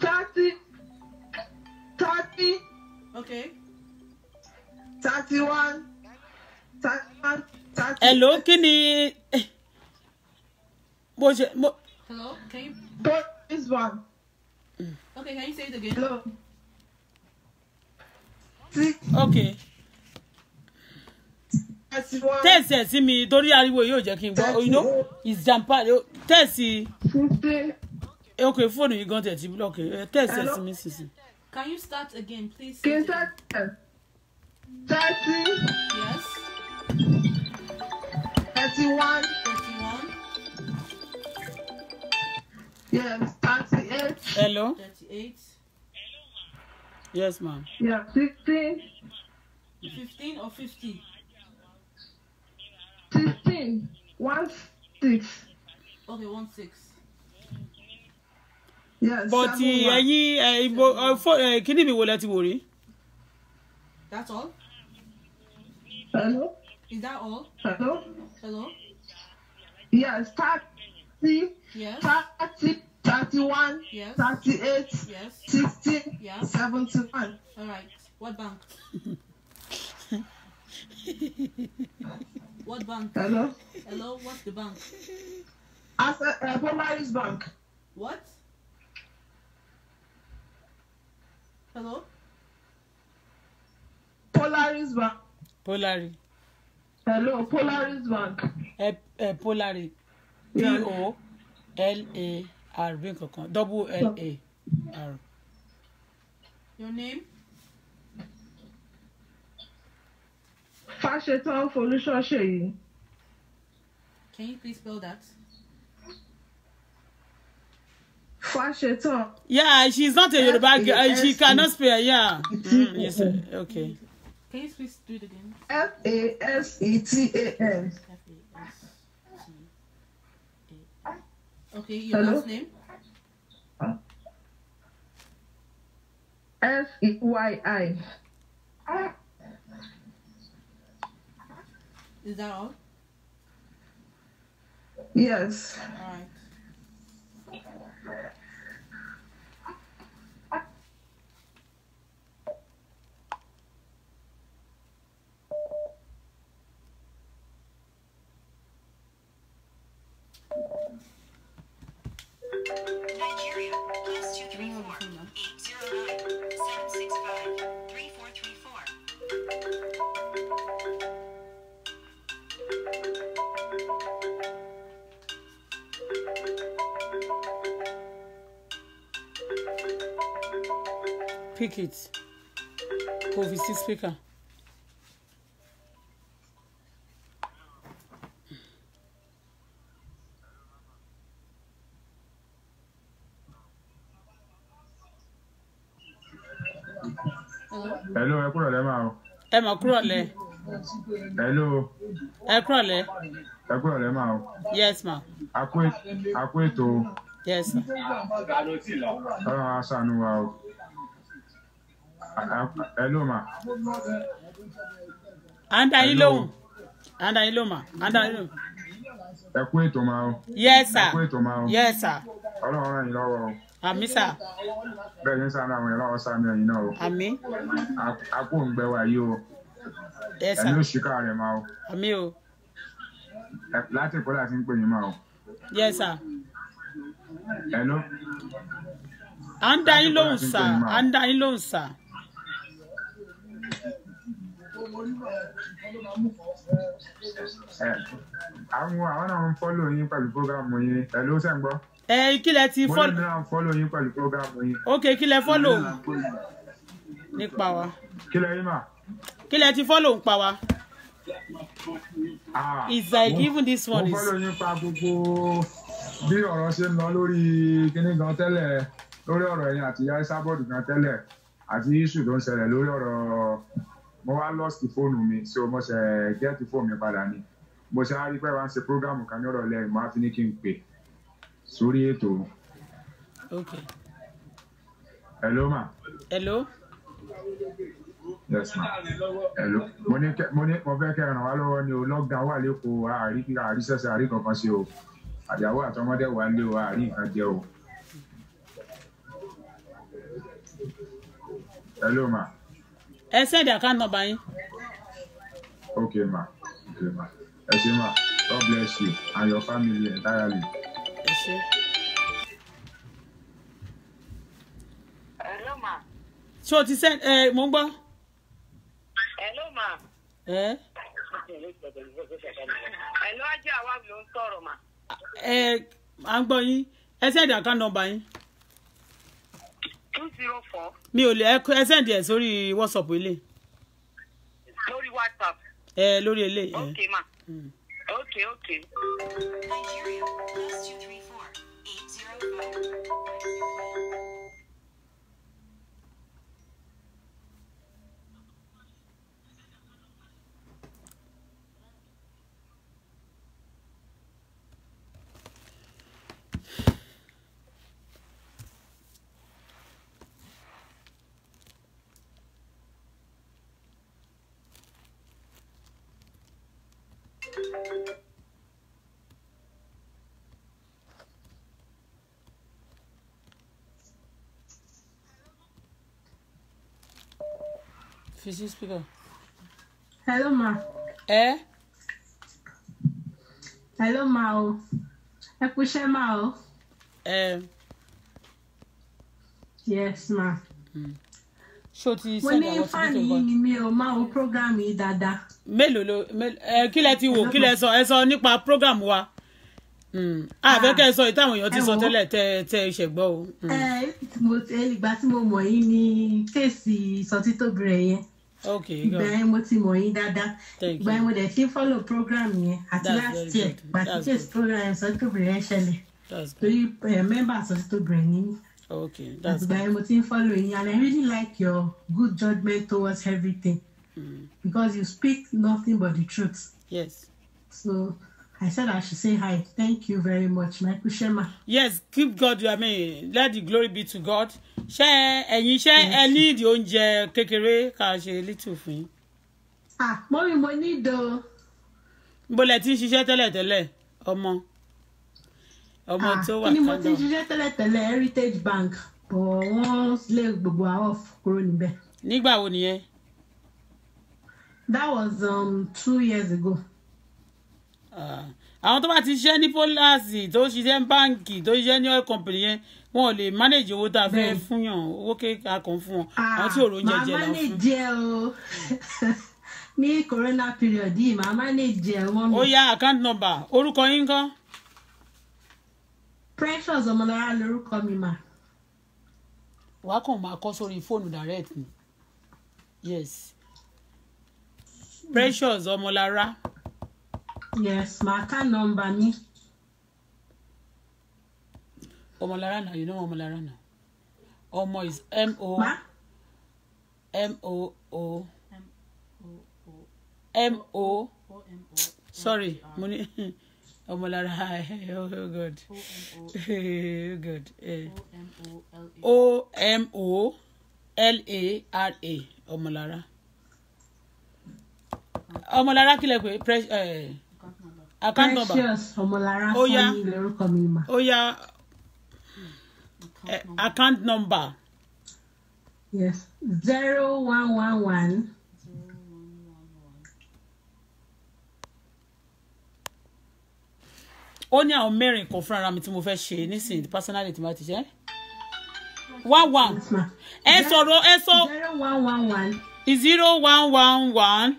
C: thirty thirty okay
E: thirty one hello kí
A: ni mo ṣe mo.
C: hello can you.
A: this one. okay can you say it again. hello. okay tẹ́ẹ̀sì ẹ̀ sí mi torí ariwo yóò jẹ́ kí n gbọ́ you know it's jampa tẹ́ẹ̀sì eh, ok fóònù yìí gan tẹ̀ ti block e. eh, tẹ́ẹ̀sì ẹ̀ sí mi sísìn.
D: can you start again please. kì í start ẹ̀
E: thirty. yes. thirty one.
C: thirty one.
E: yes
A: thirty eight. hello. thirty eight. yes ma'am.
C: yeah fifteen.
D: fifteen or fifty.
C: Fifteen. One six.
D: Okay, one six.
A: Yes, but Are you? kíni mi wo lẹ ti wò
E: That's all. Hello. Is that all? Hello. Hello. Yes, thirty. Yes. Thirty. 31,
C: yes. 38, yes. 16, yes. 71. All right. What bank? What bank? Hello?
D: Hello, what's the bank? As uh, Polaris Bank. What?
A: Hello? Polaris Bank. Polaris.
C: Hello, Polaris Bank.
A: Ẹ Ẹ Polaris. P-O-L-A-R bí Double L-A-R. Your name?
C: Fashetan Folúṣọ̀ṣèyí.
D: Can you please spell that?
E: Fashetan.
A: Yeah, she's not a Yoruba girl. Uh, she cannot spell. Yeah. Mm, yes. Okay.
E: Can you please do it again?
C: F A S E T A N. F A S
F: E T A N. Okay,
E: your Hello? last name. F E Y I. Is that all?
I: Yes. All
F: right. Nigeria, plus 3434.
A: pick it kó fi speaker.
G: hello ẹ kúrò máa o. ẹ mà kúrò hello. ẹ kúrò ẹ kúrò máa o. yes ma. a ètò.
A: yes ọlọ́run
G: á wa o hello ma. anda ilo anda
A: ilo ma anda ilo
G: dá yín ẹ kú ètò ma o. yes sir ẹ kú ètò ma o. yes sir. ọlọ́run ràn yín lọ́wọ́ o. àmín sà. bẹ́ẹ̀ ni sànú àwọn ìlọ́wọ́ sàmì ẹ̀yìn náà o. àmín. a kú òǹgbẹ wa yìí o. yes sir ẹ̀mí ò ṣìkà rẹ̀ ma o. àmín o. láti ìkọ́lé àti ń pè yín ma o. yes sir. hello. à ń dá yín lóhùn sà à ń dá yín lóhùn sà
F: àwọn
G: àwọn náà ń fọ́lọ̀ yín pẹ̀lú prógámù yín ẹ ló sẹ́ ń gbọ́. ẹ kí ti fọ́lọ̀. mo ní náà fọ́lọ̀ yín pẹ̀lú prógámù yín. ok kí fọ́lọ̀ nípa wa. kí yín mà. kí ti fọ́lọ̀ nípa wa. Ah, is like even this one is. mo fọ́lọ̀ yín pa gbogbo bí ọ̀rọ̀ ṣe ń lọ lórí kíní gan tẹ́lẹ̀ lórí ọ̀rọ̀ yẹn àti yáísá bọ́ọ̀dù gan tẹ́lẹ̀ àti iṣu tó ń ṣẹlẹ̀ lórí ọ̀rọ̀ mo wá lọ́ọ̀sì fóònù mi so mo ṣe gẹ́ẹ̀tì fóònù mi padà ni mo ṣe á pé wá ń ṣe prógámù kan yọ̀rọ̀ lẹ́yìn mo á fi ní kí n pè sórí ètò. okay. hello ma. hello. yes ma hello mo ní kẹ mo ní mo fẹ́ kẹ́ ràn wá lọ́wọ́ ni o lockdown wà lẹ́kọ̀ọ́ àárí àríṣẹ́ṣẹ́ àárí kankan ṣe o àyàwó àtọmọdé wà lé o àárí nǹkan jẹ o. hello ma ẹ send account number yín. okay ma okay ma ẹ ṣé ma god bless you and your family entirely.
A: ẹ ṣé. hello ma. ṣé o ti send ẹ mo ń gbọ́. hello ma. ẹ.
E: hello ajé àwa ló ń sọ̀rọ̀ ma.
A: ẹ à ń gbọ́ yín ẹ send account number yín
E: two zero four.
A: mi ò lè ẹ send ẹ sórí whatsapp ilé.
E: lórí whatsapp.
A: ẹ lórí ilé. ok
E: ma mm. ok ok. Nigeria
A: fi sí
C: speaker. hello ma. ẹ. Eh? hello ma o ẹ kú iṣẹ́ ma o. ẹ. Eh. yes ma. Hmm. ṣó ti send àwọn tí kò tó bá. mo ní fáànì yìí ni mi ò máa wo program yìí dáadáa. mélòó ló ẹ kí lẹ ti wò kí lẹ sọ
A: ẹ sọ nípa program wa àfẹ́kẹ́ hmm. ah. sọ ìtàwọn èèyàn ti sọ tẹ́lẹ̀ tẹ tẹ ìṣẹ̀gbọ́ o.
C: Hmm. Eh, ẹ mo ìgbà tí mo mọ̀ yín ni kéèsì ìsọtítọ́bìrẹ̀ yẹn ìgbà yẹn mo ti mọ̀ yín dáadáa ìgbà yẹn mo dẹ̀ ṣe follow program yẹn àti last year gbàtí jésù program yẹn sọ́tò bẹ̀rẹ̀ ṣẹlẹ̀ torí mẹ́mbà sọ́tò bẹ̀rẹ̀ ní àtìgbà yẹn mo ti ń follow yín and I really like your good judgement towards everything mm. because you speak nothing but the truth. Yes. so I said I should say hi. Thank you very much, Michael Shema.
A: Yes, keep God. I mean, let the glory be to God. Ṣé ẹ̀yin ṣé ẹ ní ìdí oúnjẹ kékeré cause a little fún
C: Ah, mọ́mí mo ní ìdò.
A: Bó lẹ ti ń ṣiṣẹ́ tẹ́lẹ̀tẹ́lẹ̀ ọmọ. Ọmọ tó wà kọ́ńdọ̀. Kí ni mo ti ń
C: ṣiṣẹ́ Heritage Bank bọ̀ wọ́n lé gbogbo àwọn kúrò níbẹ̀. Nígbà wo nìyẹn? That was um, two years ago. Ah.
A: àwọn tó bá ti ṣiṣẹ́ ní pólásì tó ṣiṣẹ́ ní tó ṣiṣẹ́ ní oil company yẹn wọn ò lè manage owó tá a fẹ́ fún yàn owó kéka kan fún wọn ah, àwọn tí òòrùn jẹjẹ
C: lọ fún. ní corona period yìí màá manage wọn. ó yá
A: account number
C: orúkọ yín kan. precious ọmọlára lórúkọ mi mà.
A: wàá kàn máa kọ sórí fóònù direct ni yes precious ọmọlára. Mm -hmm
C: yes my account number me.
A: ọmọlára you know ọmọlára Omo is m o m o o m o m o sorry mo ní oh good. oh god o m o l a r a Omolara. Omolara, kí lè
C: account number. precious ọmọlára fọyín lórúkọ mi mà. ó
A: account number.
C: yes zero one one one.
A: ó ní àwọn mẹ́rin kan fúnra mi tí mo fẹ́ ṣe nísìnyí personality tí mo ti ṣe. one one ẹ sọ̀rọ̀ ẹ sọ.
C: zero one one one.
A: zero one one one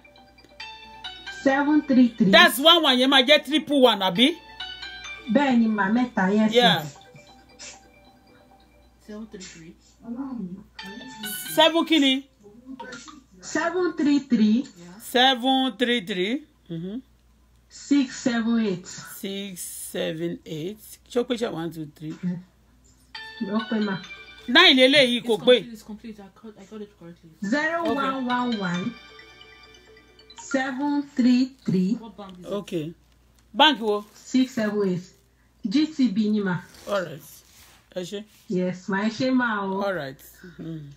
A: seven three three. that's one one yẹn máa jẹ́ triple one àbí. bẹ́ẹ̀ ni màá mẹ́ta yẹn sọ.
D: seven three three.
A: seven kini. seven three three. seven three three. Mm-hmm. six seven eight. six seven eight. ṣó pé ṣe one two three.
C: ó pé mà. nine eléyìí kò pé.
D: zero one
C: one one seven three three. okay bank wo. six seven eight gtb Nima.
A: all right ẹ ṣe.
C: yes ma ẹ ṣe máa o. all right. Mm.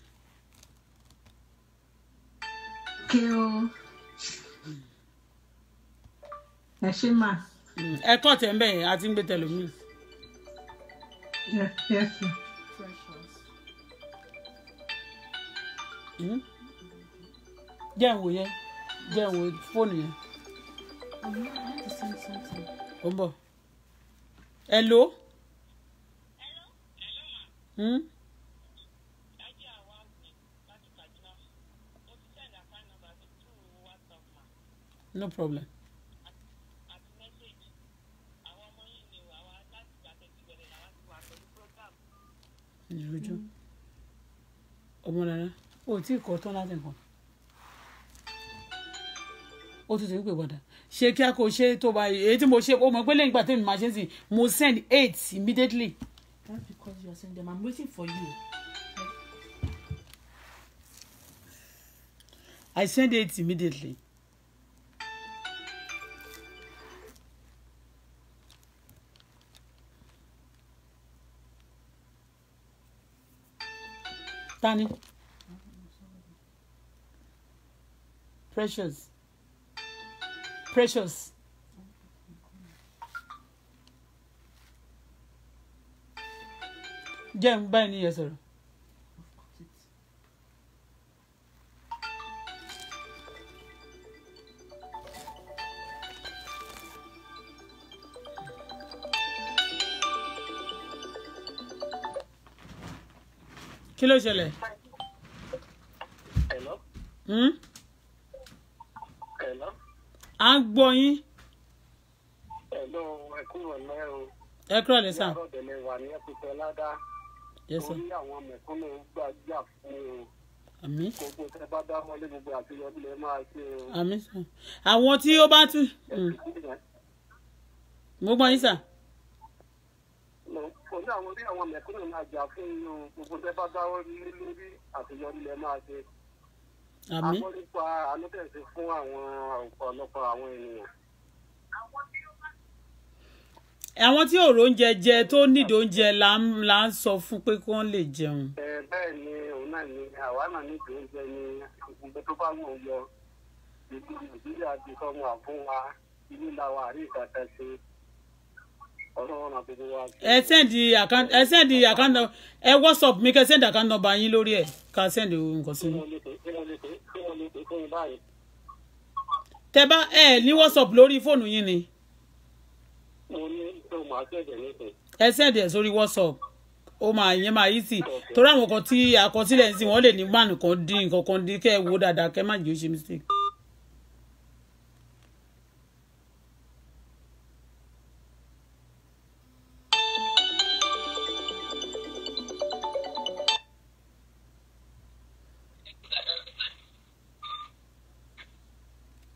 C: ké o ẹ ṣe máa.
A: Hmm. ẹ kọ́ tẹ̀ ń bẹ̀ yẹn àti ń gbé tẹlómi. yes yes. Hmm. jẹ́ ń wò yẹn jẹ́ ìwé fóònù yẹn. ó ń bọ̀. hello. Hmm? no problem. ìrújú ọmọ rẹ o tí ì kọ́ tán láti nǹkan ó tún ti ń pè padà ṣé kí a kò ṣe tó bá èyí tí mo ṣe ó mọ̀ pé lẹ́yìn ìgbà tèmi máa ṣe ń mo send eight immediately. that's because you are sending them i'm waiting for you. I send it immediately. Tani. Mm-hmm. Precious precious. jẹ́ ń bá ẹni yẹn sọ̀rọ̀. kí ló ṣẹlẹ̀. Hello. Hmm? à ń gbọ́ yín.
J: ẹ̀lọ́ ẹ kúrò lẹ́rù. ẹ kúrò lẹ́sà. ní àròdè lè wà ní ẹ̀pẹ̀tẹ̀ ládá. torí àwọn mẹ̀kúnnù gbàgbà fún un. àmín. gbogbo tẹ bá dá wọlé gbogbo àṣeyọrí lè máa ṣe o. àmín
A: àwọn tí ó bá tún. Hmm. mo gbọ́ yín sà
J: pẹ̀lú àwọn orí àwọn mẹ̀kúnnù máa jà fún un gbogbo tẹ bá dáwọ́ lé lórí àṣeyọrí lè máa ṣe akọ́lípa alótẹ̀sí fún àwọn ọ̀pọ̀lọpọ̀ àwọn ènìyàn.
A: àwọn tí òrò oúnjẹ jẹ tó nídìí oúnjẹ là ń sọ fún pé kí wọ́n lè jẹun.
J: ẹ bẹ́ẹ̀ ni òun náà ni àwa náà nídìí oúnjẹ ni gbogbo tó bá wọn yọ ìdí nàìjíríà sọmọ àfún wa ìlú làwọn àrí ìkàtà ẹ
A: sẹ́ndì account ẹ sẹ́ndì account number ẹ whatsapp mi kẹ́ sẹ́ndì account number yín lórí ẹ̀ ká sẹ́ndì nǹkan sí mi. tẹ bá ẹ ní whatsapp lórí fóònù yín ni. ẹ sẹ́ndì ẹ̀ sórí whatsapp ó máa yẹn máa yí sí torí àwọn kan tí àkọsílẹ̀ ń sìn wọ́n lè ní gbàǹkan dín nǹkan kan dín kẹ́ ẹ wo dáadáa kẹ́ ẹ má jẹ́ ó ṣe mistake.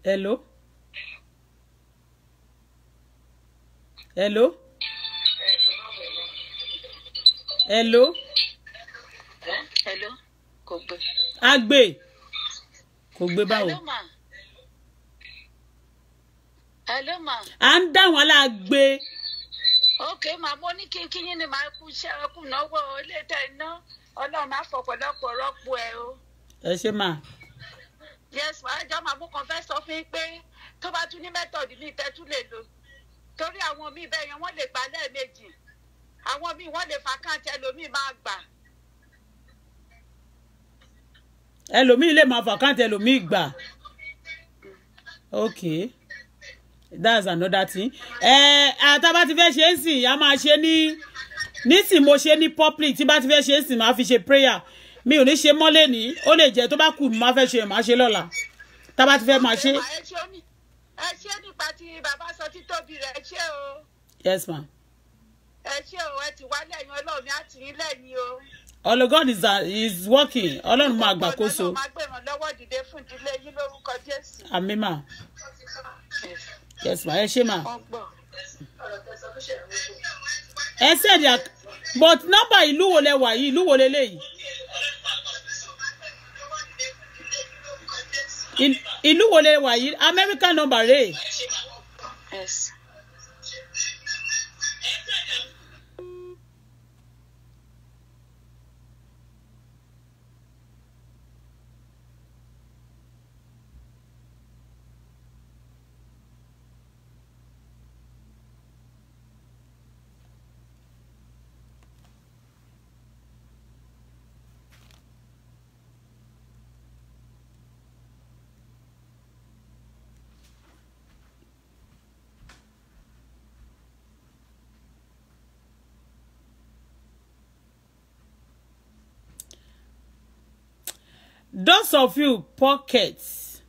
A: hello hello hello.
E: hello kò gbé.
A: a gbé kò gbé báwo. hello
E: ma. hello ma.
A: à ń dá wọn
E: láàgbé. ok màá bọ́ ní kíkíyín ni màá kú iṣẹ́ ọkùnrin náwó ilé tẹ̀ iná ọlọ́run á fọ̀pọ̀lọpọ̀ rọ́pò ẹ o. ẹ ṣe máa yes wàá jọ màmú kan fẹ́ sọ fún yín pé tó bá tún ní mẹ́tọ̀dì ní ìtẹ́tù lè lò torí àwọn míì bẹ́ẹ̀ yẹn wọ́n lè gbà lẹ́ẹ̀mejì àwọn míì wọ́n lè fa káàntì ẹlòmíì máa gbà.
A: ẹlòmíì lè máa fa káàntì ẹlòmíì gbà ok that's another thing ẹ àtàbá ti fẹ́ ṣe é sìn a máa ṣe ní nísìn mo ṣe ní public tí bá ti fẹ́ ṣe é sìn máa fi ṣe prayer mi ò ní ṣe mọ́lẹ̀ ní ó lè jẹ́ tó bá kù máa fẹ́ ṣe máa ṣe lọ́la tá a bá ti fẹ́ máa ṣe.
E: ẹ ṣé nípa ti bàbá sọ títóbi rẹ̀ ẹ ṣé o. yes ma. ẹ ṣé o ẹ ti wá lẹ́yìn ọlọ́run àti yín lẹ́yìn o.
A: Olo uh, is, working ọlọ́run máa gbàkóso. ọlọ́run máa
E: gbẹ̀ràn lọ́wọ́ dìde fún ìdílé yín lórúkọ Jésù.
A: àmín ma. yes ma ẹ ṣé ma. ọgbọ̀n ẹ sẹ́ẹ̀dì but nọ́mbà ìlú wo lẹ wà yìí ìlú wo lélẹ́yìí. ìlú wo lè wà yìí American number rè. Yes. those of you pockets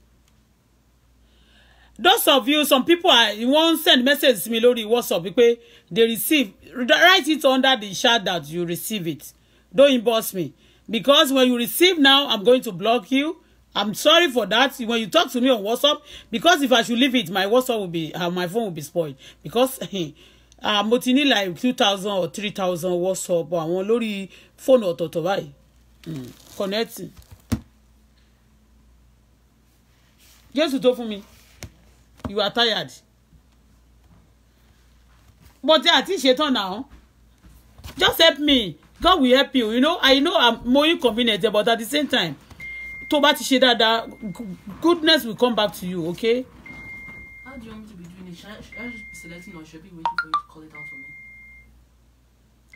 A: those of you some people are wọ́n send message mi lórí WhatsApp wípé they receive write it under the chat that you receive it don't inbox me because when you receive now I'm going to block you I'm sorry for that when you talk to me on WhatsApp because if I should leave it my WhatsApp will be uh, my phone will be spoiled because uh, mo ti ní like two thousand or three thousand WhatsApp àwọn lórí fóònù ọ̀tọ̀ọ̀tọ̀ báyìí hmm, connecting. jésù tó fún mi you are tired but àti ṣetán náà just help me God will help you you know I know I'm more inconvenient but at the same time tó bá ti ṣe dáadáa goodness will come back to you okay.
D: how do you want me to be doing it should I, should I be selecting or should I be waiting for you to call it out for me.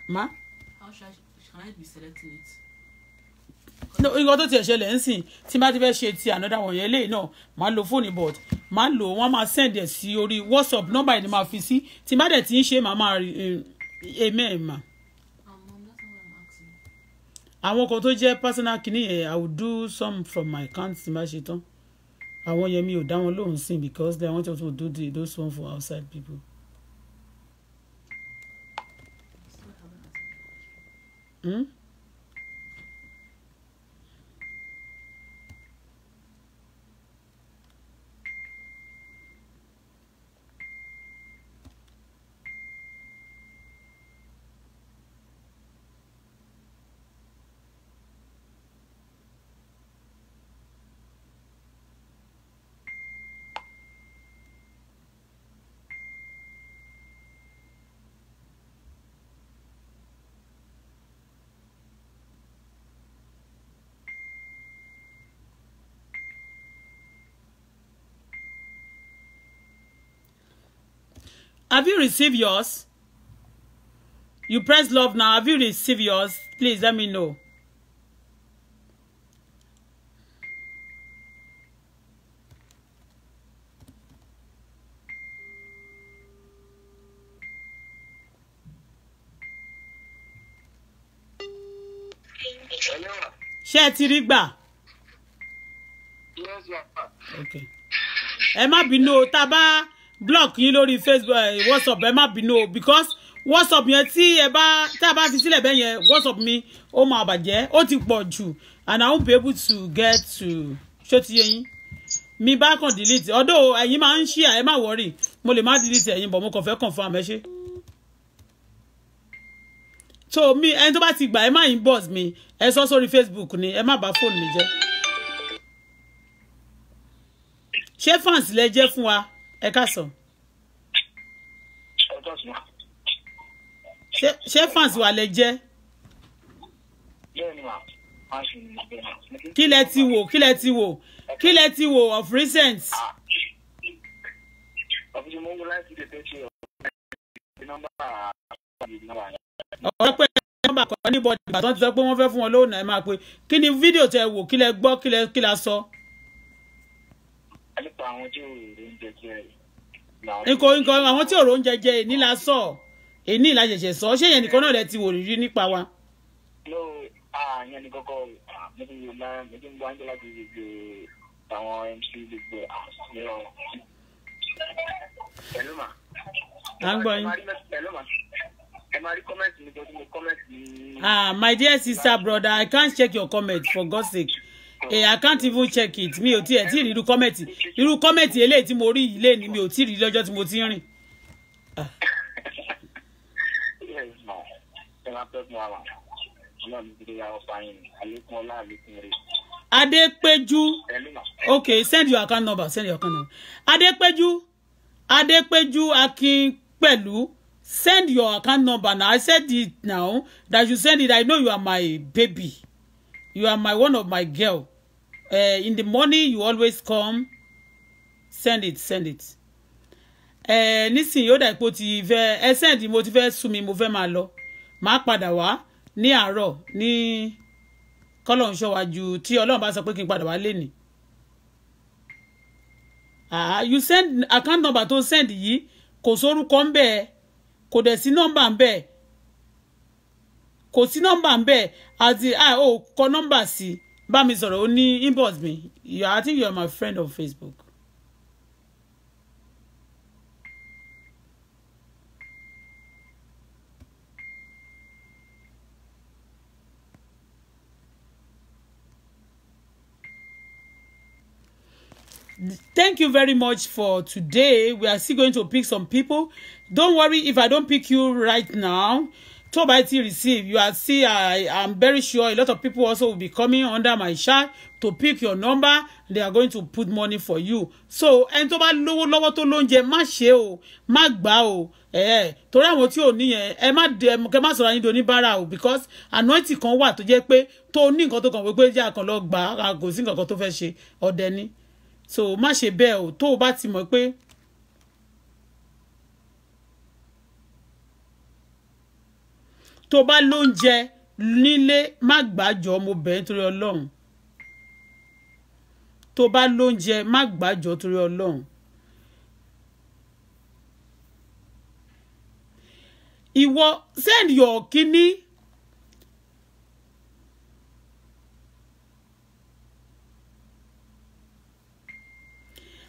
D: ma. how should I can I be selecting
F: it
A: nǹkan tó ti ṣẹlẹ̀ ń sìn tí bá ti fẹ́ ṣe ti another one yẹn léyìí náà máa lo fóònù board máa lò wọ́n máa send ẹ̀ sí orí whatsapp nọ́mbà ẹ̀ ni máa fi sí tí bá dẹ̀ ti ń ṣe màá máa ẹ̀mẹ́ ẹ̀ mà. àwọn kan tó jẹ́ personal kìíní yẹn I will do some from my account tí bá ṣe tán àwọn yẹn mi ò dá wọn lóhùn sìn because they want to do the, those one for outside people. Hmm? Have you received yours? You press love now. Have you received yours? Please let me know. ṣé ẹ ti rí gbà. ẹ má bínú block yín lórí facebook eh, whatsapp ẹ má bínú o because whatsapp yẹn tí ẹ bá tá a bá fi sílẹ̀ bẹ́ẹ̀ yẹn whatsapp mi ó máa bàjẹ́ ó ti pọ̀ jù and i won't be able to get to ṣó ti yé yín mi bá kàn delete ọ̀dọ̀ ẹ̀yin máa ń share ẹ má worry mo lè má delete ẹ̀yin bọ̀ mo kàn fẹ́ confirm ẹ ṣe so mi ẹni tó bá ti gbà ẹ má inbox mi ẹ sọ sórí facebook ni ẹ má bá fóònù mi jẹ́ ṣé fans lẹ jẹ́ fún wa ẹ káàsán. ṣé fans wà lẹ jẹ́. kí lẹ ti wò kí lẹ ti wò kí lẹ ti wò of recent. ọ̀rọ̀ pé kan níbọ̀dì ìgbà tó ń sọ pé wọ́n fẹ́ fún wọn lónà ẹ̀ máa pe kí ni fídíò tẹ wò kí lẹ gbọ́ kí lẹ sọ nípa àwọn àwọn tí òòrò ń jẹjẹ èní la sọ èní la ṣẹ̀ṣẹ̀ sọ ṣé yẹn nìkan náà lẹ ti wò rí nípa wa.
J: ló àyàn ní kọ́kọ́ níbi ìlà níbi ìlú angela ti gbogbo àwọn mc
E: gbogbo àṣìlọ. pẹ̀lú mà. à ń gbọ́ yín. pẹ̀lú mà.
A: Ah, my dear sister, brother, I can't check your comment for God's sake eh, I can't even check it mi ò tiẹ̀ tí ì rí irú kọ́mẹ̀tì irú kọ́mẹ̀tì eléyìí tí mo rí yìí léni mi ò tí ì rí lọ́jọ́ tí mo ti ń rìn. Adépéjú okay send your account number send your account number Adepeju. Adepeju. Adépéjú Akínpẹ̀lú send your account number now I said it now that you send it I know you are my baby you are my one of my girl uh, in the morning you always come send it send it ẹ eh, nísìnyí ó dà pé ti fẹ́ ẹ send mo ti fẹ́ sùn mi mo fẹ́ máa lọ máa padà wá ní àárọ̀ ní kọlọ ń ṣọwájú tí Ọlọ́run bá sọ pé kí n padà wá lẹni. Ah, you send account number tó send yìí kò sórúkọ ń bẹ́ẹ̀ kò dẹ̀ sí nọ́mbà ń kò sí nọ́mbà ń bẹ̀ àti ó kọ nọ́mbà sí bá mi sọ̀rọ̀ ó ní inbox mi I think you are my friend on Facebook. thank you very much for today we are still going to pick some people don't worry if i don't pick you right now tó bá ti receive you are see I am very sure a lot of people also will be coming under my shine to pick your number they are going to put money for you so ẹni tó bá lówó lọ́wọ́ tó lóúnjẹ má ṣe o má gbà o ẹ̀ẹ́ torí àwọn tí ò níyẹn ẹ má de ẹ má sọ̀rọ̀ ayé oníbàárà o because anointing kan wà tó jẹ́ pé tó ní nǹkan tó kàn wípé jẹ́ àkànlọ́ gbà á kò sí nǹkan kan tó fẹ́ ṣe ọ̀dẹ ni so má ṣe bẹ́ẹ̀ o tó o bá ti mọ̀ pé tó bá lóúnjẹ nílé má gbàjọ mo bẹ̀ nítorí ọlọ́run tó bá lóúnjẹ má gbàjọ torí ọlọ́run ìwọ send your kidney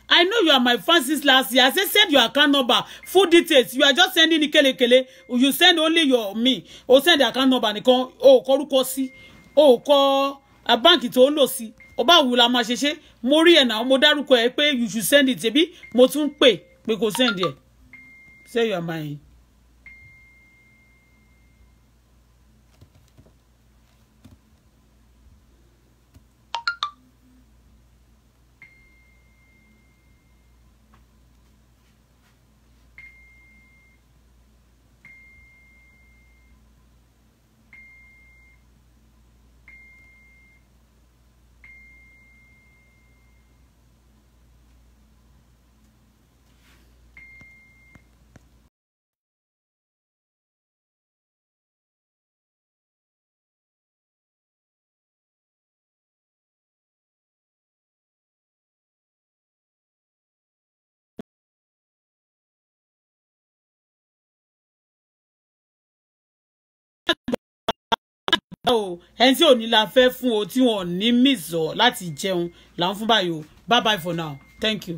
A: I know you are my fan since last year. I say send your account number, full details. You are just sending ní kelekele. You send only your me. O send the account number nìkan. O kọ orúkọ sí. O kọ a báǹkì tó ń lò sí. Ọba wo la máa ṣe ṣe? Mo rí ẹ̀ náà, mo dárúkọ ẹ pé you should send it. Ṣebí mo tún pè pé kò send ẹ̀. Say you are mine. o ẹni tí ò ní la fẹ́ fún o tí wọn ò ní mìsọ̀ láti jẹun là ń fún báyìí o bye bye for now thank you.